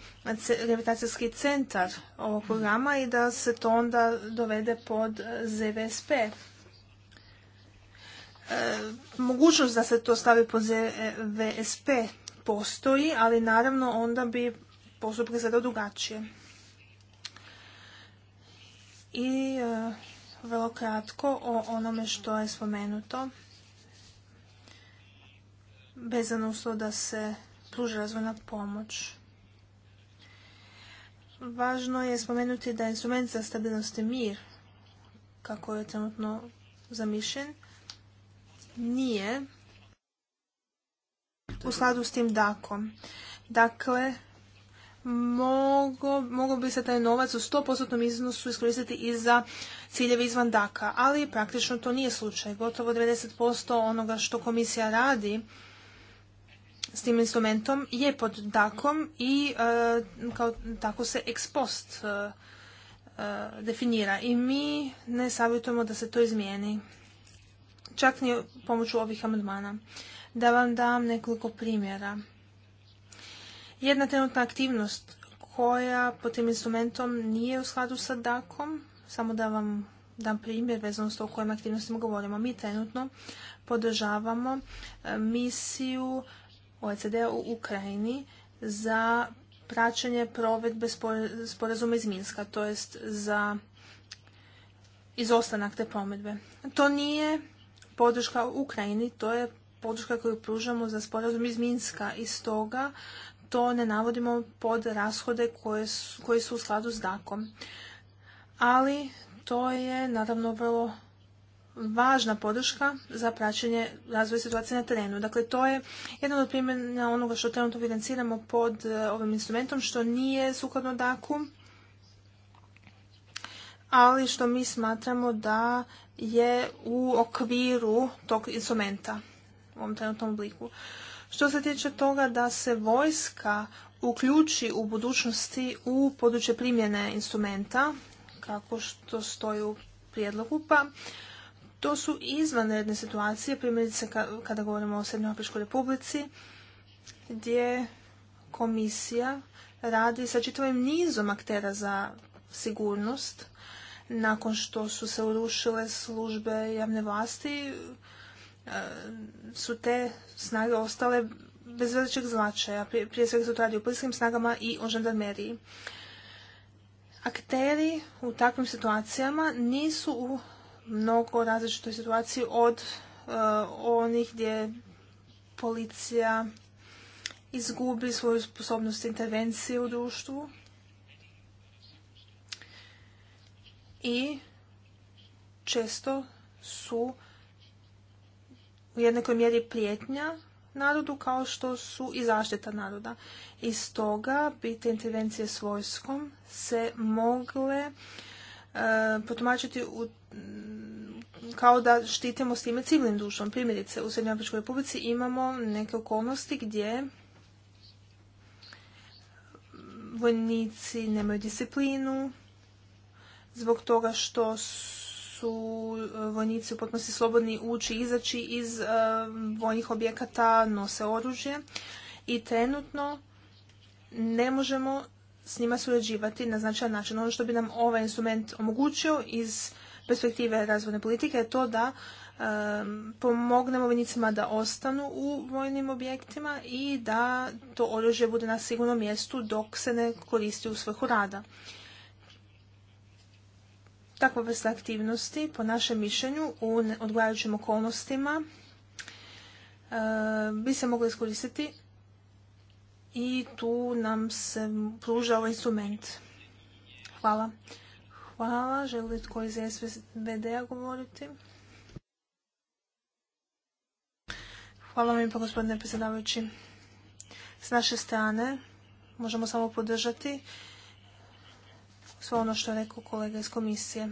C: gravitacijski centar ovog programa i da se to onda dovede pod e, ZVSP. E, mogućnost da se to stavi pod ZVSP postoji, ali naravno onda bi postupak izgledao drugačije. I e, vrlo kratko o onome što je spomenuto vezano uz da se pruži razvojna pomoć. Važno je spomenuti da je instrument za stabilnost i mir, kako je trenutno zamišljen, nije u skladu s tim dakom. Dakle, mogo, bi se taj novac u 100% iznosu iskoristiti i za ciljeve izvan daka, ali praktično to nije slučaj. Gotovo 90% onoga što komisija radi s tim instrumentom je pod dakom i e, kao tako se ex post e, e, definira i mi ne savjetujemo da se to izmijeni. Čak ni pomoću ovih amandmana. Da vam dam nekoliko primjera jedna trenutna aktivnost koja po tim instrumentom nije u skladu sa DAC-om, samo da vam dam primjer vezano s to o kojim aktivnostima govorimo. Mi trenutno podržavamo e, misiju OECD u Ukrajini za praćenje provedbe sporazuma iz Minska, to jest za izostanak te promedbe. To nije podrška u Ukrajini, to je podrška koju pružamo za sporazum iz Minska i stoga to ne navodimo pod rashode koji su u skladu s DAC-om. Ali to je naravno vrlo važna podrška za praćenje razvoja situacije na terenu. Dakle, to je jedan od primjena onoga što trenutno financiramo pod e, ovim instrumentom, što nije sukladno daku, ali što mi smatramo da je u okviru tog instrumenta u ovom trenutnom obliku. Što se tiče toga da se vojska uključi u budućnosti u područje primjene instrumenta, kako što stoji u prijedlogu, pa to su izvanredne situacije, primjerice kada govorimo o Hrvatskoj republici, gdje komisija radi sa čitavim nizom aktera za sigurnost, nakon što su se urušile službe javne vlasti, E, su te snage ostale bez većeg značaja. Prije svega se to radi o plinskim snagama i o žandarmeriji. Akteri u takvim situacijama nisu u mnogo različitoj situaciji od e, onih gdje policija izgubi svoju sposobnost intervencije u društvu i često su u jednakoj mjeri prijetnja narodu kao što su i zaštita naroda. I stoga bi te intervencije s vojskom se mogle e, potumačiti u, kao da štitimo s time civilnim dušom. Primjerice, u Srednjoafričkoj republici imamo neke okolnosti gdje vojnici nemaju disciplinu zbog toga što su su e, vojnici u potpunosti slobodni ući, izaći iz e, vojnih objekata, nose oružje i trenutno ne možemo s njima surađivati na značajan način. Ono što bi nam ovaj instrument omogućio iz perspektive razvojne politike je to da e, pomognemo vojnicima da ostanu u vojnim objektima i da to oružje bude na sigurnom mjestu dok se ne koristi u svrhu rada takva vrsta aktivnosti, po našem mišljenju, u odgovarajućim okolnostima e, bi se mogla iskoristiti i tu nam se pruža ovaj instrument. Hvala. Hvala. Želi li tko iz SVD-a govoriti? Hvala vam pa gospodine predsjedavajući. S naše strane možemo samo podržati sve ono što je rekao kolega iz komisije.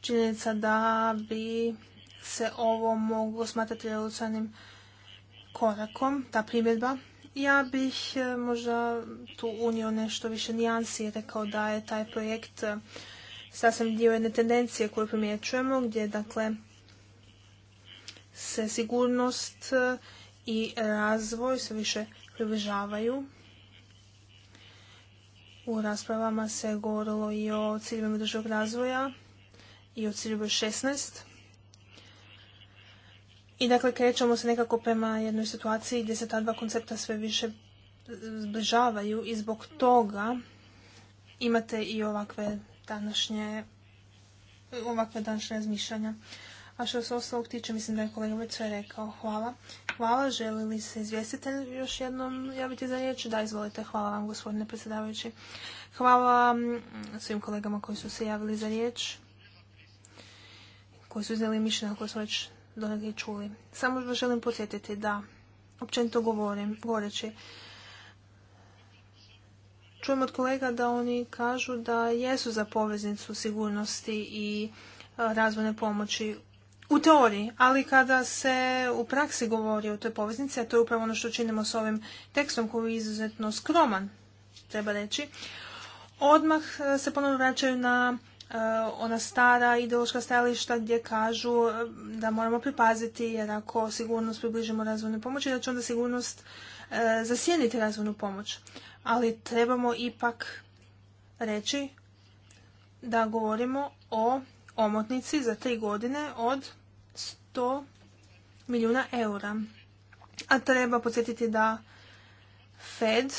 C: Činjenica da bi se ovo moglo smatrati revolucionarnim korakom, ta primjedba, ja bih e, možda tu unio nešto više nijansi i rekao da je taj projekt e, sasvim dio jedne tendencije koju primjećujemo, gdje dakle se sigurnost e, i razvoj sve više približavaju u raspravama se govorilo i o ciljevima državog razvoja i o cilju 16. I dakle krećemo se nekako prema jednoj situaciji gdje se ta dva koncepta sve više zbližavaju i zbog toga imate i ovakve današnje ovakve današnje razmišljanja. A što se ostalog tiče, mislim da je kolega već sve rekao. Hvala. Hvala. Želi li se izvjestitelj još jednom javiti za riječ? Da, izvolite. Hvala vam, gospodine predsjedavajući. Hvala mm, svim kolegama koji su se javili za riječ, koji su iznijeli mišljenja koje smo već i čuli. Samo želim podsjetiti da, općenito govorim, govoreći, čujem od kolega da oni kažu da jesu za poveznicu sigurnosti i e, razvojne pomoći u teoriji, ali kada se u praksi govori o toj poveznici, a to je upravo ono što činimo s ovim tekstom koji je izuzetno skroman, treba reći, odmah e, se ponovno vraćaju na e, ona stara ideološka stajališta gdje kažu e, da moramo pripaziti jer ako sigurnost približimo razvojnoj pomoći da će onda sigurnost zasjeniti razvojnu pomoć. Ali trebamo ipak reći da govorimo o omotnici za tri godine od 100 milijuna eura. A treba podsjetiti da Fed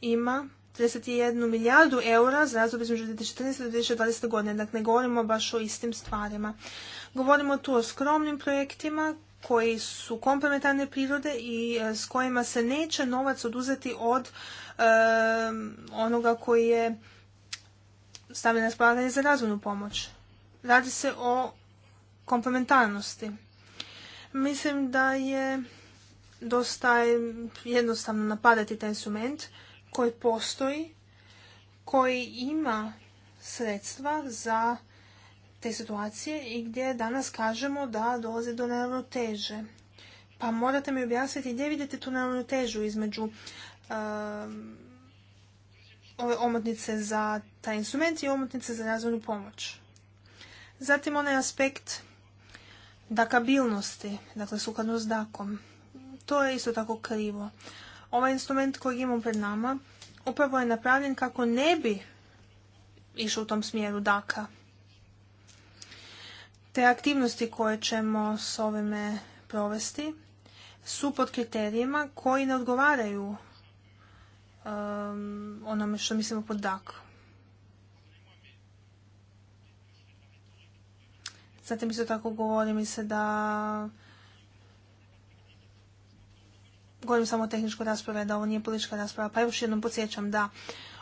C: ima 31 milijardu eura za razdoblje između 2014. i 2020. godine. Dakle, ne govorimo baš o istim stvarima. Govorimo tu o skromnim projektima koji su komplementarne prirode i e, s kojima se neće novac oduzeti od e, onoga koji je stavljen na za razvojnu pomoć. Radi se o komplementarnosti. Mislim da je dosta jednostavno napadati taj instrument koji postoji, koji ima sredstva za te situacije i gdje danas kažemo da dolazi do neravnoteže. Pa morate mi objasniti gdje vidite tu neravnotežu između um, ove omotnice za taj instrument i omotnice za razvojnu pomoć. Zatim onaj aspekt dakabilnosti, dakle sukladno s dakom. To je isto tako krivo. Ovaj instrument koji imamo pred nama upravo je napravljen kako ne bi išao u tom smjeru daka. Te aktivnosti koje ćemo s ovime provesti su pod kriterijima koji ne odgovaraju um, onome što mislimo pod daku. Zatim isto tako govori mi se da govorim samo o tehničkoj raspravi, da ovo nije politička rasprava. Pa još jednom podsjećam da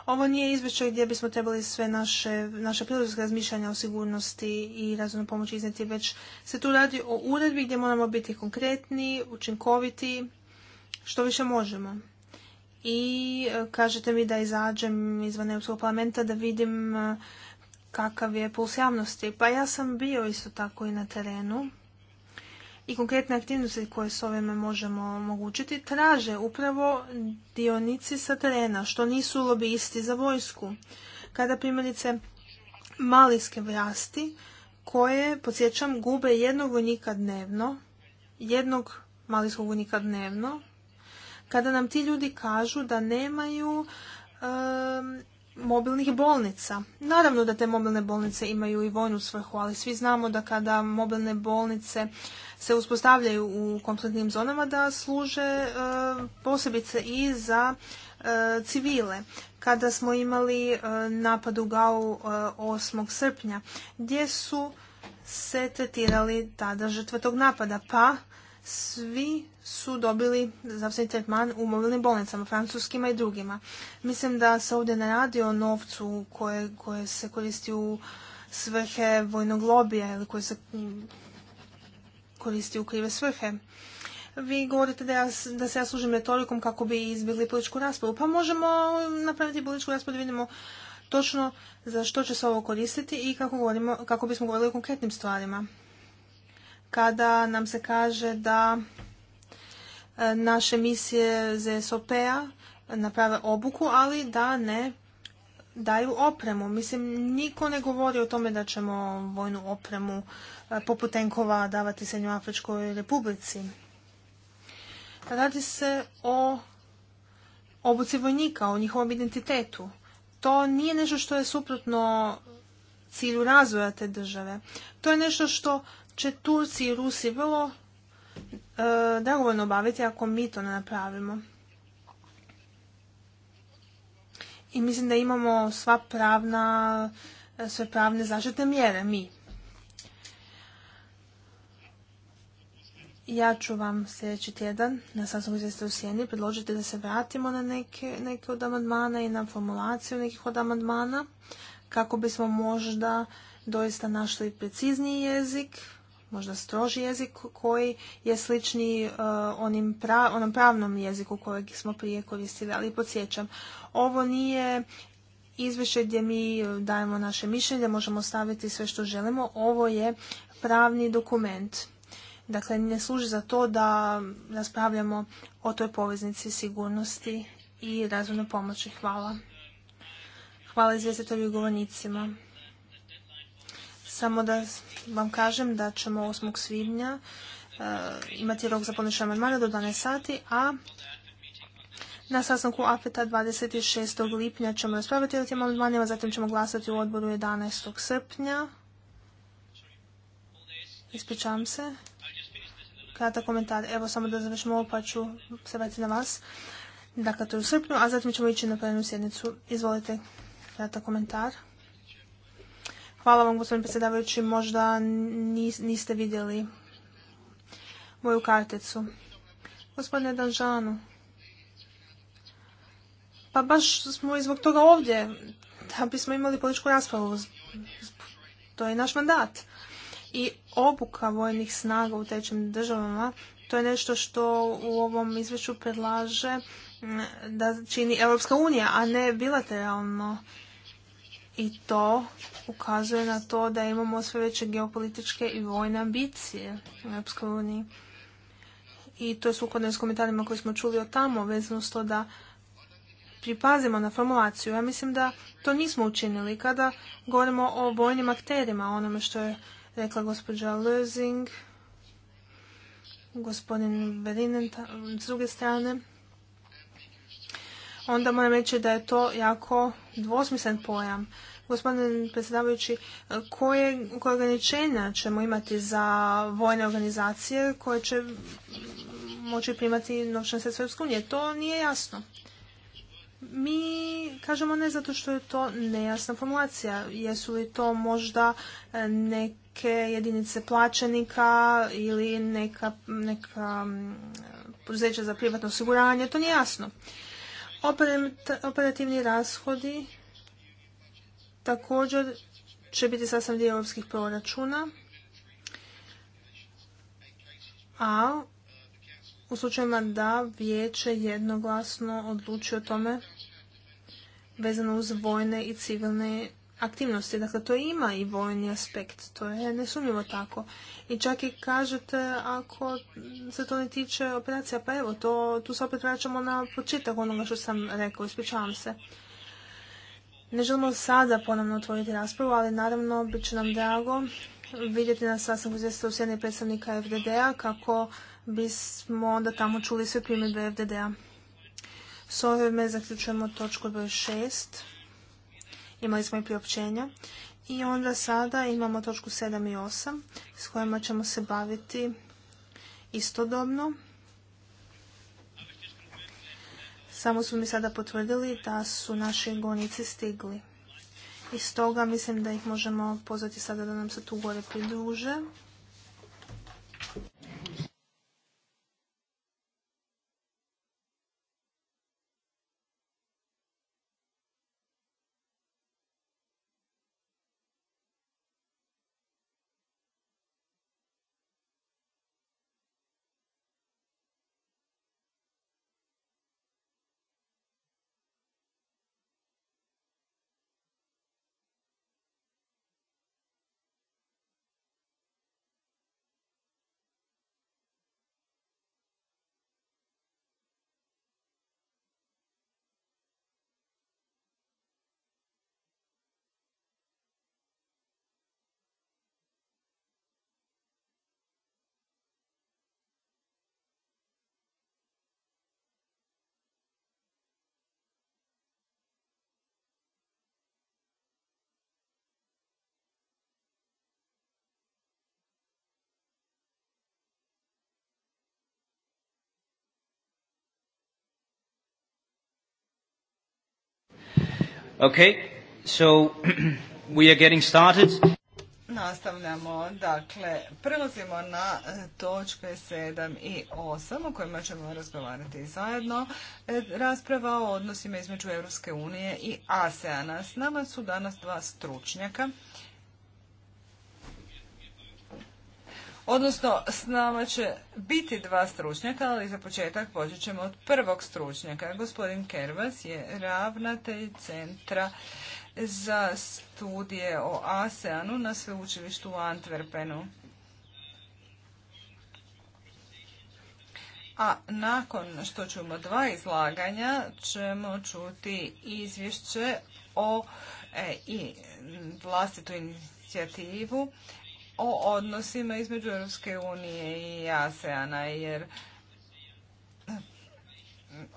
C: ovo nije izvješće gdje bismo trebali sve naše, naše razmišljanja o sigurnosti i razvojnoj pomoći iznijeti, već se tu radi o uredbi gdje moramo biti konkretni, učinkoviti, što više možemo. I e, kažete mi da izađem izvan Europskog parlamenta da vidim e, kakav je puls javnosti. Pa ja sam bio isto tako i na terenu i konkretne aktivnosti koje s ovime možemo omogućiti traže upravo dionici sa terena, što nisu lobisti za vojsku. Kada primjerice malijske vlasti, koje, podsjećam, gube jednog vojnika dnevno, jednog malijskog vojnika dnevno, kada nam ti ljudi kažu da nemaju mobilnih bolnica. Naravno da te mobilne bolnice imaju i vojnu svrhu, ali svi znamo da kada mobilne bolnice se uspostavljaju u kompletnim zonama da služe e, posebice i za e, civile. Kada smo imali e, napad u Gau 8. srpnja, gdje su se tretirali tada žrtve tog napada, pa svi su dobili zdravstveni tretman u mobilnim bolnicama, francuskima i drugima. Mislim da se ovdje ne radi o novcu koje, se koristi u svrhe vojnog lobija ili koje se koristi u krive svrhe. Vi govorite da, da se ja služim retorikom kako bi izbjegli političku raspravu. Pa možemo napraviti političku raspravu da vidimo točno za što će se ovo koristiti i kako, govorimo, kako bismo govorili o konkretnim stvarima kada nam se kaže da e, naše misije ZSOP-a naprave obuku, ali da ne daju opremu. Mislim, niko ne govori o tome da ćemo vojnu opremu e, poput tenkova davati Srednjoafričkoj republici. Radi se o obuci vojnika, o njihovom identitetu. To nije nešto što je suprotno cilju razvoja te države. To je nešto što će Turci i Rusi vrlo e, dragovoljno obaviti ako mi to ne napravimo. I mislim da imamo sva pravna, sve pravne zaštite mjere, mi. Ja ću vam sljedeći tjedan na sastanku u Sjeni predložiti da se vratimo na neke, od amandmana i na formulaciju nekih od amandmana kako bismo možda doista našli precizniji jezik možda stroži jezik koji je slični e, onom pravnom jeziku kojeg smo prije koristili, ali podsjećam, ovo nije izvješće gdje mi dajemo naše mišljenje, možemo staviti sve što želimo, ovo je pravni dokument. Dakle, ne služi za to da raspravljamo o toj poveznici sigurnosti i razvojnoj pomoći. Hvala. Hvala izvjestitelju i govornicima. Samo da vam kažem da ćemo 8. svibnja e, imati rok za podnošenje amandmana do 12 sati, a na sastanku afeta 26. lipnja ćemo raspraviti o tim amandmanima, zatim ćemo glasati u odboru 11. srpnja. Ispričavam se. Krata komentar. Evo samo da završimo ovo pa ću se vratiti na vas. Dakle, to je u srpnju, a zatim ćemo ići na plenarnu sjednicu. Izvolite, krata komentar. Hvala vam, gospodine predsjedavajući. Možda niste vidjeli moju karticu. Gospodine Danžanu, pa baš smo i zbog toga ovdje, da bismo imali političku raspravu. To je naš mandat. I obuka vojnih snaga u trećim državama, to je nešto što u ovom izvješću predlaže da čini Europska unija, a ne bilateralno i to ukazuje na to da imamo sve veće geopolitičke i vojne ambicije u Europskoj uniji. I to je sukladno s komentarima koje smo čuli od tamo, vezano s to da pripazimo na formulaciju. Ja mislim da to nismo učinili kada govorimo o vojnim akterima, onome što je rekla gospođa Lözing, gospodin Verinen s druge strane onda moram reći da je to jako dvosmislen pojam. Gospodin predsjedavajući, koje, ograničenja ćemo imati za vojne organizacije koje će moći primati novčane sredstva Europske unije? To nije jasno. Mi kažemo ne zato što je to nejasna formulacija. Jesu li to možda e, neke jedinice plaćenika ili neka, neka poduzeća za privatno osiguranje? To nije jasno. Operativni rashodi također će biti sasvim dio europskih proračuna, a u slučajima da vijeće jednoglasno odluči o tome vezano uz vojne i civilne aktivnosti. Dakle, to ima i vojni aspekt, to je nesumljivo tako. I čak i kažete, ako se to ne tiče operacija, pa evo, to, tu se opet vraćamo na početak onoga što sam rekao, ispričavam se. Ne želimo sada ponovno otvoriti raspravu, ali naravno bit će nam drago vidjeti na sastanku izvjesta u sjedni predstavnika FDD-a kako bismo onda tamo čuli sve primjedbe FDD-a. S ovime zaključujemo točku broj 6 imali smo i priopćenja. I onda sada imamo točku 7 i 8 s kojima ćemo se baviti istodobno. Samo su mi sada potvrdili da su naši gonici stigli. I stoga mislim da ih možemo pozvati sada da nam se tu gore pridruže.
A: Okay, so we are getting started.
B: Nastavljamo, dakle, prelazimo na e, točke 7 i 8 o kojima ćemo razgovarati zajedno. E, rasprava o odnosima između Europske unije i ASEANA. S nama su danas dva stručnjaka. Odnosno, s nama će biti dva stručnjaka, ali za početak počet ćemo od prvog stručnjaka. Gospodin Kervas je ravnatelj Centra za studije o ASEANu na sveučilištu u Antwerpenu. A nakon što ćemo dva izlaganja ćemo čuti izvješće o e, i vlastitu inicijativu o odnosima između Europske unije i ASEANA, jer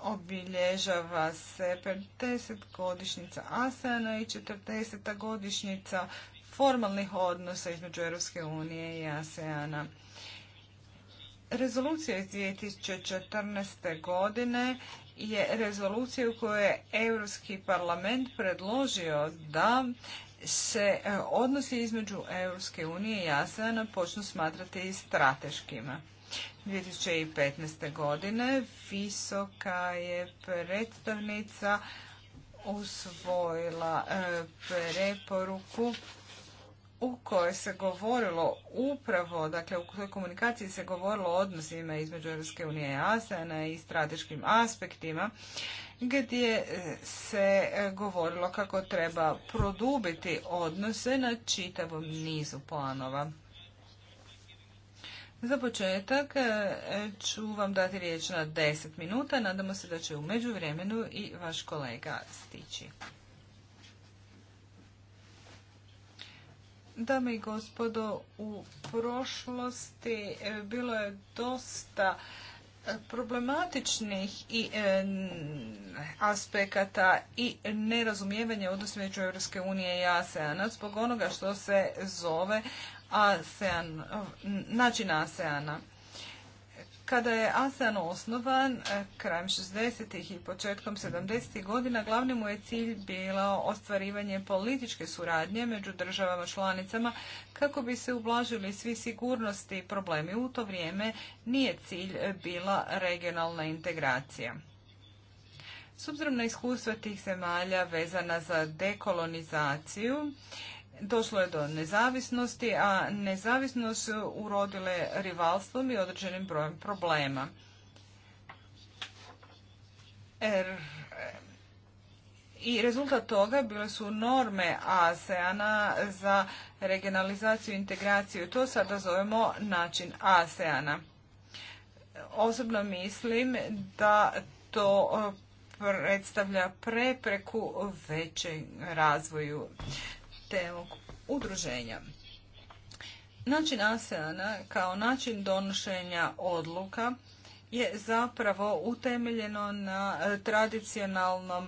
B: obilježava se 50 godišnjica ASEANA i 40. godišnjica formalnih odnosa između Europske unije i ASEANA. Rezolucija iz 2014. godine je rezolucija u kojoj je Europski parlament predložio da se e, odnosi između Europske unije i ASEANA počnu smatrati i strateškima. 2015. godine visoka je predstavnica usvojila e, preporuku u kojoj se govorilo upravo, dakle u kojoj komunikaciji se govorilo o odnosima između Europske unije i ASEANA i strateškim aspektima gdje e, se e, govorilo kako treba produbiti odnose na čitavom nizu planova. Za početak e, ću vam dati riječ na 10 minuta. Nadamo se da će u međuvremenu i vaš kolega stići. Dame i gospodo, u prošlosti bilo je dosta problematičnih i e, aspekata i nerazumijevanja odnosa među Europske unije i a zbog onoga što se zove ASEAN, način ASEANA. Kada je ASEAN osnovan e, krajem 60. i početkom 70. godina, glavni mu je cilj bilo ostvarivanje političke suradnje među državama članicama kako bi se ublažili svi sigurnosti i problemi. U to vrijeme nije cilj e, bila regionalna integracija. S obzirom na iskustva tih zemalja vezana za dekolonizaciju, Došlo je do nezavisnosti, a nezavisnost su urodile rivalstvom i određenim brojem problema. Er, i rezultat toga bile su norme ASEANA za regionalizaciju i integraciju. To sada zovemo način ASEANA. Osobno mislim da to predstavlja prepreku većem razvoju temog udruženja. Način ASEANA kao način donošenja odluka je zapravo utemeljeno na tradicionalnom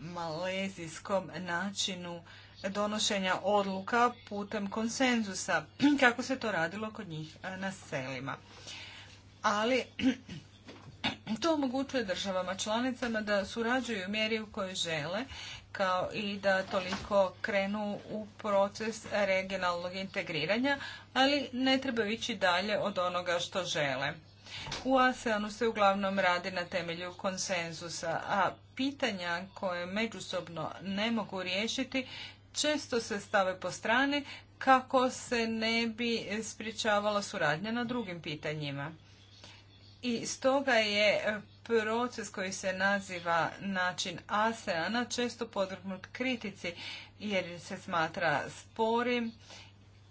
B: malezijskom načinu donošenja odluka putem konsenzusa, kako se to radilo kod njih e, na selima. Ali to omogućuje državama članicama da surađuju u mjeri u kojoj žele kao i da toliko krenu u proces regionalnog integriranja, ali ne treba ići dalje od onoga što žele. U ASEANu se uglavnom radi na temelju konsenzusa, a pitanja koje međusobno ne mogu riješiti često se stave po strani kako se ne bi sprječavala suradnja na drugim pitanjima. I stoga je proces koji se naziva način ASEANA često podvrgnut kritici jer se smatra sporim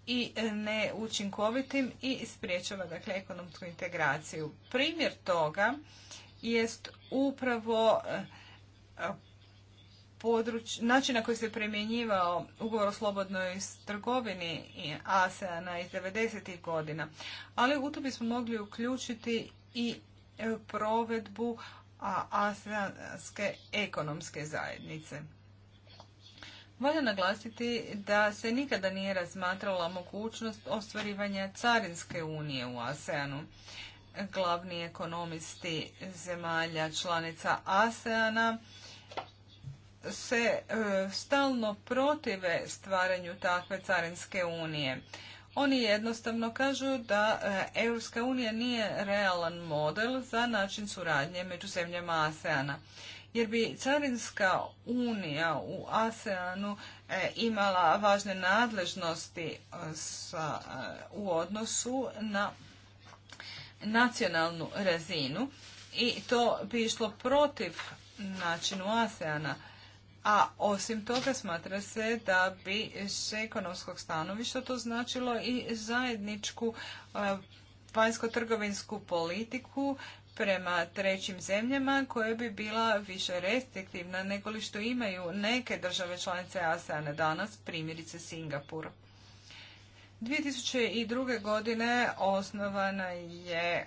B: i neučinkovitim i spriječava dakle, ekonomsku integraciju. Primjer toga jest upravo e, područ, način na koji se primjenjivao ugovor o slobodnoj trgovini ASEANA iz 90. godina. Ali u to bismo mogli uključiti i provedbu asijanske ekonomske zajednice. Valja naglasiti da se nikada nije razmatrala mogućnost ostvarivanja carinske unije u ASEANu. Glavni ekonomisti zemalja članica ASEANA se e, stalno protive stvaranju takve carinske unije. Oni jednostavno kažu da e, Europska unija nije realan model za način suradnje među zemljama ASEANA. Jer bi Carinska unija u ASEANu e, imala važne nadležnosti e, u odnosu na nacionalnu razinu i to bi išlo protiv načinu ASEANA a osim toga smatra se da bi s ekonomskog stanovišta to značilo i zajedničku e, vanjsko-trgovinsku politiku prema trećim zemljama koja bi bila više restriktivna nego li što imaju neke države članice ASEAN danas, primjerice Singapur. 2002. godine osnovana je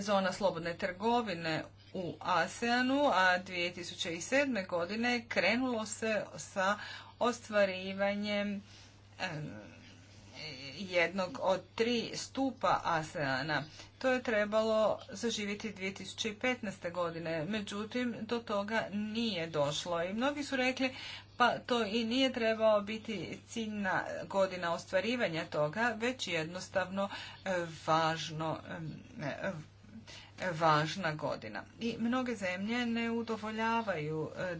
B: zona slobodne trgovine u ASEANu, a 2007. godine krenulo se sa ostvarivanjem jednog od tri stupa ASEANA. To je trebalo zaživjeti 2015. godine, međutim do toga nije došlo i mnogi su rekli pa to i nije trebao biti ciljna godina ostvarivanja toga, već jednostavno važno važna godina. I mnoge zemlje ne udovoljavaju e,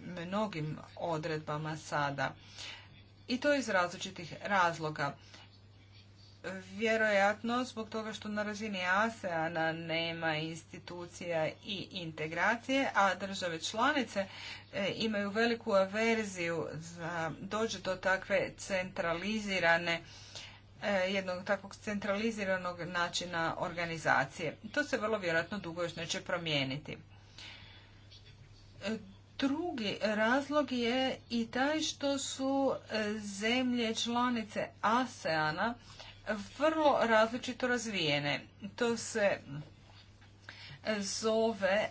B: mnogim odredbama sada. I to iz različitih razloga. Vjerojatno zbog toga što na razini ASEANA nema institucija i integracije, a države članice e, imaju veliku averziju da dođe do takve centralizirane E, jednog takvog centraliziranog načina organizacije. To se vrlo vjerojatno dugo još neće promijeniti. E, drugi razlog je i taj što su e, zemlje članice ASEANA vrlo različito razvijene. To se zove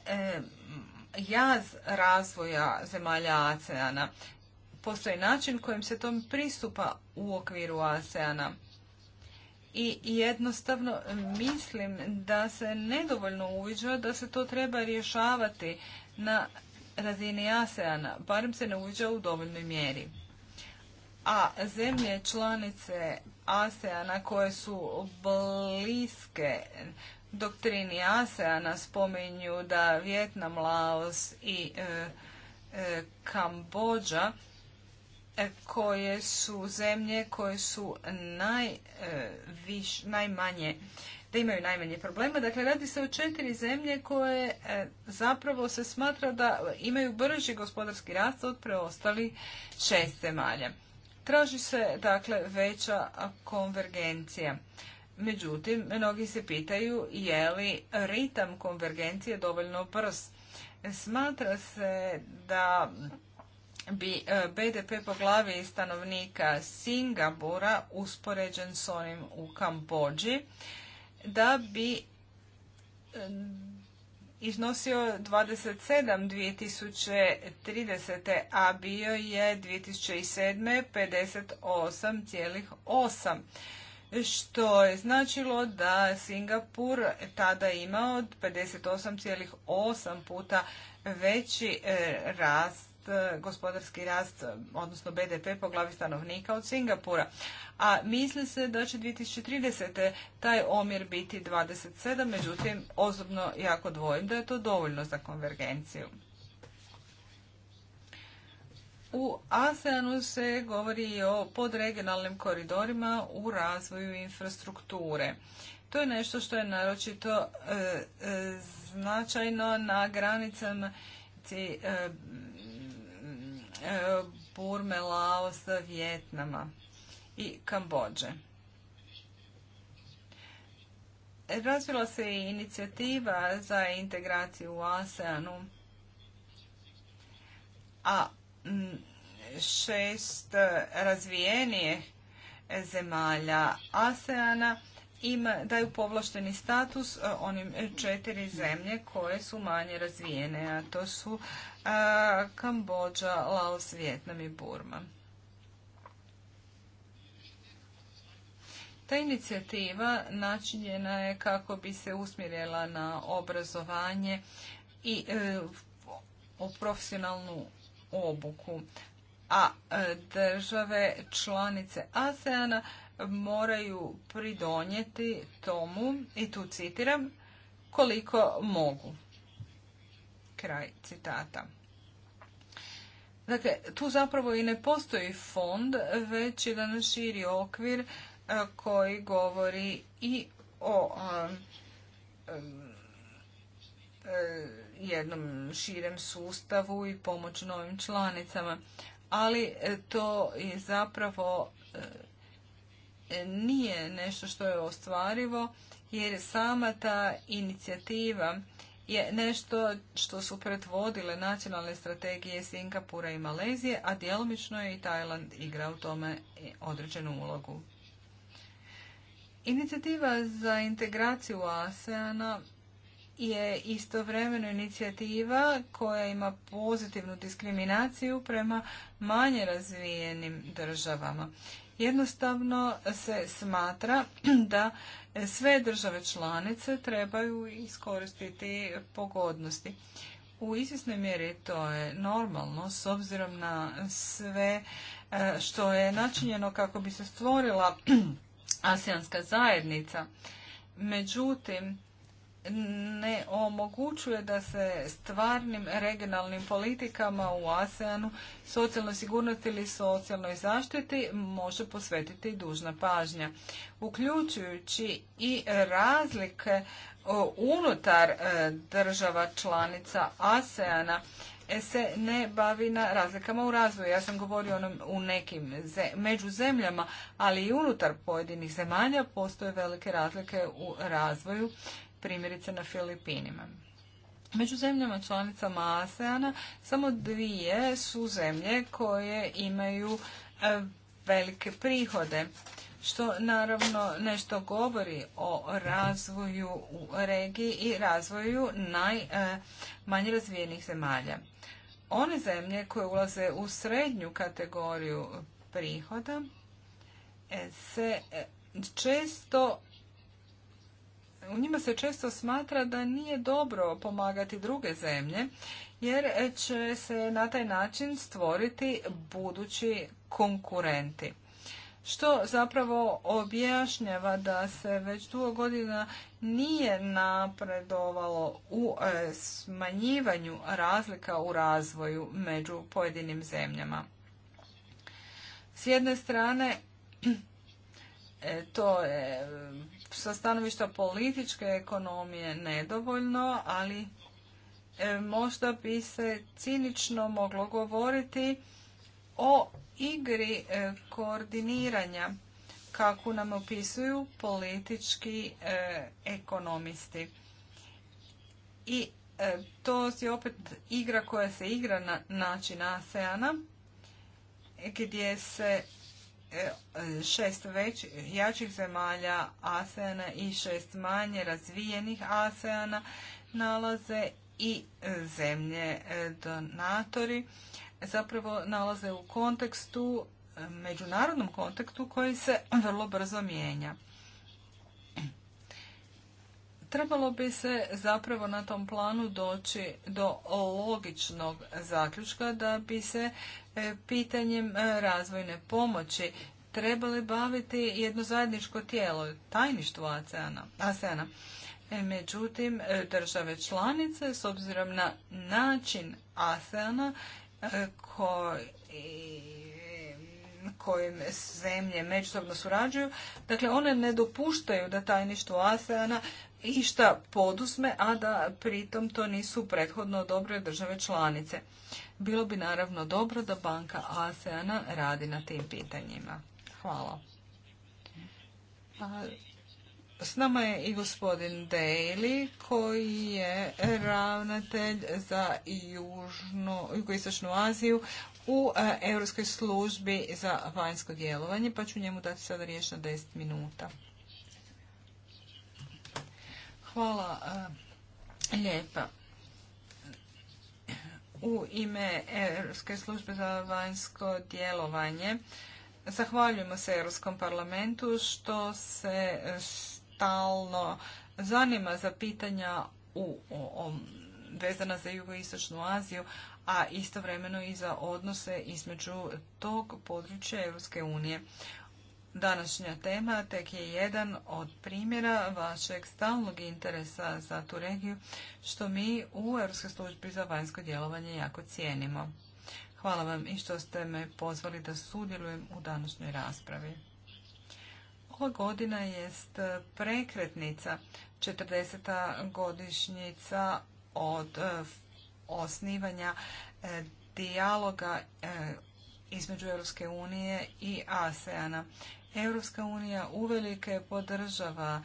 B: jaz razvoja zemalja ASEANA. Postoji način kojim se tom pristupa u okviru ASEANA i jednostavno mislim da se nedovoljno uviđa da se to treba rješavati na razini ASEANA, barem se ne uviđa u dovoljnoj mjeri. A zemlje članice ASEANA koje su bliske doktrini ASEANA spominju da Vjetnam, Laos i e, e Kambođa E, koje su zemlje koje su e, najmanje da imaju najmanje problema. Dakle, radi se o četiri zemlje koje e, zapravo se smatra da imaju brži gospodarski rast od preostalih šest zemalja. Traži se, dakle, veća konvergencija. Međutim, mnogi se pitaju je li ritam konvergencije dovoljno brz. Smatra se da bi e, BDP po glavi stanovnika Singapura uspoređen s onim u Kambođi, da bi e, iznosio 27 2030. a bio je 2007. 58,8 što je značilo da Singapur tada imao 58,8 puta veći e, rast Eh, gospodarski rast, eh, odnosno BDP po glavi stanovnika od Singapura. A misli se da će 2030. taj omjer biti 27, međutim, osobno jako dvojim da je to dovoljno za konvergenciju. U ASEANu se govori i o podregionalnim koridorima u razvoju infrastrukture. To je nešto što je naročito eh, značajno na granicama E, Burme, Laosa, Vjetnama i Kambođe. Razvila se i inicijativa za integraciju u ASEANu, a šest razvijenije zemalja ASEANA ima, daju povlašteni status e, onim četiri zemlje koje su manje razvijene, a to su e, Kambodža, Kambođa, Laos, Vjetnam i Burma. Ta inicijativa načinjena je kako bi se usmjerila na obrazovanje i e, profesionalnu obuku, a države članice ASEAN-a moraju pridonijeti tomu, i tu citiram, koliko mogu. Kraj citata. Dakle, tu zapravo i ne postoji fond, već jedan širi okvir e, koji govori i o e, e, jednom širem sustavu i pomoć novim članicama. Ali to je zapravo nije nešto što je ostvarivo jer sama ta inicijativa je nešto što su pretvodile nacionalne strategije Singapura i Malezije, a djelomično je i Tajland igra u tome određenu ulogu. Inicijativa za integraciju ASEANA je istovremeno inicijativa koja ima pozitivnu diskriminaciju prema manje razvijenim državama. Jednostavno se smatra da sve države članice trebaju iskoristiti pogodnosti. U izvjesnoj mjeri to je normalno s obzirom na sve e, što je načinjeno kako bi se stvorila asijanska zajednica. Međutim, ne omogućuje da se stvarnim regionalnim politikama u ASEANu socijalnoj sigurnosti ili socijalnoj zaštiti može posvetiti dužna pažnja, uključujući i razlike unutar e, država članica ASEANA e, se ne bavi na razlikama u razvoju. Ja sam govorio onom, u nekim među zemljama, ali i unutar pojedinih zemalja postoje velike razlike u razvoju primjerice na Filipinima. Među zemljama članicama ASEANA samo dvije su zemlje koje imaju e, velike prihode, što naravno nešto govori o razvoju u regiji i razvoju najmanje e, razvijenih zemalja. One zemlje koje ulaze u srednju kategoriju prihoda e, se često u njima se često smatra da nije dobro pomagati druge zemlje jer će se na taj način stvoriti budući konkurenti. Što zapravo objašnjava da se već dugo godina nije napredovalo u e, smanjivanju razlika u razvoju među pojedinim zemljama. S jedne strane E, to je e, sa stanovišta političke ekonomije nedovoljno, ali e, možda bi se cinično moglo govoriti o igri koordiniranja kako nam opisuju politički ekonomisti. I to je opet igra koja se igra na način ASEANA gdje se šest već jačih zemalja ASEANA i šest manje razvijenih ASEANA nalaze i e, zemlje e, donatori zapravo nalaze u kontekstu, e, međunarodnom kontekstu koji se vrlo brzo mijenja. Trebalo bi se zapravo na tom planu doći do logičnog zaključka da bi se e, pitanjem e, razvojne pomoći trebali baviti jedno zajedničko tijelo, tajništvo ASEANA. E, međutim, države članice, s obzirom na način ASEANA koji kojim zemlje međusobno surađuju, dakle one ne dopuštaju da tajništvo ASEANA šta poduzme, a da pritom to nisu prethodno dobre države članice. Bilo bi naravno dobro da Banka ASEANA radi na tim pitanjima. Hvala. s nama je i gospodin Daly koji je ravnatelj za jugoistočnu Aziju u e, Europskoj službi za vanjsko djelovanje, pa ću njemu dati sada riječ na 10 minuta. Hvala eh, lijepa. U ime Europske službe za vanjsko djelovanje zahvaljujemo se Europskom parlamentu što se eh, stalno zanima za pitanja u, vezana za jugoistočnu Aziju, a istovremeno i za odnose između tog područja Europske unije. Današnja tema tek je jedan od primjera vašeg stalnog interesa za tu regiju, što mi u Europskoj službi za vanjsko djelovanje jako cijenimo. Hvala vam i što ste me pozvali da sudjelujem u današnjoj raspravi. Ova godina jest prekretnica, 40. godišnjica od e, osnivanja e, dijaloga e, između Europske unije i ASEANA. Europska unija uvelike podržava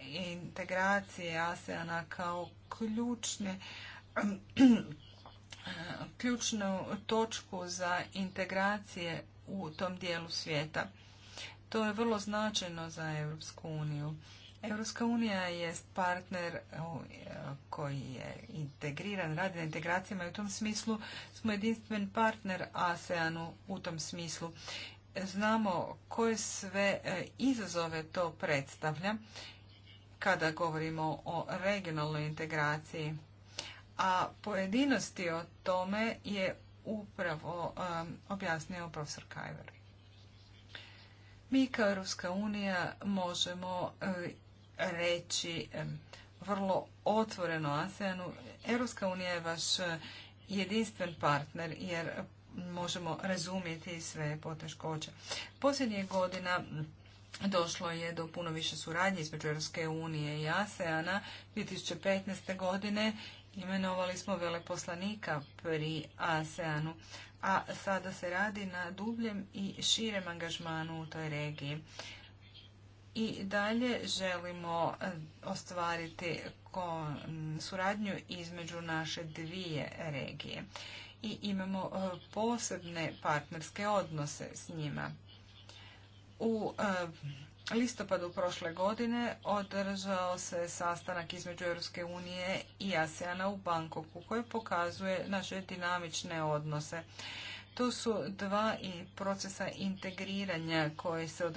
B: integracije ASEANA kao ključne ključnu točku za integracije u tom dijelu svijeta. To je vrlo značajno za Europsku uniju. Europska unija je partner koji je integriran, radi na integracijama i u tom smislu smo jedinstven partner ASEANu u tom smislu znamo koje sve e, izazove to predstavlja kada govorimo o regionalnoj integraciji. A pojedinosti o tome je upravo e, objasnio profesor Kajver. Mi kao Europska unija možemo e, reći vrlo otvoreno ASEANu. Europska unija je vaš jedinstven partner jer možemo razumjeti sve poteškoće. Posljednjih godina došlo je do puno više suradnje između Europske unije i ASEANA. 2015. godine imenovali smo veleposlanika pri ASEANu, a sada se radi na dubljem i širem angažmanu u toj regiji. I dalje želimo eh, ostvariti suradnju između naše dvije regije i imamo e, posebne partnerske odnose s njima. U e, listopadu prošle godine održao se sastanak između Europske unije i ASEANA u Bankoku koji pokazuje naše dinamične odnose. To su dva i procesa integriranja koji se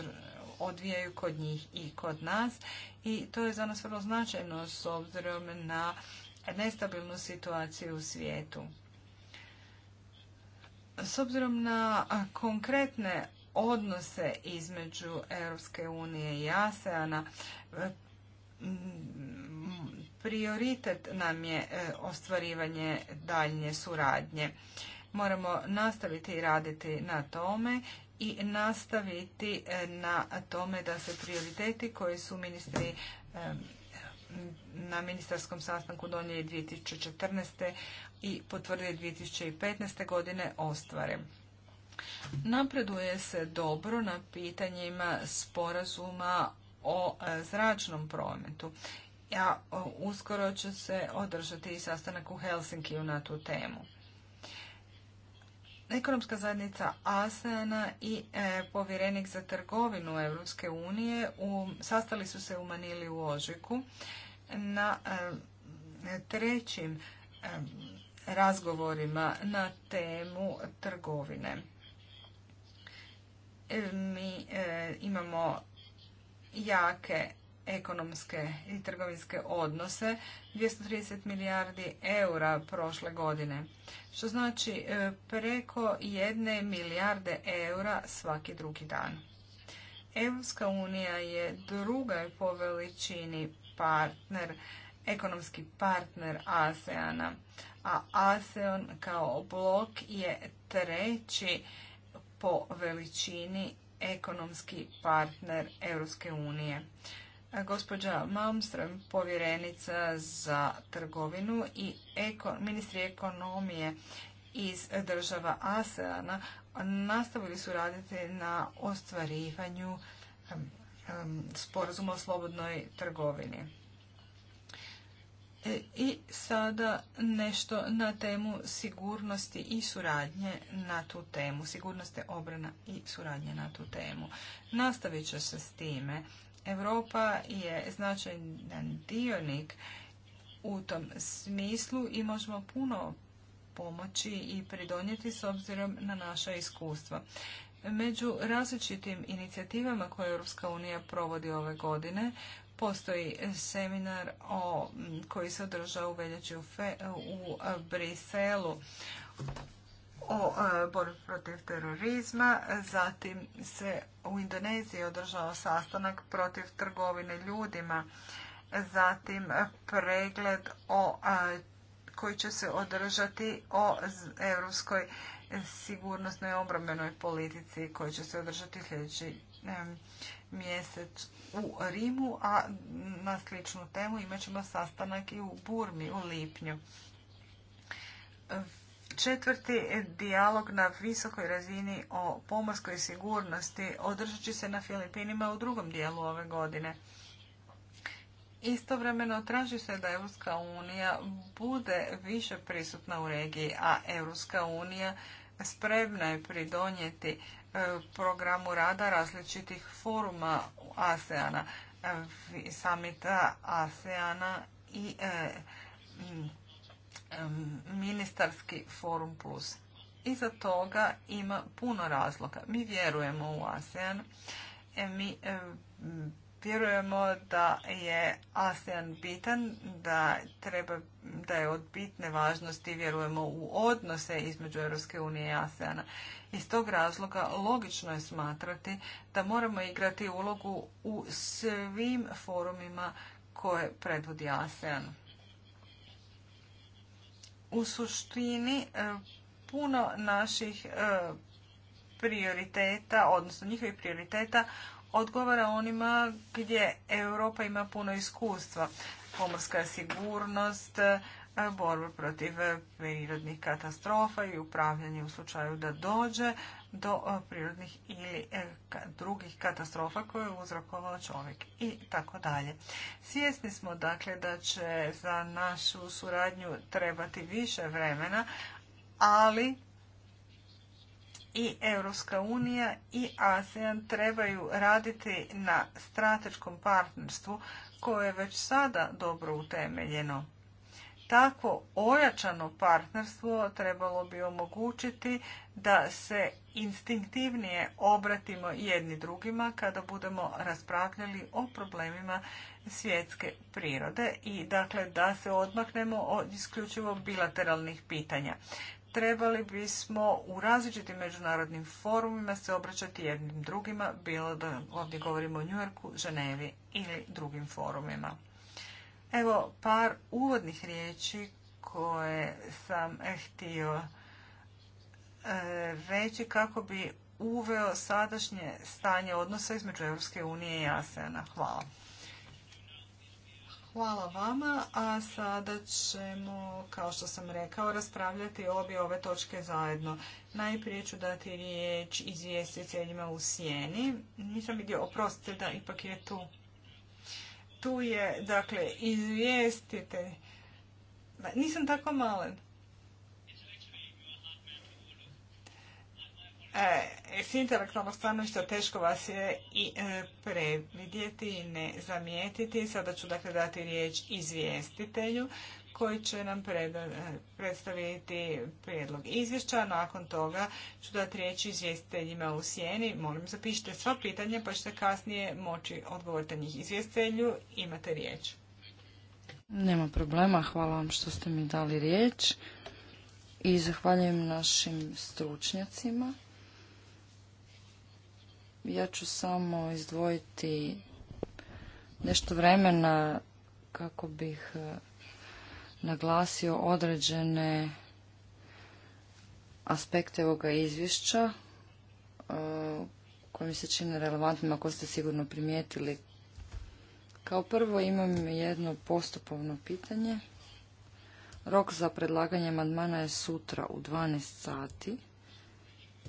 B: odvijaju kod njih i kod nas i to je za nas vrlo značajno s obzirom na nestabilnu situaciju u svijetu. S obzirom na konkretne odnose između Europske unije i ASEANA, e, prioritet nam je e, ostvarivanje daljnje suradnje. Moramo nastaviti raditi na tome i nastaviti e, na tome da se prioriteti koji su ministri na ministarskom sastanku donijeli 2014. i potvrdili 2015. godine ostvare. Napreduje se dobro na pitanjima sporazuma o e, zračnom prometu. Ja, e, uskoro će se održati i sastanak u Helsinkiju na tu temu. Ekonomska zajednica ASEANA i e, povjerenik za trgovinu Europske unije sastali su se u Manili u Ožiku na e, trećim e, razgovorima na temu trgovine. E, mi imamo jake ekonomske i trgovinske odnose 230 milijardi eura prošle godine što znači preko jedne milijarde eura svaki drugi dan. Europska unija je druga po veličini partner, ekonomski partner ASEANA, a ASEAN kao blok je treći po veličini ekonomski partner Europske unije. Gospođa Malmström, povjerenica za trgovinu i ministri ekonomije iz država ASEANA nastavili su raditi na ostvarivanju sporazuma o slobodnoj trgovini. E, I sada nešto na temu sigurnosti i suradnje na tu temu. Sigurnost je obrana i suradnje na tu temu. Nastavit će se s time. Europa je značajan dionik u tom smislu i možemo puno pomoći i pridonijeti s obzirom na naša iskustva. Među različitim inicijativama koje Europska unija provodi ove godine postoji seminar o, koji se održa u veljači u, u Briselu o e, borbi protiv terorizma, zatim se u Indoneziji održao sastanak protiv trgovine ljudima, zatim pregled o, e, koji će se održati o Europskoj sigurnosnoj obrambenoj politici koji će se održati sljedeći mjesec u Rimu, a na sličnu temu imat ćemo sastanak i u Burmi u lipnju. Četvrti dijalog na visokoj razini o pomorskoj sigurnosti održat će se na Filipinima u drugom dijelu ove godine. Istovremeno traži se da Europska unija bude više prisutna u regiji, a Europska unija spremna je pridonijeti e, programu rada različitih foruma ASEANA, e, samita ASEANA i e, ministarski forum plus. Iza toga ima puno razloga. Mi vjerujemo u ASEAN, mi Vjerujemo da je ASEAN bitan, da, treba, da je od bitne važnosti, vjerujemo u odnose između Europske unije i ASEANA. Iz tog razloga logično je smatrati da moramo igrati ulogu u svim forumima koje predvodi ASEAN. U suštini e, puno naših e, prioriteta, odnosno njihovih prioriteta odgovara onima gdje Europa ima puno iskustva. Pomorska sigurnost, e, borba protiv prirodnih katastrofa i upravljanje u slučaju da dođe do e, prirodnih ili e, drugih katastrofa koje je uzrokovao čovjek i tako dalje. Svjesni smo dakle da će za našu suradnju trebati više vremena, ali i Europska unija i ASEAN trebaju raditi na strateškom partnerstvu koje je već sada dobro utemeljeno. Takvo ojačano partnerstvo trebalo bi omogućiti da se instinktivnije obratimo jedni drugima kada budemo raspravljali o problemima svjetske prirode i dakle da se odmaknemo od isključivo bilateralnih pitanja trebali bismo u različitim međunarodnim forumima se obraćati jednim drugima, bilo da ovdje govorimo o Yorku, Ženevi ili drugim forumima. Evo par uvodnih riječi koje sam eh, htio eh, reći kako bi uveo sadašnje stanje odnosa između Europske unije i Asena. Hvala. Hvala vama, a sada ćemo, kao što sam rekao, raspravljati obje ove točke zajedno. Najprije ću dati riječ izvjestiteljima u sjeni. Nisam vidio, oprostite da ipak je tu. Tu je, dakle, izvjestitelj. Nisam tako malen. E, s intelektualnog stanovišta teško vas je i e, previdjeti i ne zamijetiti. Sada ću dakle dati riječ izvjestitelju koji će nam e, predstaviti prijedlog izvješća. Nakon toga ću dati riječ izvjestiteljima u sjeni. Molim, zapišite sva pitanja pa ćete kasnije moći odgovoriti na njih izvjestitelju. Imate riječ.
D: Nema problema. Hvala vam što ste mi dali riječ. I zahvaljujem našim stručnjacima ja ću samo izdvojiti nešto vremena kako bih e, naglasio određene aspekte ovoga izvješća e, koje mi se čine relevantnima ako ste sigurno primijetili. Kao prvo imam jedno postupovno pitanje. Rok za predlaganje amandmana je sutra u 12 sati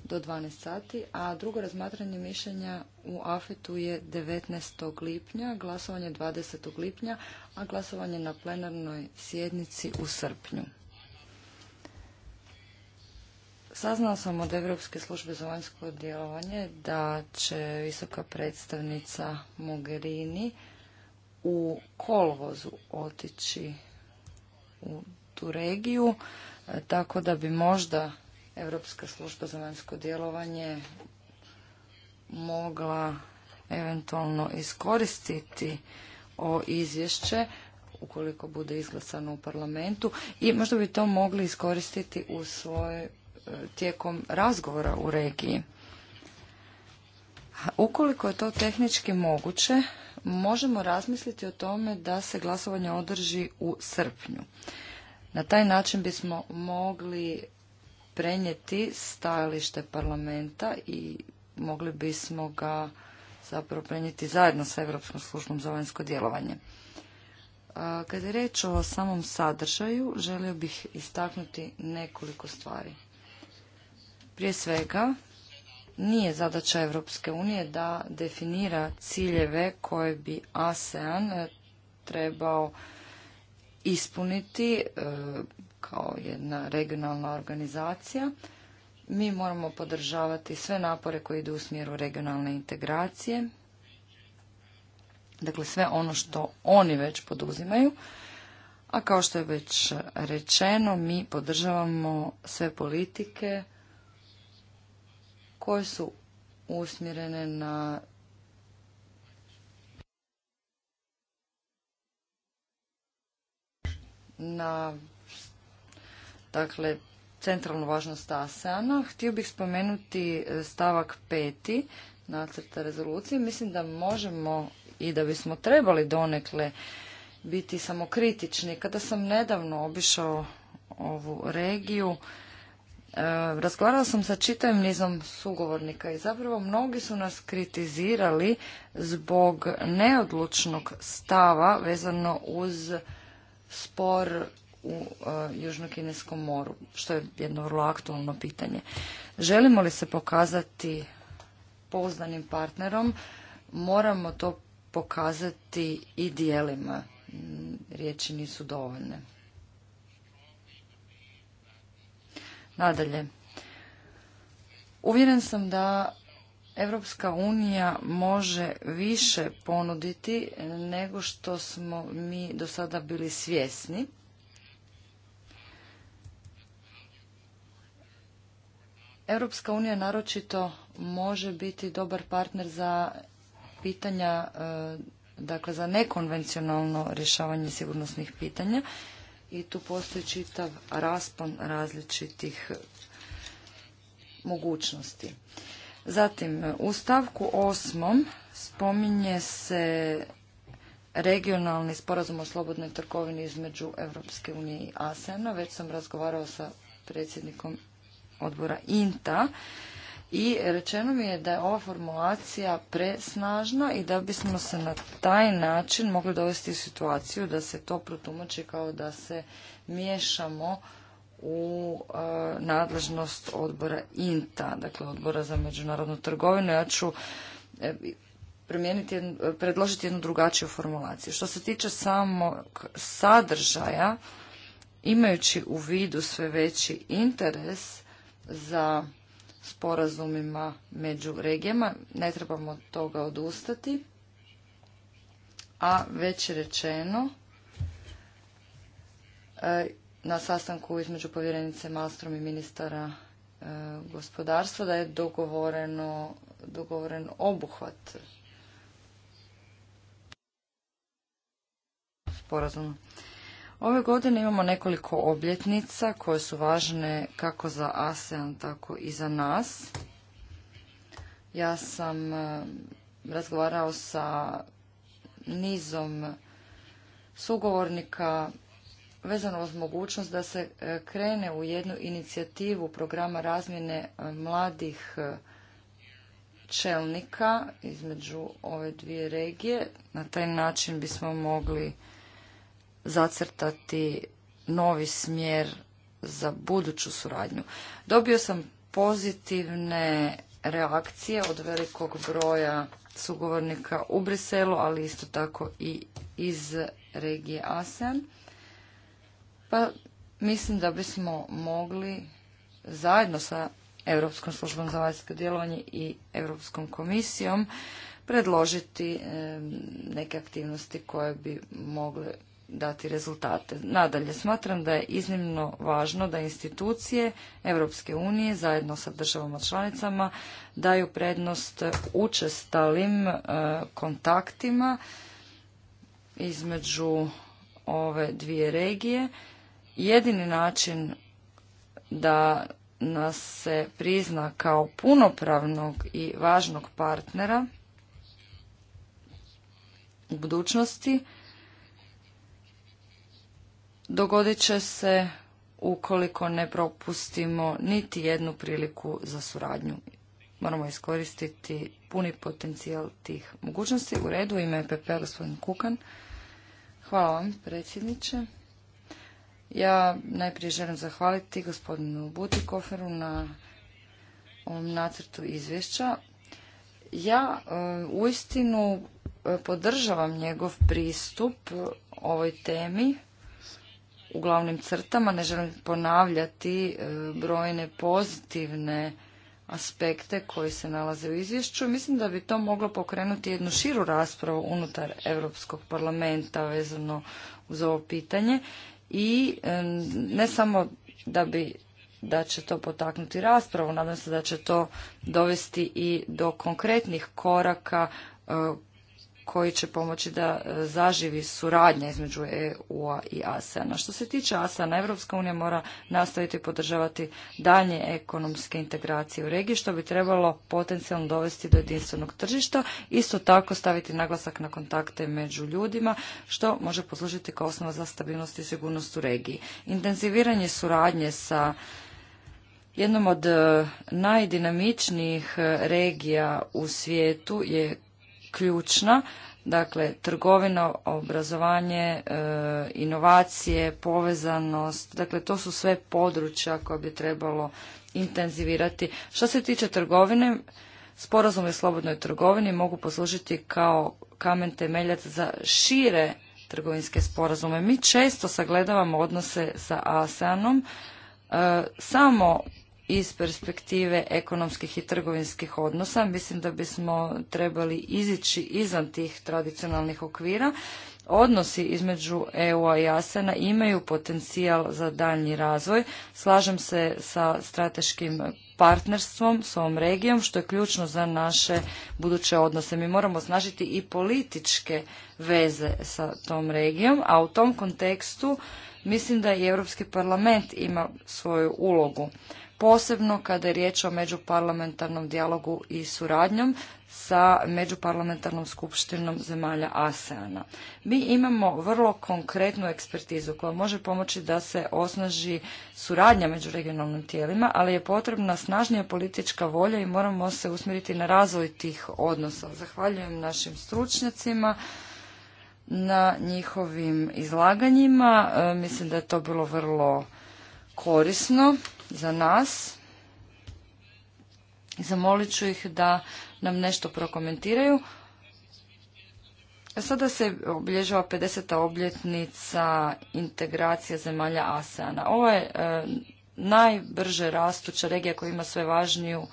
D: do 12 sati, a drugo razmatranje mišljenja u AFET-u je 19. lipnja, glasovanje 20. lipnja, a glasovanje na plenarnoj sjednici u srpnju. Saznao sam od Europske službe za vanjsko djelovanje da će visoka predstavnica Mogherini u kolvozu otići u tu regiju, e, tako da bi možda Europska služba za vanjsko djelovanje mogla eventualno iskoristiti o izvješće ukoliko bude izglasano u parlamentu i možda bi to mogli iskoristiti u svoj e, tijekom razgovora u regiji. Ukoliko je to tehnički moguće, možemo razmisliti o tome da se glasovanje održi u srpnju. Na taj način bismo mogli prenijeti stajalište parlamenta i mogli bismo ga zapravo prenijeti zajedno sa Europskom službom za vanjsko djelovanje. Kada je reč o samom sadržaju, želio bih istaknuti nekoliko stvari. Prije svega, nije zadaća Europske unije da definira ciljeve koje bi ASEAN e, trebao ispuniti e, kao jedna regionalna organizacija. Mi moramo podržavati sve napore koji idu u smjeru regionalne integracije, dakle sve ono što oni već poduzimaju. A kao što je već rečeno, mi podržavamo sve politike koje su usmjerene na na dakle centralnu važnost ASEANA, htio bih spomenuti e, stavak peti nacrta rezolucije. Mislim da možemo i da bismo trebali donekle biti samokritični. Kada sam nedavno obišao ovu regiju, e, razgovarala sam sa čitavim nizom sugovornika i zapravo mnogi su nas kritizirali zbog neodlučnog stava vezano uz spor u e, Južno-Kineskom moru, što je jedno vrlo aktualno pitanje. Želimo li se pokazati pouzdanim partnerom, moramo to pokazati i dijelima. Riječi nisu dovoljne. Nadalje, uvjeren sam da Europska unija može više ponuditi nego što smo mi do sada bili svjesni Europska unija naročito može biti dobar partner za pitanja, e, dakle za nekonvencionalno rješavanje sigurnosnih pitanja i tu postoji čitav raspon različitih mogućnosti. Zatim, u stavku osmom spominje se regionalni sporazum o slobodnoj trgovini između Europske unije i a Već sam razgovarao sa predsjednikom odbora INTA i rečeno mi je da je ova formulacija presnažna i da bismo se na taj način mogli dovesti u situaciju da se to protumači kao da se miješamo u e, nadležnost odbora INTA, dakle odbora za međunarodnu trgovinu. Ja ću e, e, predložiti jednu drugačiju formulaciju. Što se tiče samog sadržaja, imajući u vidu sve veći interes za sporazumima među regijama. Ne trebamo od toga odustati. A već rečeno, e, na sastanku između povjerenice Malstrom i ministara e, gospodarstva da je dogovoreno, dogovoren obuhvat sporazuma. Ove godine imamo nekoliko obljetnica koje su važne kako za ASEAN, tako i za nas. Ja sam e, razgovarao sa nizom sugovornika vezano uz mogućnost da se e, krene u jednu inicijativu programa razmjene e, mladih čelnika između ove dvije regije. Na taj način bismo mogli zacrtati novi smjer za buduću suradnju. Dobio sam pozitivne reakcije od velikog broja sugovornika u Briselu, ali isto tako i iz regije ASEAN. Pa mislim da bismo mogli zajedno sa Europskom službom za vanjsko djelovanje i Europskom komisijom predložiti neke aktivnosti koje bi mogle dati rezultate. Nadalje, smatram da je iznimno važno da institucije Europske unije zajedno sa državama članicama daju prednost učestalim e, kontaktima između ove dvije regije. Jedini način da nas se prizna kao punopravnog i važnog partnera u budućnosti dogodit će se ukoliko ne propustimo niti jednu priliku za suradnju. Moramo iskoristiti puni potencijal tih mogućnosti. U redu ime PP, e p-a, gospodin Kukan. Hvala vam predsjedniče. Ja najprije želim zahvaliti gospodinu Butikoferu na ovom nacrtu izvješća. Ja u e, uistinu e, podržavam njegov pristup ovoj temi u glavnim crtama, ne želim ponavljati e, brojne pozitivne aspekte koji se nalaze u izvješću. Mislim da bi to moglo pokrenuti jednu širu raspravu unutar Europskog parlamenta vezano uz ovo pitanje i e, ne samo da bi da će to potaknuti raspravu, nadam se da će to dovesti i do konkretnih koraka e, koji će pomoći da e, zaživi suradnja između EU-a i ASEAN-a. Što se tiče ASEAN-a, Evropska unija mora nastaviti podržavati dalje ekonomske integracije u regiji, što bi trebalo potencijalno dovesti do jedinstvenog tržišta. Isto tako staviti naglasak na kontakte među ljudima, što može poslužiti kao osnova za stabilnost i sigurnost u regiji. Intenziviranje suradnje sa jednom od e, najdinamičnijih e, regija u svijetu je ključna. Dakle, trgovina, obrazovanje, e, inovacije, povezanost, dakle to su sve područja koja bi trebalo intenzivirati. Što se tiče trgovine, sporazume o slobodnoj trgovini mogu poslužiti kao kamen temeljac za šire trgovinske sporazume. Mi često sagledavamo odnose sa ASEANom e, samo iz perspektive ekonomskih i trgovinskih odnosa. Mislim da bismo trebali izići izvan tih tradicionalnih okvira. Odnosi između EU-a i ASEN-a imaju potencijal za daljnji razvoj. Slažem se sa strateškim partnerstvom s ovom regijom, što je ključno za naše buduće odnose. Mi moramo snažiti i političke veze sa tom regijom, a u tom kontekstu mislim da i Europski parlament ima svoju ulogu posebno kada je riječ o međuparlamentarnom dijalogu i suradnjom sa međuparlamentarnom skupštinom zemalja ASEANA. Mi imamo vrlo konkretnu ekspertizu koja može pomoći da se osnaži suradnja među regionalnim tijelima, ali je potrebna snažnija politička volja i moramo se usmjeriti na razvoj tih odnosa. Zahvaljujem našim stručnjacima na njihovim izlaganjima. E, mislim da je to bilo vrlo korisno za nas. Zamolit ću ih da nam nešto prokomentiraju. Sada se obilježava 50. obljetnica integracije zemalja ASEANA. Ovo je e, najbrže rastuća regija koja ima sve važniju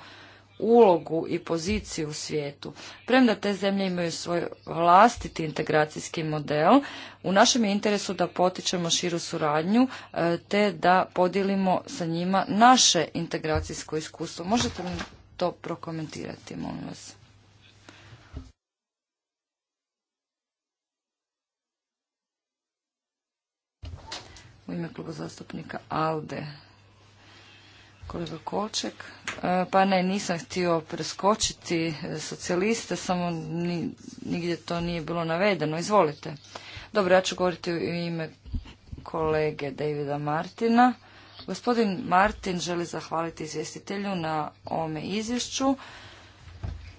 D: ulogu i poziciju u svijetu. Premda te zemlje imaju svoj vlastiti integracijski model, u našem je interesu da potičemo širu suradnju e, te da podijelimo sa njima naše integracijsko iskustvo. Možete li to prokomentirati, molim vas? U ime kluba zastupnika ALDE. Kolega Koček. E, pa ne, nisam htio preskočiti e, socijaliste, samo nigdje to nije bilo navedeno. Izvolite. Dobro, ja ću govoriti u ime kolege Davida Martina. Gospodin Martin želi zahvaliti izvjestitelju na ovome izvješću.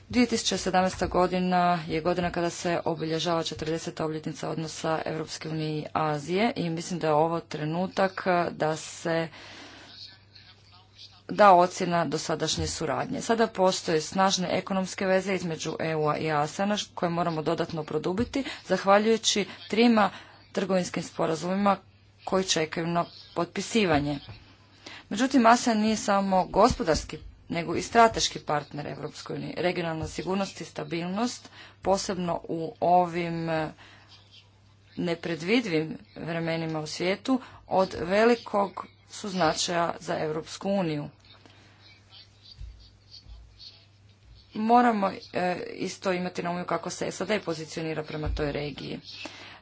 D: 2017. godina je godina kada se obilježava 40. obljetnica odnosa Europske unije i Azije i mislim da je ovo trenutak da se da ocjena dosadašnje suradnje. Sada postoje snažne ekonomske veze između EU-a i ASEAN-a koje moramo dodatno produbiti, zahvaljujući trima trgovinskim sporazumima koji čekaju na potpisivanje. Međutim, ASEAN nije samo gospodarski nego i strateški partner Europskoj Regionalna sigurnost i stabilnost, posebno u ovim e, nepredvidivim vremenima u svijetu, od velikog su značaja za Europsku uniju. Moramo e, isto imati na umu kako se SAD pozicionira prema toj regiji.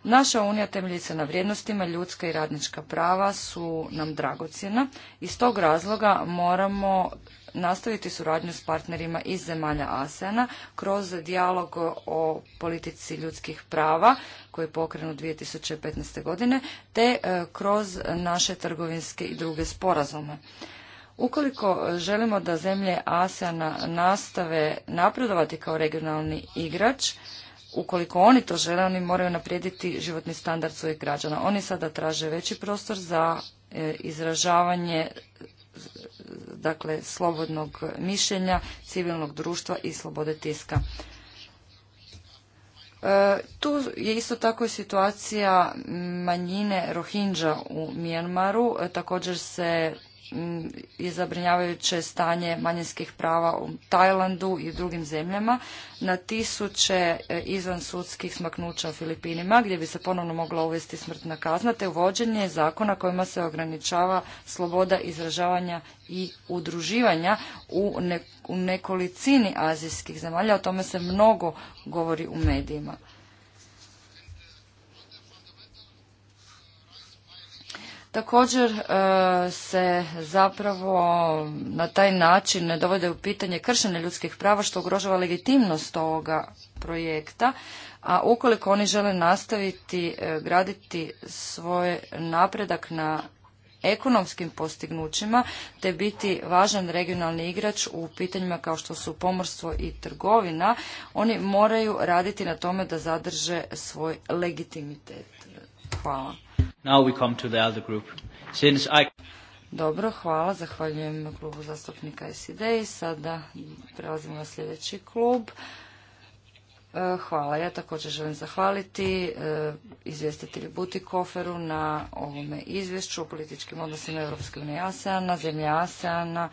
D: Naša unija temelji se na vrijednostima, ljudska i radnička prava su nam dragocjena. Iz tog razloga moramo nastaviti suradnju s partnerima iz zemalja ASEANA kroz dijalog o politici ljudskih prava koji je pokrenut 2015. godine te e, kroz naše trgovinske i druge sporazume. Ukoliko želimo da zemlje ASEANA nastave napredovati kao regionalni igrač, ukoliko oni to žele, oni moraju naprijediti životni standard svojih građana. Oni sada traže veći prostor za e, izražavanje e, dakle slobodnog mišljenja, civilnog društva i slobode tiska. E, tu je isto tako i situacija manjine Rohinđa u Mijanmaru. također se je zabrinjavajuće stanje manjinskih prava u Tajlandu i u drugim zemljama, na tisuće e, izvan sudskih smaknuća u Filipinima gdje bi se ponovno mogla uvesti smrtna kazna te uvođenje zakona kojima se ograničava sloboda izražavanja i udruživanja u, u nekolicini azijskih zemalja. O tome se mnogo govori u medijima. Također e, se zapravo na taj način ne dovode u pitanje kršenje ljudskih prava što ugrožava legitimnost ovoga projekta, a ukoliko oni žele nastaviti e, graditi svoj napredak na ekonomskim postignućima te biti važan regionalni igrač u pitanjima kao što su pomorstvo i trgovina, oni moraju raditi na tome da zadrže svoj legitimitet. Hvala.
A: Now we come to the other group. Since I...
D: Dobro, hvala. Zahvaljujem klubu zastupnika SID i sada prelazimo na sljedeći klub. E, hvala. Ja također želim zahvaliti e, izvjestitelju Butikoferu na ovome izvješću o političkim odnosima Europske unije ASEANA, zemlje ASEANA,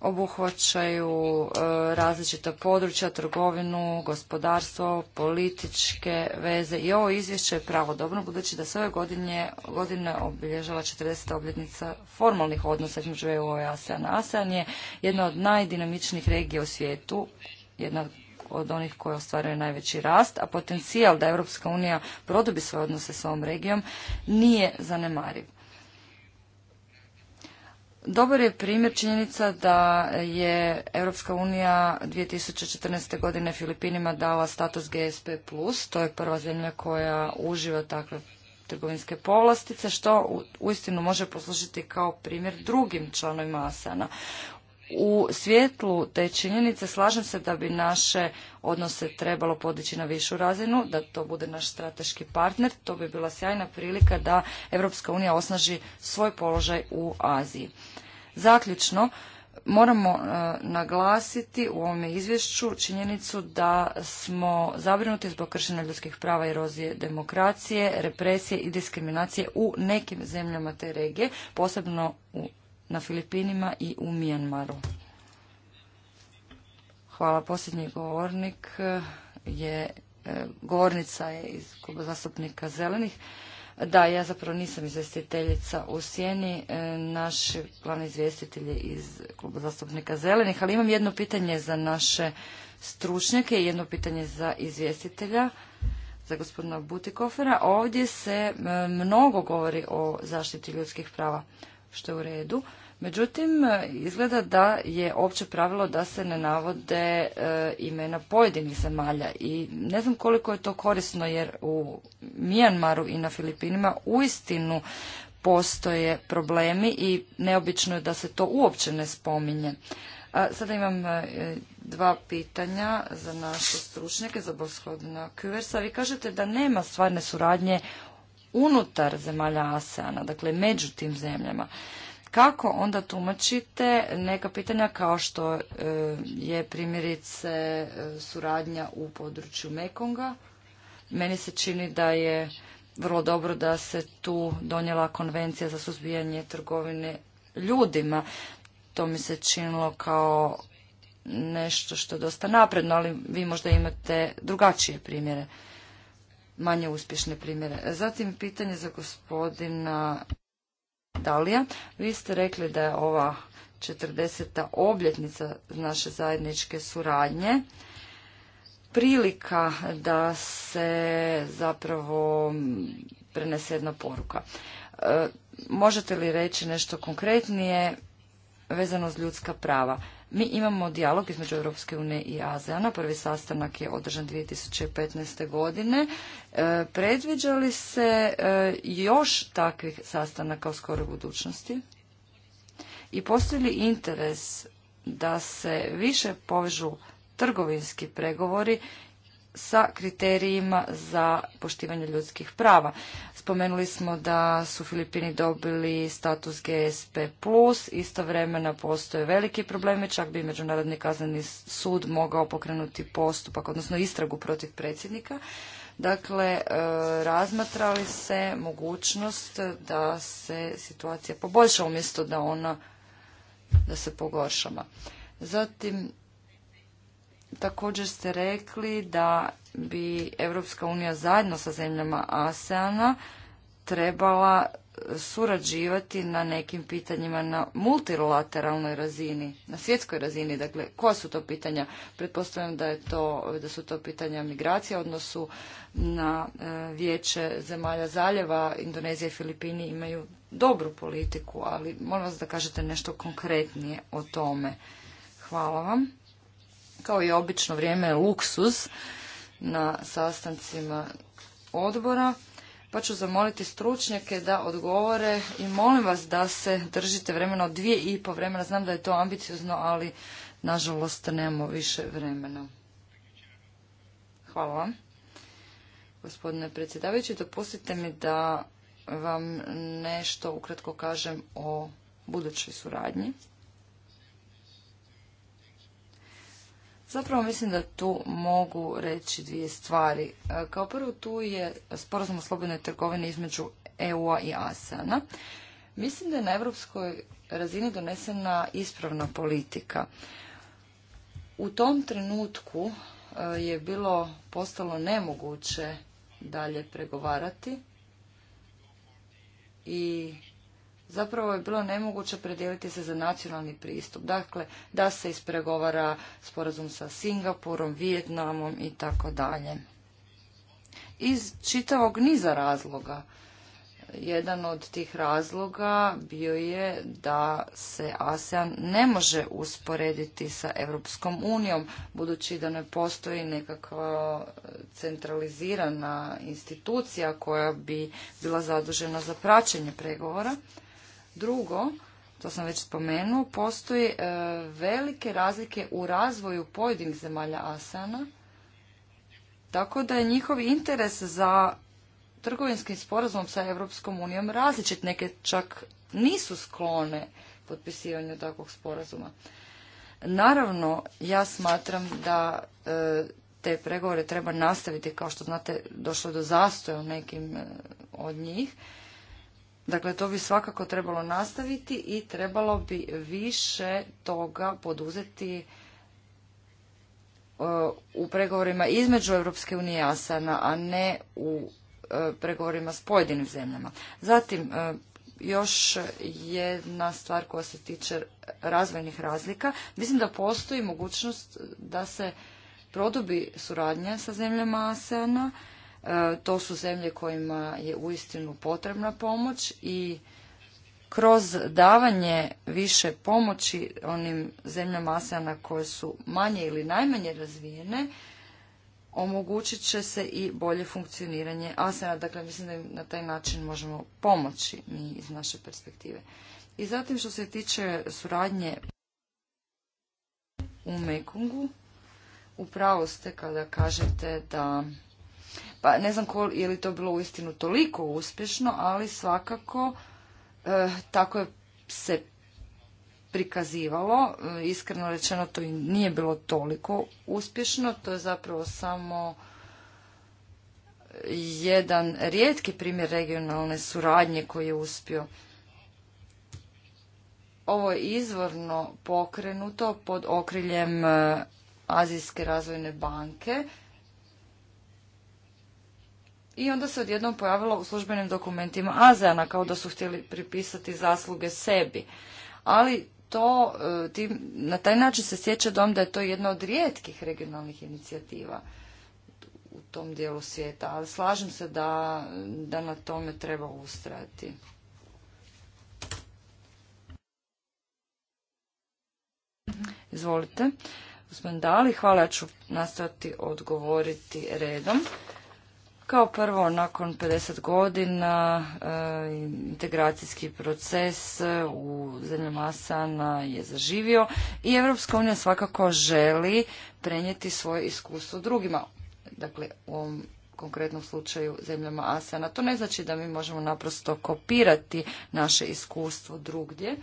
D: obuhvaćaju e, različita područja, trgovinu, gospodarstvo, političke veze i ovo izvješće je pravodobno budući da se ove godine, godine obilježava 40. obljetnica formalnih odnosa između EU i ASEAN. ASEAN je jedna od najdinamičnijih regija u svijetu, jedna od onih koje ostvaruje najveći rast, a potencijal da Europska unija produbi svoje odnose s ovom regijom nije zanemariv. Dobar je primjer činjenica da je Europska unija 2014. godine Filipinima dala status GSP+, to je prva zemlja koja uživa takve trgovinske povlastice, što uistinu može poslužiti kao primjer drugim članovima ASEANA. U svjetlu te činjenice slažem se da bi naše odnose trebalo podići na višu razinu, da to bude naš strateški partner. To bi bila sjajna prilika da Europska unija osnaži svoj položaj u Aziji. Zaključno, moramo e, naglasiti u ovome izvješću činjenicu da smo zabrinuti zbog kršenja ljudskih prava i erozije demokracije, represije i diskriminacije u nekim zemljama te regije, posebno na Filipinima i u Mijanmaru. Hvala. Posljednji govornik e, je, e, govornica je iz kluba zastupnika Zelenih. Da, ja zapravo nisam izvjestiteljica u Sjeni. E, naš glavni izvjestitelj je iz kluba zastupnika Zelenih, ali imam jedno pitanje za naše stručnjake i jedno pitanje za izvjestitelja, za gospodina Butikofera. Ovdje se e, mnogo govori o zaštiti ljudskih prava, što je u redu. Međutim, izgleda da je opće pravilo da se ne navode e, imena pojedinih zemalja i ne znam koliko je to korisno jer u Mijanmaru i na Filipinima uistinu postoje problemi i neobično je da se to uopće ne spominje. Sada imam e, dva pitanja za naše stručnjake, za gospodina Kuversa. Vi kažete da nema stvarne suradnje unutar zemalja ASEANA, dakle među tim zemljama kako onda tumačite neka pitanja kao što e, je primjerice e, suradnja u području Mekonga? Meni se čini da je vrlo dobro da se tu donijela konvencija za suzbijanje trgovine ljudima. To mi se činilo kao nešto što je dosta napredno, ali vi možda imate drugačije primjere, manje uspješne primjere. Zatim pitanje za gospodina Dalija. Vi ste rekli da je ova 40. obljetnica naše zajedničke suradnje prilika da se zapravo prenese jedna poruka. E, možete li reći nešto konkretnije vezano s ljudska prava? Mi imamo dijalog između Europske unije i ASEANA. Prvi sastanak je održan 2015. godine. E, predviđa li se e, još takvih sastanaka u skoroj budućnosti? I postoji li interes da se više povežu trgovinski pregovori sa kriterijima za poštivanje ljudskih prava. Spomenuli smo da su Filipini dobili status GSP+, istovremeno postoje veliki problemi, čak bi Međunarodni kazneni sud mogao pokrenuti postupak, odnosno istragu protiv predsjednika. Dakle, e, razmatrali se mogućnost da se situacija poboljša umjesto da ona da se pogoršava. Zatim, Također ste rekli da bi Europska unija zajedno sa zemljama ASEANA trebala surađivati na nekim pitanjima na multilateralnoj razini, na svjetskoj razini. Dakle, koja su to pitanja? Pretpostavljam da, je to, da su to pitanja migracija, odnosu na e, vijeće zemalja zaljeva. Indonezija i Filipini imaju dobru politiku, ali molim vas da kažete nešto konkretnije o tome. Hvala vam kao i obično vrijeme luksuz na sastancima odbora, pa ću zamoliti stručnjake da odgovore i molim vas da se držite vremena od dvije i po vremena. Znam da je to ambiciozno, ali nažalost nemamo više vremena. Hvala vam. Gospodine predsjedavajući, dopustite mi da vam nešto ukratko kažem o budućoj suradnji. Zapravo mislim da tu mogu reći dvije stvari. E, kao prvo tu je sporazum o slobodnoj trgovini između EU-a i ASEAN-a. Mislim da je na europskoj razini donesena ispravna politika. U tom trenutku e, je bilo postalo nemoguće dalje pregovarati i zapravo je bilo nemoguće predijeliti se za nacionalni pristup. Dakle, da se ispregovara sporazum sa Singapurom, Vijetnamom i tako dalje. Iz čitavog niza razloga. Jedan od tih razloga bio je da se ASEAN ne može usporediti sa Europskom unijom, budući da ne postoji nekakva e, centralizirana institucija koja bi bila zadužena za praćenje pregovora. Drugo, to sam već spomenuo, postoje velike razlike u razvoju pojedinih zemalja Asana, tako da je njihov interes za trgovinskim sporazumom sa Europskom unijom različit. Neke čak nisu sklone potpisivanju takvog sporazuma. Naravno, ja smatram da e, te pregovore treba nastaviti, kao što znate, došlo do zastoja u nekim e, od njih. Dakle, to bi svakako trebalo nastaviti i trebalo bi više toga poduzeti e, u pregovorima između Europske unije i ASANA, a ne u e, pregovorima s pojedinim zemljama. Zatim, e, još jedna stvar koja se tiče razvojnih razlika. Mislim da postoji mogućnost da se produbi suradnja sa zemljama ASEANA E, to su zemlje kojima je uistinu potrebna pomoć i kroz davanje više pomoći onim zemljama ASEANA koje su manje ili najmanje razvijene, omogućit će se i bolje funkcioniranje ASEANA. Dakle, mislim da im na taj način možemo pomoći mi iz naše perspektive. I zatim što se tiče suradnje u Mekongu, upravo ste kada kažete da pa ne znam kol, je li to bilo uistinu toliko uspješno, ali svakako e, tako je se prikazivalo. E, iskreno rečeno to i nije bilo toliko uspješno. To je zapravo samo jedan rijetki primjer regionalne suradnje koji je uspio. Ovo je izvorno pokrenuto pod okriljem e, Azijske razvojne banke i onda se odjednom pojavilo u službenim dokumentima ASEANA kao da su htjeli pripisati zasluge sebi. Ali to, e, na taj način se sjeća dom da je to jedna od rijetkih regionalnih inicijativa u tom dijelu svijeta, ali slažem se da, da na tome treba ustrajati. Izvolite. Gospodin Dali, hvala, ja ću nastaviti odgovoriti redom. Kao prvo, nakon 50 godina e, integracijski proces e, u zemljama Asana je zaživio i Europska unija svakako želi prenijeti svoje iskustvo drugima. Dakle, u ovom konkretnom slučaju zemljama Asana. To ne znači da mi možemo naprosto kopirati naše iskustvo drugdje.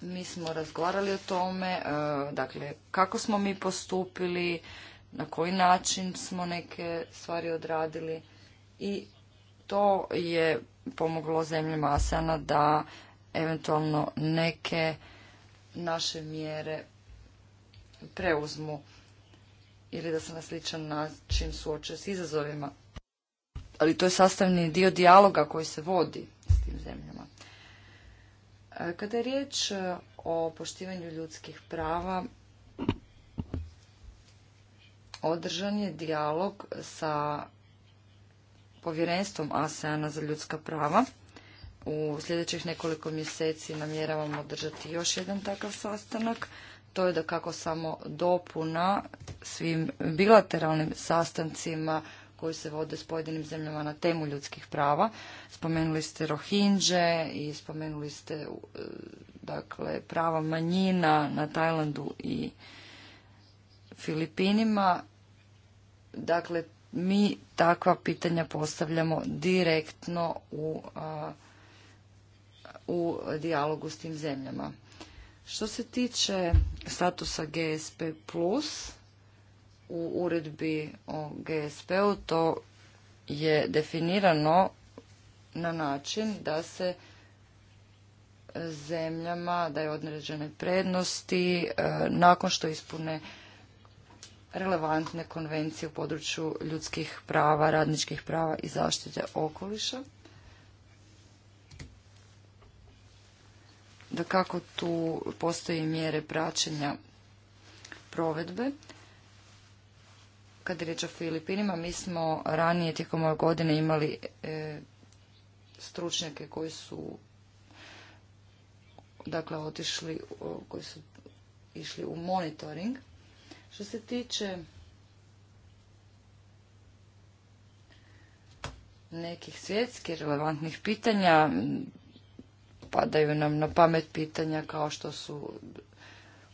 D: Mi smo razgovarali o tome, e, dakle, kako smo mi postupili, na koji način smo neke stvari odradili i to je pomoglo zemljama Asana da eventualno neke naše mjere preuzmu ili da se na sličan način suoče s izazovima. Ali to je sastavni dio dijaloga koji se vodi s tim zemljama. E, kada je riječ e, o poštivanju ljudskih prava, održan je dijalog sa povjerenstvom ASEANA za ljudska prava. U sljedećih nekoliko mjeseci namjeravamo održati još jedan takav sastanak. To je da kako samo dopuna svim bilateralnim sastancima koji se vode s pojedinim zemljama na temu ljudskih prava. Spomenuli ste Rohinđe i spomenuli ste e, dakle, prava manjina na Tajlandu i Filipinima. Dakle, mi takva pitanja postavljamo direktno u, u dijalogu s tim zemljama. Što se tiče statusa GSP+, u uredbi o GSP-u to je definirano na način da se zemljama daje određene prednosti e, nakon što ispune relevantne konvencije u području ljudskih prava, radničkih prava i zaštite okoliša. Da kako tu postoje mjere praćenja provedbe. Kad je riječ o Filipinima, mi smo ranije tijekom ove godine imali e, stručnjake koji su dakle otišli, koji su išli u monitoring što se tiče nekih svjetskih relevantnih pitanja, padaju nam na pamet pitanja kao što su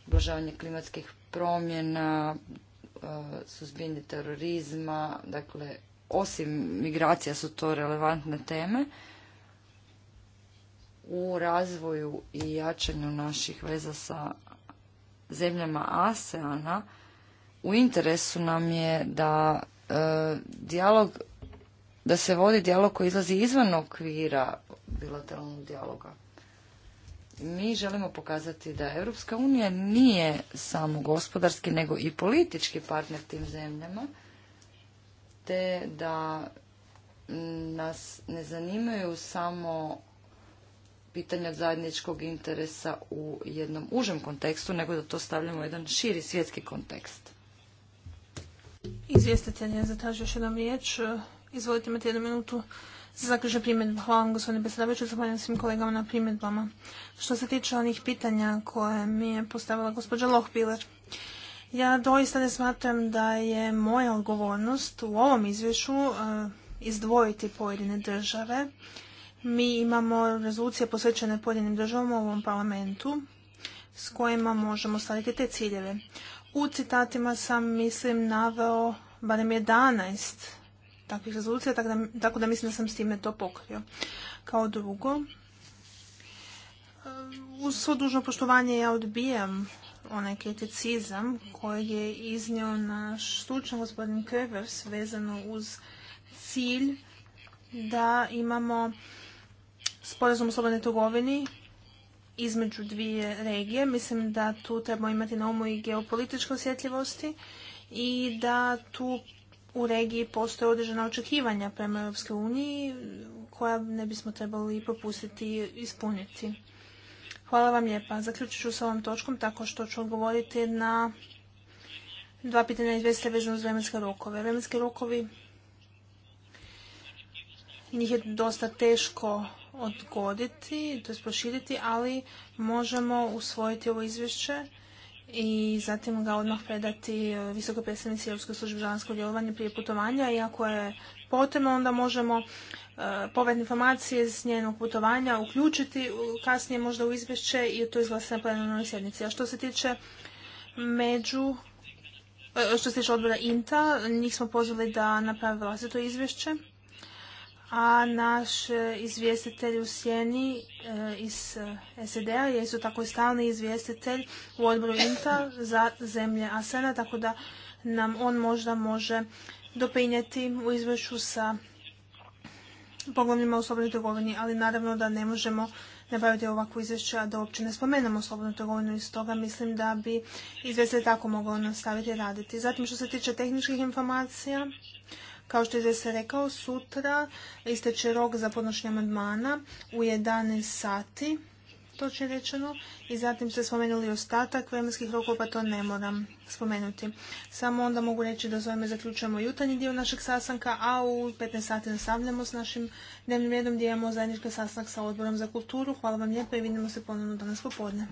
D: ublažavanje klimatskih promjena, e, suzbijanje terorizma, dakle, osim migracija su to relevantne teme u razvoju i jačanju naših veza sa zemljama ASEANA u interesu nam je da e, dijalog da se vodi dijalog koji izlazi izvan okvira bilateralnog dijaloga. Mi želimo pokazati da Europska unija nije samo gospodarski nego i politički partner tim zemljama te da nas ne zanimaju samo pitanja zajedničkog interesa u jednom užem kontekstu, nego da to stavljamo u jedan širi svjetski kontekst.
C: Izvjestitelj je zatražio još jednom riječ. E, Izvolite, imate jednu minutu za zaključenje primjedba. Hvala vam, gospodine predsjedavajući, zahvaljujem svim kolegama na primjedbama. Što se tiče onih pitanja koje mi je postavila gospođa Lohpiler, ja doista ne smatram da je moja odgovornost u ovom izvješću e, izdvojiti pojedine države. Mi imamo rezolucije posvećene pojedinim državama u ovom parlamentu s kojima možemo staviti te ciljeve. U citatima sam, mislim, naveo barem 11 takvih rezolucija, tako da, mislim da sam s time to pokrio. Kao drugo, uz svo dužno poštovanje ja odbijam onaj kriticizam koji je iznio naš stručan gospodin Krevers vezano uz cilj da imamo sporazum o slobodnoj trgovini između dvije regije. Mislim da tu treba imati na umu i geopolitičke osjetljivosti i da tu u regiji postoje određena očekivanja prema Europske uniji koja ne bismo trebali propustiti i ispuniti. Hvala vam lijepa. Zaključit ću s ovom točkom tako što ću odgovoriti na dva pitanja izvjestitelja vezano uz vremenske rokove. Vremenske rokovi njih je dosta teško odgoditi, to je proširiti, ali možemo usvojiti ovo izvješće i zatim ga odmah predati e, visokoj predstavnici Europske službe žalanskog djelovanja prije putovanja i ako je potrebno onda možemo e, povratne informacije s njenog putovanja uključiti kasnije možda u izvješće i to izglasa na plenarnoj sjednici. A što se tiče među e, što se tiče odbora INTA, njih smo pozvali da naprave vlastito izvješće a naš e, izvjestitelj u Sjeni e, iz e, SED-a je isto tako i stalni izvjestitelj u odboru INTA za zemlje ASENA, tako da nam on možda može dopinjeti u izvješću sa poglavljima o slobodnoj trgovini, ali naravno da ne možemo napraviti ovakvo izvješće, a da uopće ne spomenemo slobodnu trgovinu i stoga mislim da bi izvješće tako mogao nastaviti raditi. Zatim što se tiče tehničkih informacija, kao što je se rekao, sutra isteče rok za podnošenje amandmana u 11 sati, će rečeno, i zatim ste spomenuli ostatak vremenskih rokova, pa to ne moram spomenuti. Samo onda mogu reći da s ovime zaključujemo jutarnji dio našeg sasanka, a u 15 sati nastavljamo s našim dnevnim redom gdje imamo zajednički sastanak sa odborom za kulturu. Hvala vam lijepo i vidimo se ponovno danas popodne.